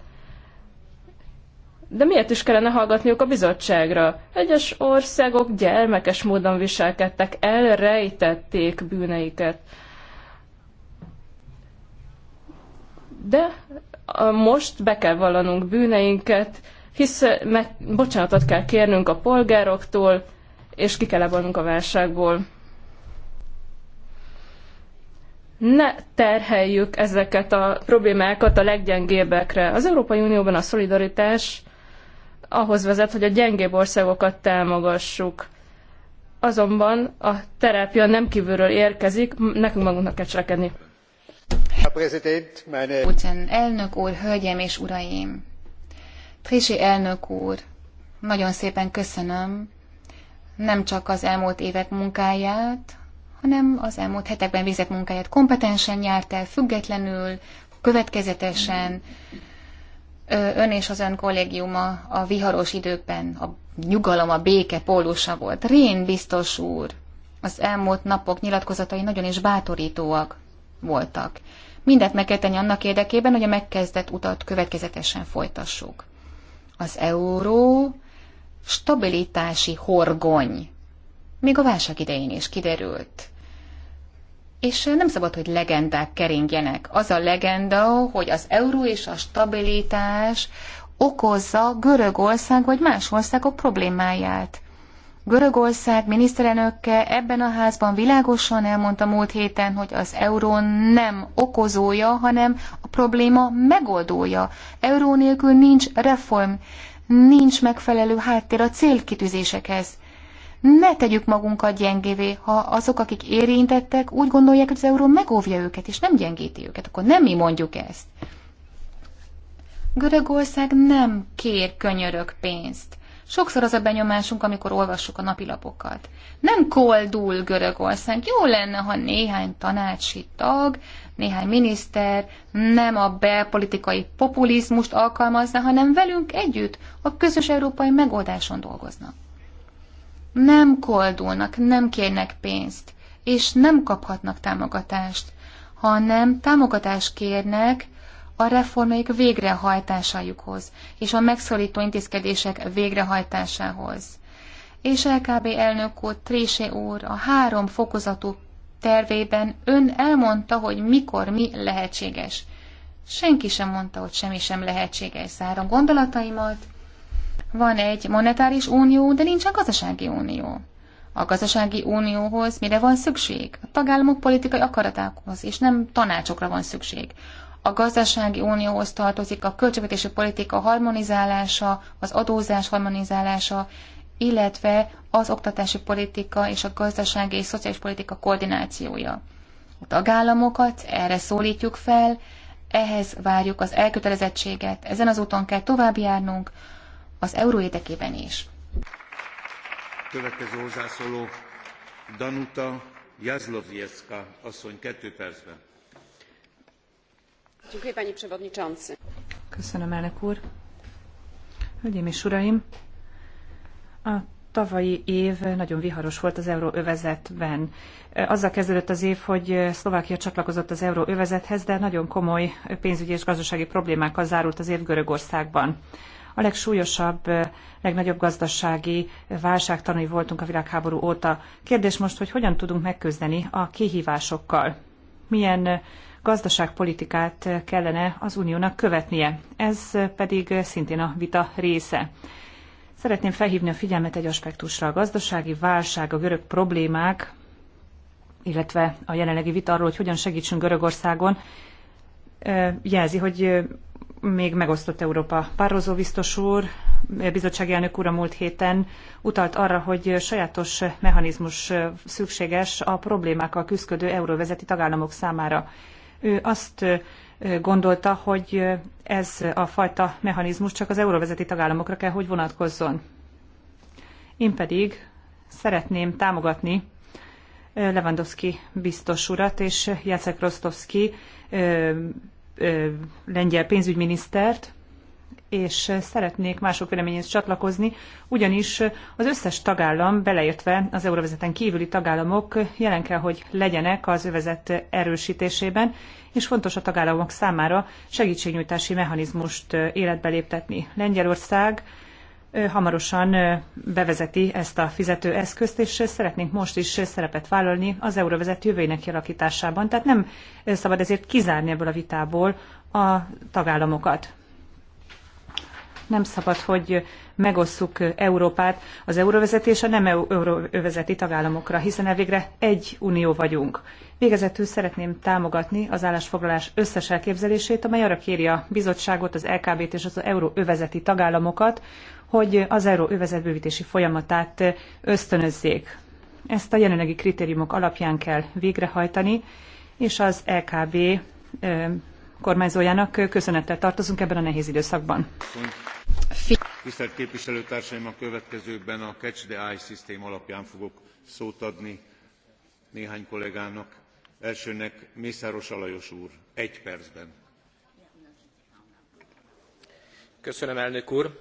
De miért is kellene hallgatniuk a bizottságra? Egyes országok gyermekes módon viselkedtek, elrejtették bűneiket. De most be kell vallanunk bűneinket, hisz meg, bocsánatot kell kérnünk a polgároktól, és ki kell ebolnunk a válságból. Ne terheljük ezeket a problémákat a leggyengébbekre. Az Európai Unióban a szolidaritás ahhoz vezet, hogy a gyengébb országokat támogassuk. Azonban a terápia nem kívülről érkezik, nekünk magunknak kell cselekedni. Putin elnök úr, hölgyem és uraim! Trisi elnök úr, nagyon szépen köszönöm nem csak az elmúlt évek munkáját, hanem az elmúlt hetekben végzett munkáját kompetensen járt el, függetlenül, következetesen, ön és az ön kollégiuma a viharos időkben a nyugalom, a béke pólusa volt. Rén biztos úr, az elmúlt napok nyilatkozatai nagyon is bátorítóak voltak. Mindent meg kell tenni annak érdekében, hogy a megkezdett utat következetesen folytassuk. Az euró stabilitási horgony. Még a válság idején is kiderült és nem szabad, hogy legendák keringjenek. Az a legenda, hogy az euró és a stabilitás okozza Görögország vagy más országok problémáját. Görögország miniszterelnöke ebben a házban világosan elmondta múlt héten, hogy az euró nem okozója, hanem a probléma megoldója. Euró nélkül nincs reform, nincs megfelelő háttér a célkitűzésekhez ne tegyük magunkat gyengévé, ha azok, akik érintettek, úgy gondolják, hogy az euró megóvja őket, és nem gyengíti őket, akkor nem mi mondjuk ezt. Görögország nem kér könyörök pénzt. Sokszor az a benyomásunk, amikor olvassuk a napilapokat. Nem koldul Görögország. Jó lenne, ha néhány tanácsi tag, néhány miniszter nem a belpolitikai populizmust alkalmazna, hanem velünk együtt a közös európai megoldáson dolgoznak nem koldulnak, nem kérnek pénzt, és nem kaphatnak támogatást, hanem támogatást kérnek a reformjaik végrehajtásájukhoz, és a megszorító intézkedések végrehajtásához. És LKB elnök úr, Trésé úr a három fokozatú tervében ön elmondta, hogy mikor mi lehetséges. Senki sem mondta, hogy semmi sem lehetséges. Zárom gondolataimat. Van egy monetáris unió, de nincsen gazdasági unió. A gazdasági unióhoz mire van szükség? A tagállamok politikai akaratához és nem tanácsokra van szükség. A gazdasági unióhoz tartozik a költségvetési politika harmonizálása, az adózás harmonizálása, illetve az oktatási politika és a gazdasági és szociális politika koordinációja. A tagállamokat erre szólítjuk fel, ehhez várjuk az elkötelezettséget, ezen az úton kell tovább járnunk, az euró érdekében is. Következő hozzászóló Danuta Jazlovjecka asszony kettő percben. Köszönöm, elnök úr. Hölgyeim és uraim, a tavalyi év nagyon viharos volt az euróövezetben. Azzal kezdődött az év, hogy Szlovákia csatlakozott az euróövezethez, de nagyon komoly pénzügyi és gazdasági problémákkal zárult az év Görögországban. A legsúlyosabb, legnagyobb gazdasági válság tanúi voltunk a világháború óta. Kérdés most, hogy hogyan tudunk megküzdeni a kihívásokkal. Milyen gazdaságpolitikát kellene az uniónak követnie. Ez pedig szintén a vita része. Szeretném felhívni a figyelmet egy aspektusra. A gazdasági válság, a görög problémák, illetve a jelenlegi vita arról, hogy hogyan segítsünk Görögországon, jelzi, hogy még megosztott Európa. Pározó biztos úr, bizottsági elnök úr a múlt héten utalt arra, hogy sajátos mechanizmus szükséges a problémákkal küzdködő euróvezeti tagállamok számára. Ő azt gondolta, hogy ez a fajta mechanizmus csak az euróvezeti tagállamokra kell, hogy vonatkozzon. Én pedig szeretném támogatni Lewandowski biztos urat és Jacek Rostovski lengyel pénzügyminisztert, és szeretnék mások véleményhez csatlakozni, ugyanis az összes tagállam, beleértve az euróvezeten kívüli tagállamok jelen kell, hogy legyenek az övezet erősítésében, és fontos a tagállamok számára segítségnyújtási mechanizmust életbe léptetni. Lengyelország hamarosan bevezeti ezt a fizetőeszközt, és szeretnénk most is szerepet vállalni az euróvezet jövőjének kialakításában. Tehát nem szabad ezért kizárni ebből a vitából a tagállamokat. Nem szabad, hogy megosszuk Európát az euróvezet és a nem euróvezeti tagállamokra, hiszen elvégre egy unió vagyunk. Végezetül szeretném támogatni az állásfoglalás összes elképzelését, amely arra kéri a bizottságot, az LKB-t és az euróövezeti tagállamokat, hogy az euró bővítési folyamatát ösztönözzék. Ezt a jelenlegi kritériumok alapján kell végrehajtani, és az LKB kormányzójának köszönettel tartozunk ebben a nehéz időszakban. Tisztelt képviselőtársaim, a következőkben a Catch the Eye szisztém alapján fogok szót adni néhány kollégának. Elsőnek Mészáros Alajos úr, egy percben. Köszönöm, elnök úr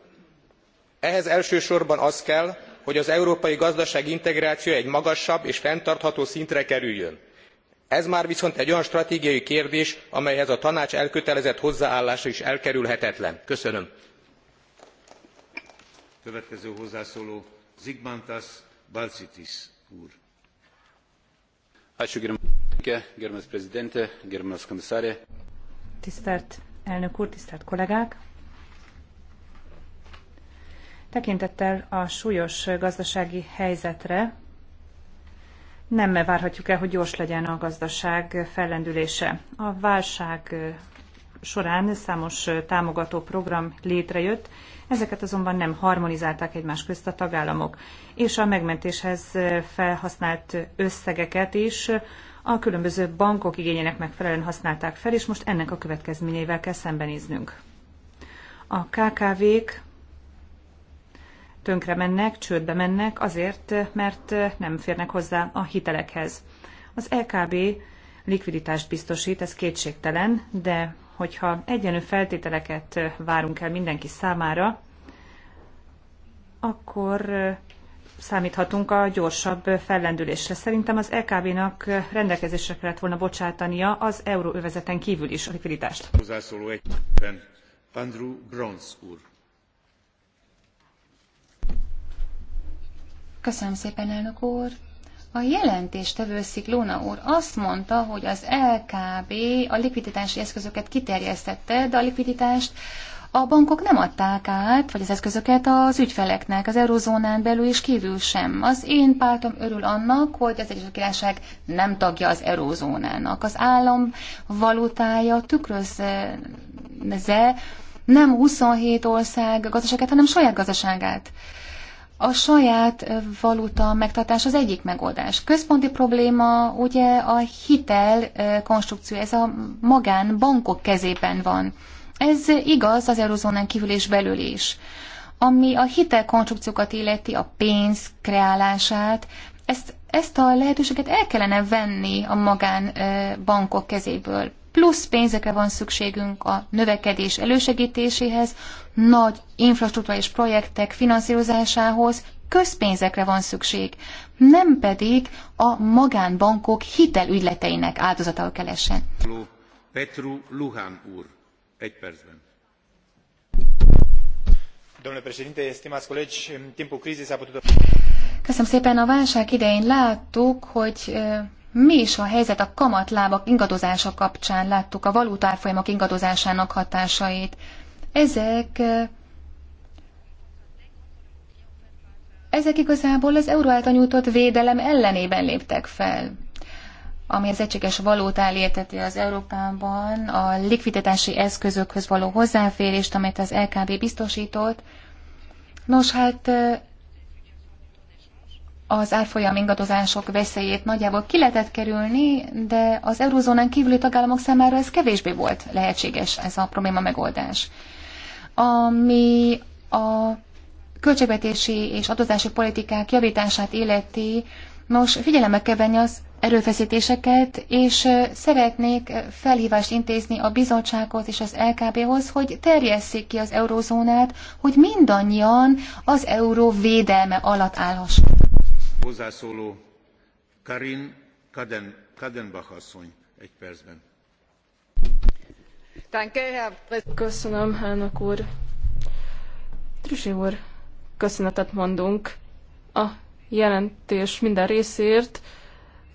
ehhez elsősorban az kell hogy az európai gazdaság integrációja egy magasabb és fenntartható szintre kerüljön. ez már viszont egy olyan stratégiai kérdés amelyhez a tanács elkötelezett hozzáállása is elkerülhetetlen. köszönöm. következő hozzászóló úr. tisztelt elnök úr tisztelt kollégák! Tekintettel a súlyos gazdasági helyzetre nem várhatjuk el, hogy gyors legyen a gazdaság fellendülése. A válság során számos támogató program létrejött, ezeket azonban nem harmonizálták egymás közt a tagállamok, és a megmentéshez felhasznált összegeket is a különböző bankok igényének megfelelően használták fel, és most ennek a következményeivel kell szembenéznünk. A KKV-k tönkre mennek, csődbe mennek azért, mert nem férnek hozzá a hitelekhez. Az LKB likviditást biztosít, ez kétségtelen, de hogyha egyenlő feltételeket várunk el mindenki számára, akkor számíthatunk a gyorsabb fellendülésre. Szerintem az LKB-nak rendelkezésre kellett volna bocsátania az euróövezeten kívül is a likviditást. Andrew Bronze úr. Köszönöm szépen, elnök úr. A jelentéstevő Sziklóna úr azt mondta, hogy az LKB a likviditási eszközöket kiterjesztette, de a likviditást a bankok nem adták át, vagy az eszközöket az ügyfeleknek, az eurozónán belül és kívül sem. Az én pártom örül annak, hogy az Egyesült Királyság nem tagja az eurozónának. Az állam valutája tükrözze nem 27 ország gazdaságát, hanem saját gazdaságát. A saját valuta megtartás az egyik megoldás. Központi probléma ugye a hitel konstrukció, ez a magán bankok kezében van. Ez igaz az eurozónán kívül és belül is. Ami a hitelkonstrukciókat illeti, a pénz kreálását, ezt, ezt a lehetőséget el kellene venni a magánbankok kezéből plusz pénzekre van szükségünk a növekedés elősegítéséhez, nagy infrastruktúrális projektek finanszírozásához, közpénzekre van szükség, nem pedig a magánbankok hitelügyleteinek áldozatául kell essen. Petru Luhan úr, egy percben. Köszönöm szépen, a válság idején láttuk, hogy mi is a helyzet a kamatlábak ingadozása kapcsán láttuk a valutárfolyamok ingadozásának hatásait. Ezek ezek igazából az euró által nyújtott védelem ellenében léptek fel ami az egységes valótá érteti az Európában, a likviditási eszközökhöz való hozzáférést, amelyet az LKB biztosított. Nos, hát az árfolyam ingadozások veszélyét nagyjából ki lehetett kerülni, de az eurozónán kívüli tagállamok számára ez kevésbé volt lehetséges, ez a probléma megoldás. Ami a költségvetési és adózási politikák javítását illeti, most figyelembe kell venni az erőfeszítéseket, és szeretnék felhívást intézni a bizottsághoz és az LKB-hoz, hogy terjesszék ki az eurózónát, hogy mindannyian az euró védelme alatt állhassunk hozzászóló karin kadenbach asszony egy percben. Köszönöm, elnök úr. Trüsi úr, köszönetet mondunk a jelentés minden részért,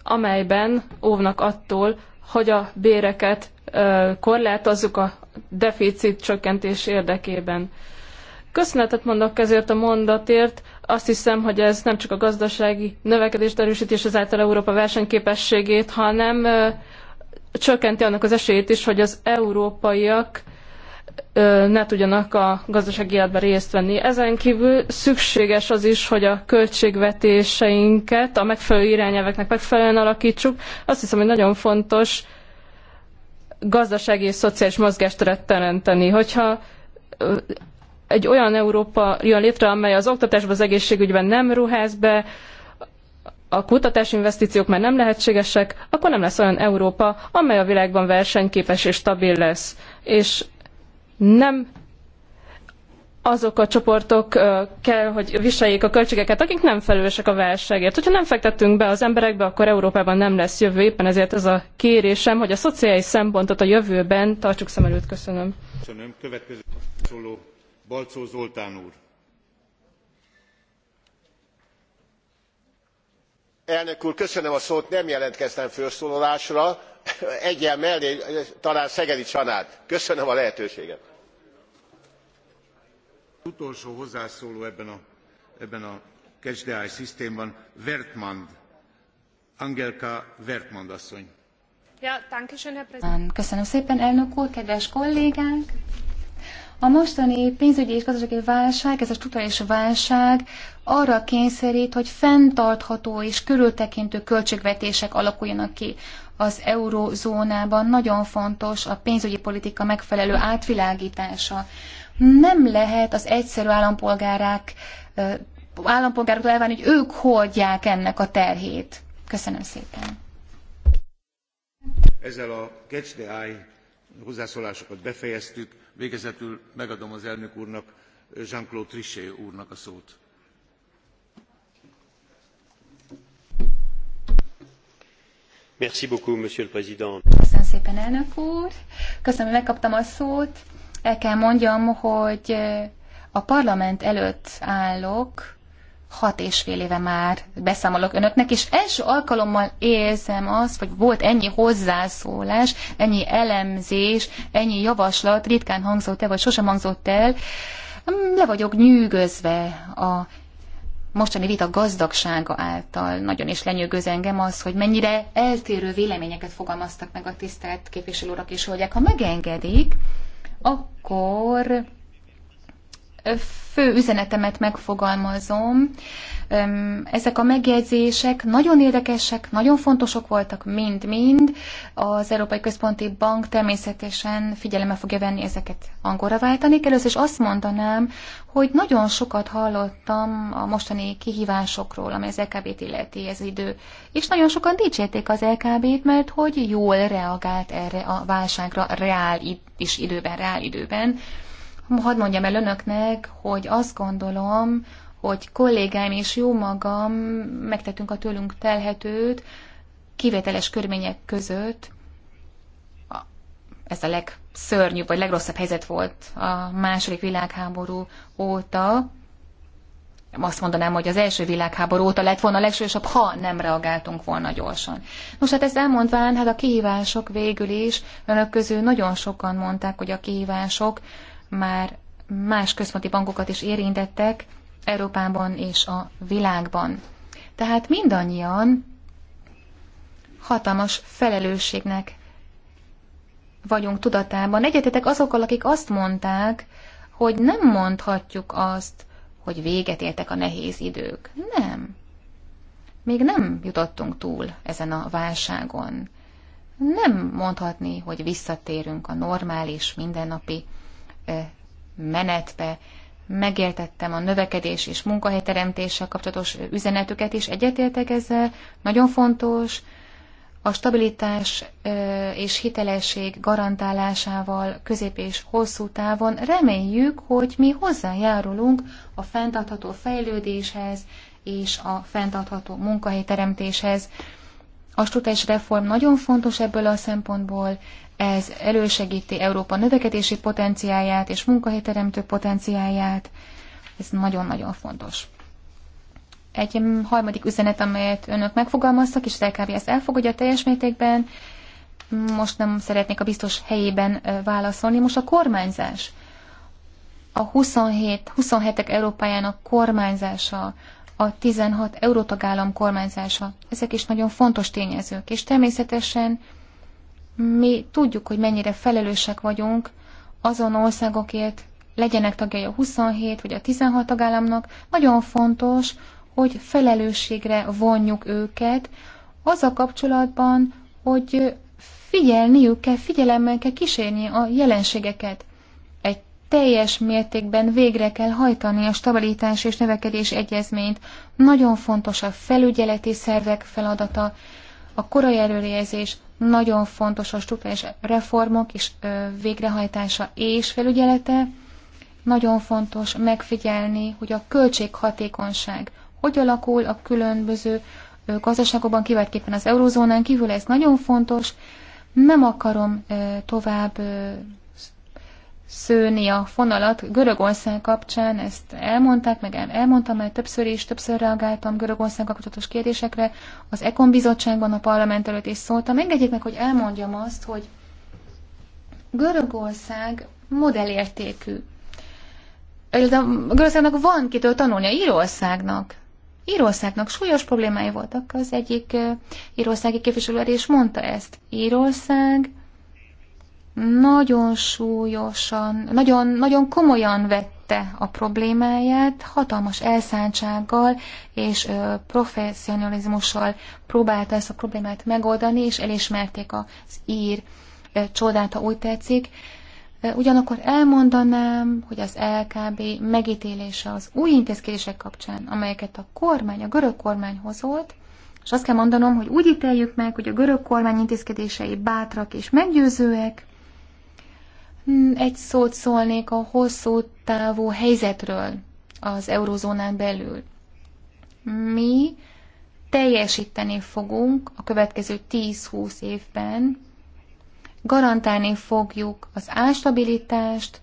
amelyben óvnak attól, hogy a béreket korlátozzuk a deficit csökkentés érdekében. Köszönetet mondok ezért a mondatért. Azt hiszem, hogy ez nem csak a gazdasági növekedést erősíti és ezáltal Európa versenyképességét, hanem csökkenti annak az esélyét is, hogy az európaiak ne tudjanak a gazdasági életben részt venni. Ezen kívül szükséges az is, hogy a költségvetéseinket a megfelelő irányelveknek megfelelően alakítsuk. Azt hiszem, hogy nagyon fontos gazdasági és szociális mozgásteret teremteni. Hogyha egy olyan Európa jön létre, amely az oktatásban, az egészségügyben nem ruház be, a kutatási investíciók már nem lehetségesek, akkor nem lesz olyan Európa, amely a világban versenyképes és stabil lesz. És nem azok a csoportok kell, hogy viseljék a költségeket, akik nem felelősek a válságért. Hogyha nem fektettünk be az emberekbe, akkor Európában nem lesz jövő. Éppen ezért ez a kérésem, hogy a szociális szempontot a jövőben tartsuk szem előtt. Köszönöm. Köszönöm. Következő balczó zoltán úr! elnök úr köszönöm, nem jelentkeztem felszólalásra eggyel mellé talán szegedi csanád. köszönöm a lehetőséget. az utolsó hozzászóló ebben a catch the eye szisztémában wertmann angelika wertmann asszony. köszönöm szépen elnök úr kedves kollégák! A mostani pénzügyi és gazdasági válság, ez a struktúrális válság arra kényszerít, hogy fenntartható és körültekintő költségvetések alakuljanak ki. Az eurózónában nagyon fontos a pénzügyi politika megfelelő átvilágítása. Nem lehet az egyszerű állampolgárák, állampolgároktól elvárni, hogy ők hordják ennek a terhét. Köszönöm szépen. Ezzel a Catch the Eye hozzászólásokat befejeztük Végezetül megadom az elnök úrnak, Jean-Claude Trichet úrnak a szót. Köszönöm szépen, elnök úr. Köszönöm, hogy megkaptam a szót. El kell mondjam, hogy a parlament előtt állok, hat és fél éve már beszámolok önöknek, és első alkalommal érzem azt, hogy volt ennyi hozzászólás, ennyi elemzés, ennyi javaslat, ritkán hangzott el, vagy sosem hangzott el. Le vagyok nyűgözve a mostani vita gazdagsága által nagyon is lenyűgöz engem az, hogy mennyire eltérő véleményeket fogalmaztak meg a tisztelt képviselőrak és hölgyek. Ha megengedik, akkor fő üzenetemet megfogalmazom. Ezek a megjegyzések nagyon érdekesek, nagyon fontosok voltak mind-mind. Az Európai Központi Bank természetesen figyelembe fogja venni ezeket angolra váltani. Először is azt mondanám, hogy nagyon sokat hallottam a mostani kihívásokról, ami az LKB-t illeti ez idő. És nagyon sokan dicsérték az LKB-t, mert hogy jól reagált erre a válságra reál is időben, reál időben Hadd mondjam el önöknek, hogy azt gondolom, hogy kollégáim és jó magam megtettünk a tőlünk telhetőt kivételes körmények között. Ez a legszörnyűbb vagy legrosszabb helyzet volt a második világháború óta. Azt mondanám, hogy az első világháború óta lett volna a legsősabb, ha nem reagáltunk volna gyorsan. Nos, hát ezt elmondván, hát a kihívások végül is, önök közül nagyon sokan mondták, hogy a kihívások már más központi bankokat is érintettek Európában és a világban. Tehát mindannyian hatalmas felelősségnek vagyunk tudatában. Egyetetek azokkal, akik azt mondták, hogy nem mondhatjuk azt, hogy véget értek a nehéz idők. Nem. Még nem jutottunk túl ezen a válságon. Nem mondhatni, hogy visszatérünk a normális, mindennapi menetbe. Megértettem a növekedés és munkahelyteremtéssel kapcsolatos üzenetüket is, egyetértek ezzel, nagyon fontos, a stabilitás és hitelesség garantálásával közép és hosszú távon reméljük, hogy mi hozzájárulunk a fenntartható fejlődéshez és a fenntartható munkahelyteremtéshez. A struktúrás reform nagyon fontos ebből a szempontból, ez elősegíti Európa növekedési potenciáját és munkahelyteremtő potenciáját. Ez nagyon-nagyon fontos. Egy harmadik üzenet, amelyet önök megfogalmaztak, és az LKB ezt elfogadja teljes mértékben, most nem szeretnék a biztos helyében válaszolni. Most a kormányzás, a 27, 27 Európájának kormányzása, a 16 eurótagállam kormányzása, ezek is nagyon fontos tényezők, és természetesen mi tudjuk, hogy mennyire felelősek vagyunk azon országokért, legyenek tagjai a 27 vagy a 16 tagállamnak, nagyon fontos, hogy felelősségre vonjuk őket, az a kapcsolatban, hogy figyelniük kell, figyelemmel kell kísérni a jelenségeket. Egy teljes mértékben végre kell hajtani a stabilitás és növekedés egyezményt. Nagyon fontos a felügyeleti szervek feladata, a korai előrejelzés, nagyon fontos a struktúrális reformok és végrehajtása és felügyelete. Nagyon fontos megfigyelni, hogy a költséghatékonyság hogy alakul a különböző gazdaságokban, kiváltképpen az eurózónán kívül, ez nagyon fontos. Nem akarom tovább szőni a fonalat. Görögország kapcsán ezt elmondták, meg elmondtam, mert többször is, többször reagáltam Görögország kapcsolatos kérdésekre. Az Ekon bizottságban a parlament előtt is szóltam. Engedjék meg, hogy elmondjam azt, hogy Görögország modellértékű. Görögországnak van kitől tanulnia, Írországnak. Írországnak súlyos problémái voltak. Az egyik eh, írországi képviselő is mondta ezt. Írország nagyon súlyosan, nagyon, nagyon komolyan vette a problémáját, hatalmas elszántsággal és ö, professzionalizmussal próbálta ezt a problémát megoldani, és elismerték az ír ö, csodát, ha úgy tetszik. Ugyanakkor elmondanám, hogy az LKB megítélése az új intézkedések kapcsán, amelyeket a kormány, a görög kormány hozott, és azt kell mondanom, hogy úgy ítéljük meg, hogy a görög kormány intézkedései bátrak és meggyőzőek, Hmm, egy szót szólnék a hosszú távú helyzetről az eurozónán belül. Mi teljesíteni fogunk a következő 10-20 évben, garantálni fogjuk az ástabilitást,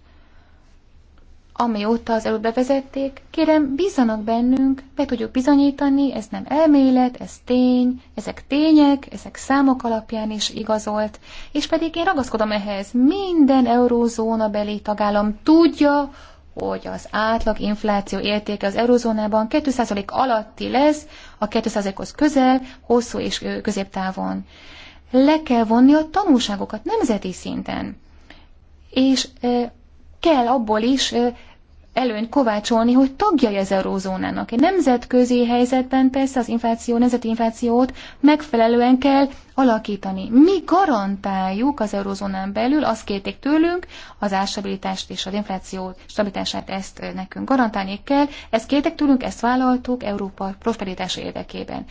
amióta az előbb bevezették, kérem, bízzanak bennünk, be tudjuk bizonyítani, ez nem elmélet, ez tény, ezek tények, ezek számok alapján is igazolt, és pedig én ragaszkodom ehhez, minden eurózóna beli tagállam tudja, hogy az átlag infláció értéke az eurózónában 2% alatti lesz, a 2%-hoz közel, hosszú és középtávon. Le kell vonni a tanulságokat nemzeti szinten. És kell abból is előnyt kovácsolni, hogy tagjai az eurózónának. Egy nemzetközi helyzetben persze az infláció, nemzeti inflációt megfelelően kell alakítani. Mi garantáljuk az eurózónán belül, azt kérték tőlünk, az árstabilitást és az infláció stabilitását ezt nekünk garantálni kell. Ezt kértek tőlünk, ezt vállaltuk Európa prosperitása érdekében.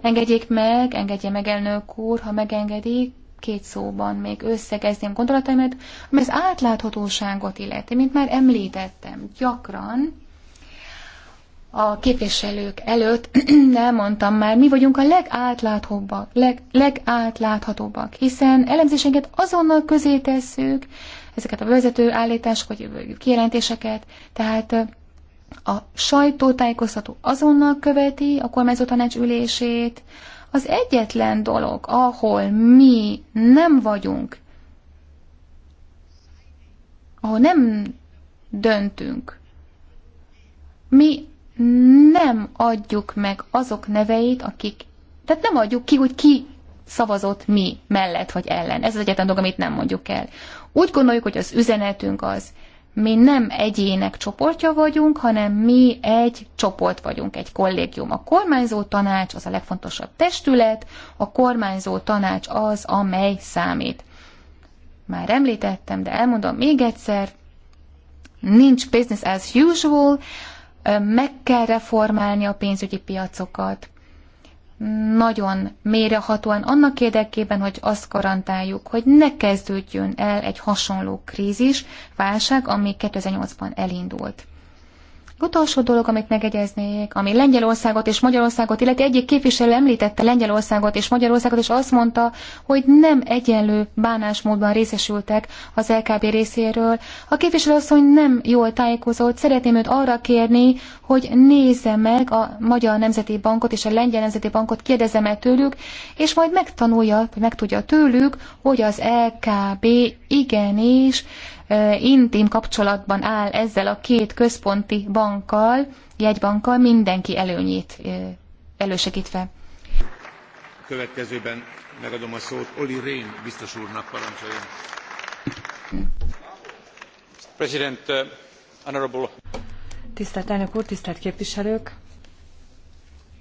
Engedjék meg, engedje meg elnök úr, ha megengedik, két szóban még összegezném gondolataimat, mert az átláthatóságot illeti, mint már említettem, gyakran a képviselők előtt elmondtam már, mi vagyunk a legátláthatóbbak, leg, legátláthatóbbak, hiszen elemzéseket azonnal közé tesszük, ezeket a vezető állításokat, jövő kijelentéseket, tehát a sajtótájékoztató azonnal követi a kormányzó tanács ülését, az egyetlen dolog, ahol mi nem vagyunk, ahol nem döntünk, mi nem adjuk meg azok neveit, akik, tehát nem adjuk ki, hogy ki szavazott mi mellett vagy ellen. Ez az egyetlen dolog, amit nem mondjuk el. Úgy gondoljuk, hogy az üzenetünk az, mi nem egyének csoportja vagyunk, hanem mi egy csoport vagyunk, egy kollégium. A kormányzó tanács az a legfontosabb testület, a kormányzó tanács az, amely számít. Már említettem, de elmondom még egyszer, nincs business as usual, meg kell reformálni a pénzügyi piacokat, nagyon mérehatóan annak érdekében, hogy azt garantáljuk, hogy ne kezdődjön el egy hasonló krízis, válság, ami 2008-ban elindult. Utolsó dolog, amit megegyeznék, ami Lengyelországot és Magyarországot, illeti egyik képviselő említette Lengyelországot és Magyarországot, és azt mondta, hogy nem egyenlő bánásmódban részesültek az LKB részéről. A képviselő asszony nem jól tájékozott, szeretném őt arra kérni, hogy nézze meg a Magyar Nemzeti Bankot és a Lengyel Nemzeti Bankot, kérdezze meg tőlük, és majd megtanulja, vagy megtudja tőlük, hogy az LKB igenis intim kapcsolatban áll ezzel a két központi bankkal, jegybankkal mindenki előnyét elősegítve. következőben megadom a szót Oli Rén biztos úrnak parancsoljon. President, uh, honorable. Tisztelt elnök úr, tisztelt képviselők!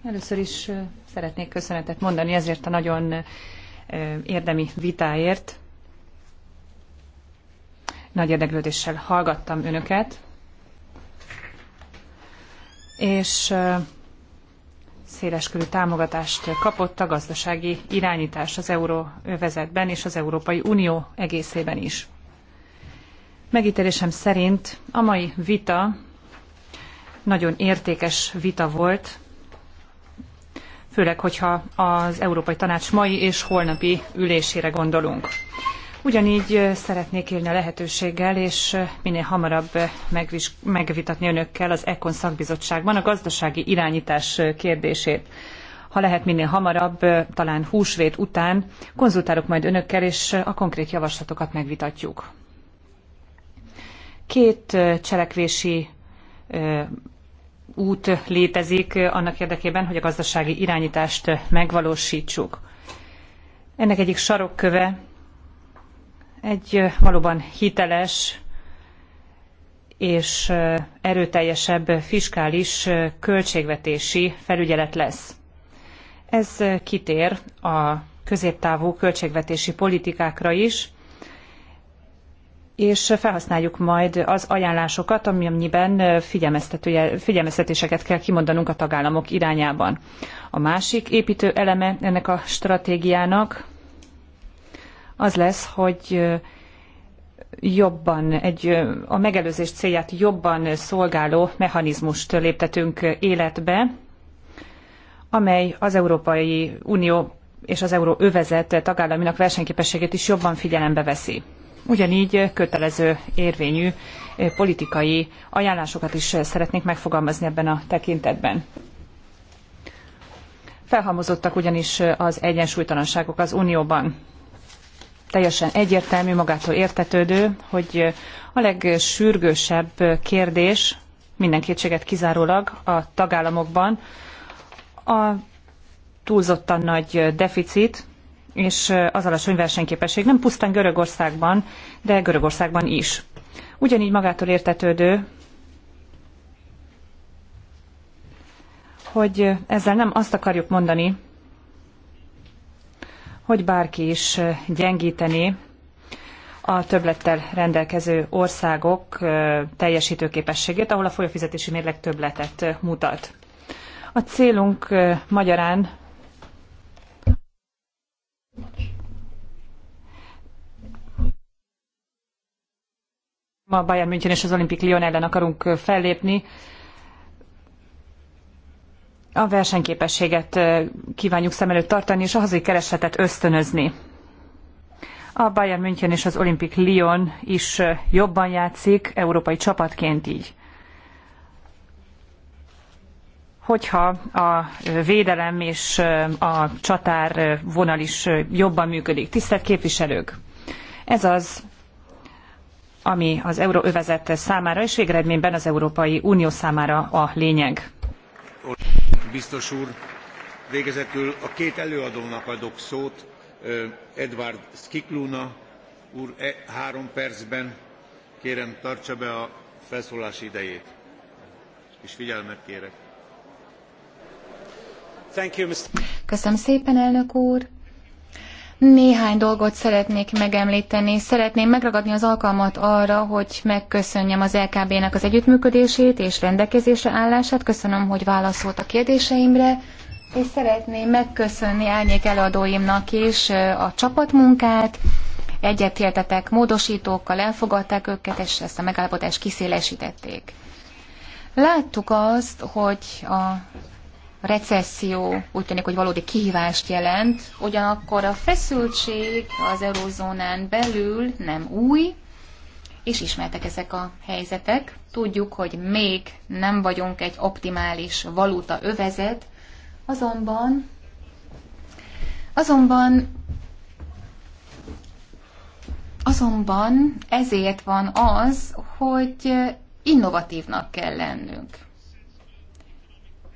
Először is uh, szeretnék köszönetet mondani ezért a nagyon uh, érdemi vitáért, nagy érdeklődéssel hallgattam önöket, és széleskörű támogatást kapott a gazdasági irányítás az euróvezetben és az Európai Unió egészében is. Megítélésem szerint a mai vita nagyon értékes vita volt, főleg, hogyha az Európai Tanács mai és holnapi ülésére gondolunk. Ugyanígy szeretnék élni a lehetőséggel, és minél hamarabb megvitatni önökkel az ECON szakbizottságban a gazdasági irányítás kérdését. Ha lehet minél hamarabb, talán húsvét után konzultálok majd önökkel, és a konkrét javaslatokat megvitatjuk. Két cselekvési út létezik annak érdekében, hogy a gazdasági irányítást megvalósítsuk. Ennek egyik sarokköve egy valóban hiteles és erőteljesebb fiskális költségvetési felügyelet lesz. Ez kitér a középtávú költségvetési politikákra is, és felhasználjuk majd az ajánlásokat, amiben figyelmeztetéseket kell kimondanunk a tagállamok irányában. A másik építő eleme ennek a stratégiának az lesz, hogy jobban, egy, a megelőzés célját jobban szolgáló mechanizmust léptetünk életbe, amely az Európai Unió és az euróövezet tagállaminak versenyképességét is jobban figyelembe veszi. Ugyanígy kötelező érvényű politikai ajánlásokat is szeretnék megfogalmazni ebben a tekintetben. Felhalmozottak ugyanis az egyensúlytalanságok az Unióban teljesen egyértelmű, magától értetődő, hogy a legsürgősebb kérdés minden kétséget kizárólag a tagállamokban a túlzottan nagy deficit és az alacsony versenyképesség nem pusztán Görögországban, de Görögországban is. Ugyanígy magától értetődő, hogy ezzel nem azt akarjuk mondani, hogy bárki is gyengíteni a többlettel rendelkező országok teljesítőképességét, ahol a folyófizetési mérleg többletet mutat. A célunk magyarán ma Bayern München és az Olympic Lyon ellen akarunk fellépni, a versenyképességet kívánjuk szem előtt tartani, és a hazai keresletet ösztönözni. A Bayern München és az Olympic Lyon is jobban játszik, európai csapatként így. Hogyha a védelem és a csatár vonal is jobban működik. Tisztelt képviselők! Ez az, ami az euróövezet számára és végeredményben az Európai Unió számára a lényeg biztos úr! végezetül a két előadónak adok szót edward scicluna úr e, három percben kérem tartsa be a felszólalási idejét és figyelmet kérek. köszönöm szépen elnök úr! Néhány dolgot szeretnék megemlíteni. Szeretném megragadni az alkalmat arra, hogy megköszönjem az LKB-nek az együttműködését és rendelkezésre állását. Köszönöm, hogy válaszolt a kérdéseimre, és szeretném megköszönni árnyék előadóimnak is a csapatmunkát. Egyetértetek módosítókkal, elfogadták őket, és ezt a megállapodást kiszélesítették. Láttuk azt, hogy a recesszió úgy tűnik, hogy valódi kihívást jelent, ugyanakkor a feszültség az eurozónán belül nem új, és ismertek ezek a helyzetek. Tudjuk, hogy még nem vagyunk egy optimális valuta övezet, azonban azonban azonban ezért van az, hogy innovatívnak kell lennünk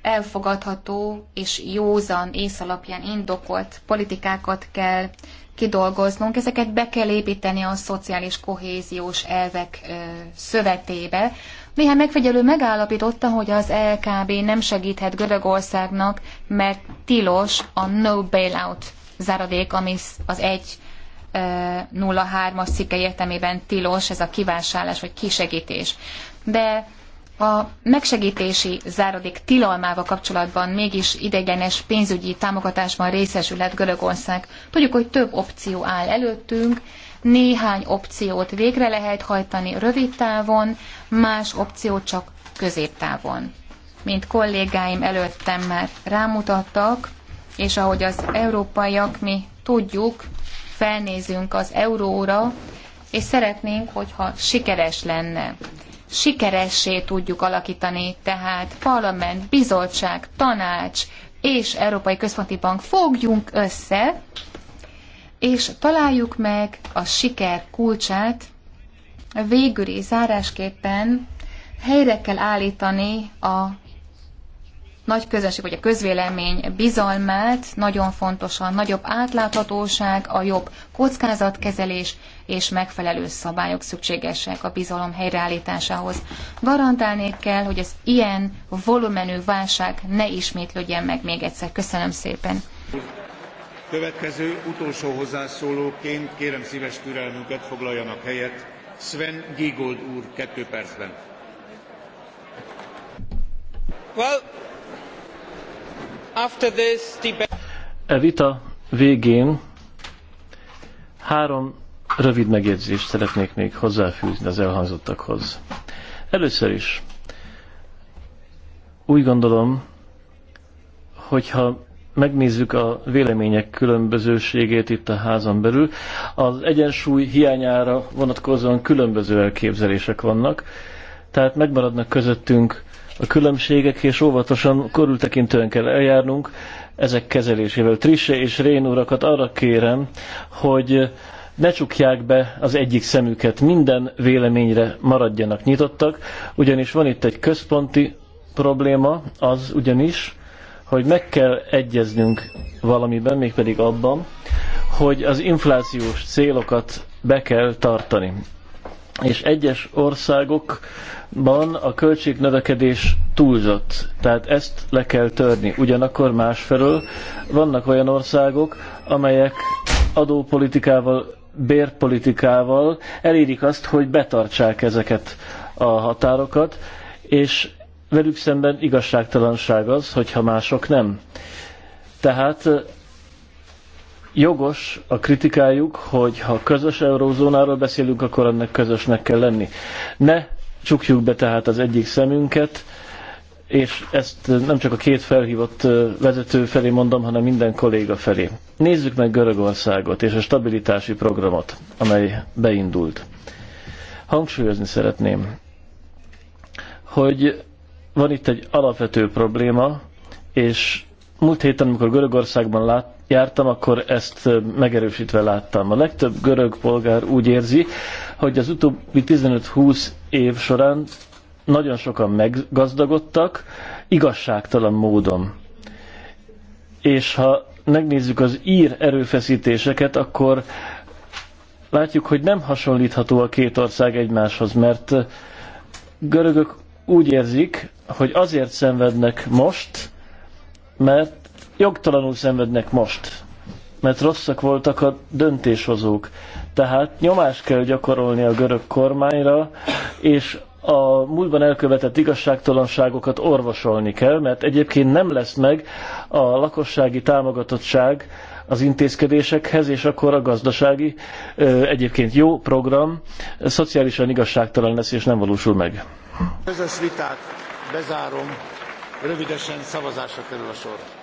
elfogadható és józan ész alapján indokolt politikákat kell kidolgoznunk, ezeket be kell építeni a szociális kohéziós elvek ö, szövetébe. Néhány megfigyelő megállapította, hogy az LKB nem segíthet Görögországnak, mert tilos a no bailout záradék, ami az egy 03-as cikke értelmében tilos ez a kivásárlás vagy kisegítés. De a megsegítési záradék tilalmával kapcsolatban mégis idegenes pénzügyi támogatásban részesülhet Görögország. Tudjuk, hogy több opció áll előttünk, néhány opciót végre lehet hajtani rövid távon, más opciót csak középtávon. Mint kollégáim előttem már rámutattak, és ahogy az európaiak mi tudjuk, felnézünk az euróra, és szeretnénk, hogyha sikeres lenne sikeressé tudjuk alakítani, tehát parlament, bizottság, tanács és Európai Központi Bank fogjunk össze, és találjuk meg a siker kulcsát. is zárásképpen helyre kell állítani a nagy közönség vagy a közvélemény bizalmát, nagyon fontos a nagyobb átláthatóság, a jobb kockázatkezelés, és megfelelő szabályok szükségesek a bizalom helyreállításához. Garantálni kell, hogy az ilyen volumenű válság ne ismétlődjen meg még egyszer. Köszönöm szépen! Következő utolsó hozzászólóként kérem szíves türelmünket foglaljanak helyet. Sven Giegold úr, kettő percben. Well, after this debate... E vita végén három rövid megjegyzést szeretnék még hozzáfűzni az elhangzottakhoz. Először is úgy gondolom, hogyha megnézzük a vélemények különbözőségét itt a házon belül, az egyensúly hiányára vonatkozóan különböző elképzelések vannak, tehát megmaradnak közöttünk a különbségek, és óvatosan, körültekintően kell eljárnunk ezek kezelésével. Trisse és Rén urakat arra kérem, hogy ne csukják be az egyik szemüket, minden véleményre maradjanak nyitottak, ugyanis van itt egy központi probléma, az ugyanis, hogy meg kell egyeznünk valamiben, mégpedig abban, hogy az inflációs célokat be kell tartani. És egyes országokban a költségnövekedés túlzott, tehát ezt le kell törni. Ugyanakkor másfelől vannak olyan országok, amelyek adópolitikával bérpolitikával elérik azt, hogy betartsák ezeket a határokat, és velük szemben igazságtalanság az, hogyha mások nem. Tehát jogos a kritikájuk, hogy ha közös eurózónáról beszélünk, akkor ennek közösnek kell lenni. Ne csukjuk be tehát az egyik szemünket, és ezt nem csak a két felhívott vezető felé mondom, hanem minden kolléga felé. Nézzük meg Görögországot és a stabilitási programot, amely beindult. Hangsúlyozni szeretném, hogy van itt egy alapvető probléma, és múlt héten, amikor Görögországban lát, jártam, akkor ezt megerősítve láttam. A legtöbb görög polgár úgy érzi, hogy az utóbbi 15-20 év során nagyon sokan meggazdagodtak, igazságtalan módon. És ha megnézzük az ír erőfeszítéseket, akkor látjuk, hogy nem hasonlítható a két ország egymáshoz, mert görögök úgy érzik, hogy azért szenvednek most, mert jogtalanul szenvednek most, mert rosszak voltak a döntéshozók. Tehát nyomást kell gyakorolni a görög kormányra, és a múltban elkövetett igazságtalanságokat orvosolni kell, mert egyébként nem lesz meg a lakossági támogatottság az intézkedésekhez, és akkor a gazdasági egyébként jó program szociálisan igazságtalan lesz, és nem valósul meg. Közös vitát bezárom, rövidesen szavazásra kerül a sor.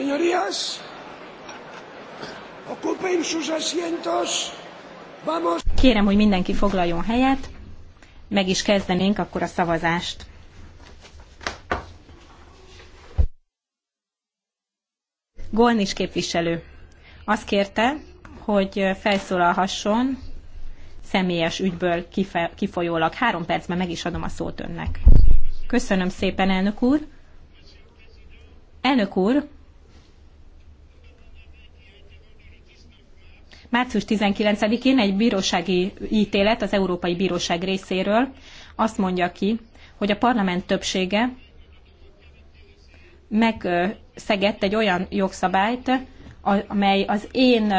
Señorías, ocupen sus asientos. Vamos. Kérem, hogy mindenki foglaljon helyet. Meg is kezdenénk akkor a szavazást. Golnis képviselő azt kérte, hogy felszólalhasson személyes ügyből kifolyólag. Három percben meg is adom a szót önnek. Köszönöm szépen, elnök úr. Elnök úr, március 19-én egy bírósági ítélet az Európai Bíróság részéről azt mondja ki, hogy a parlament többsége megszegett egy olyan jogszabályt, amely az én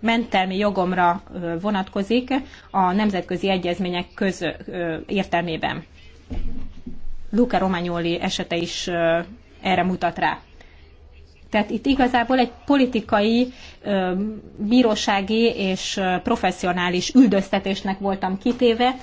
mentelmi jogomra vonatkozik a nemzetközi egyezmények köz értelmében. Luca Romagnoli esete is erre mutat rá. Tehát itt igazából egy politikai, bírósági és professzionális üldöztetésnek voltam kitéve,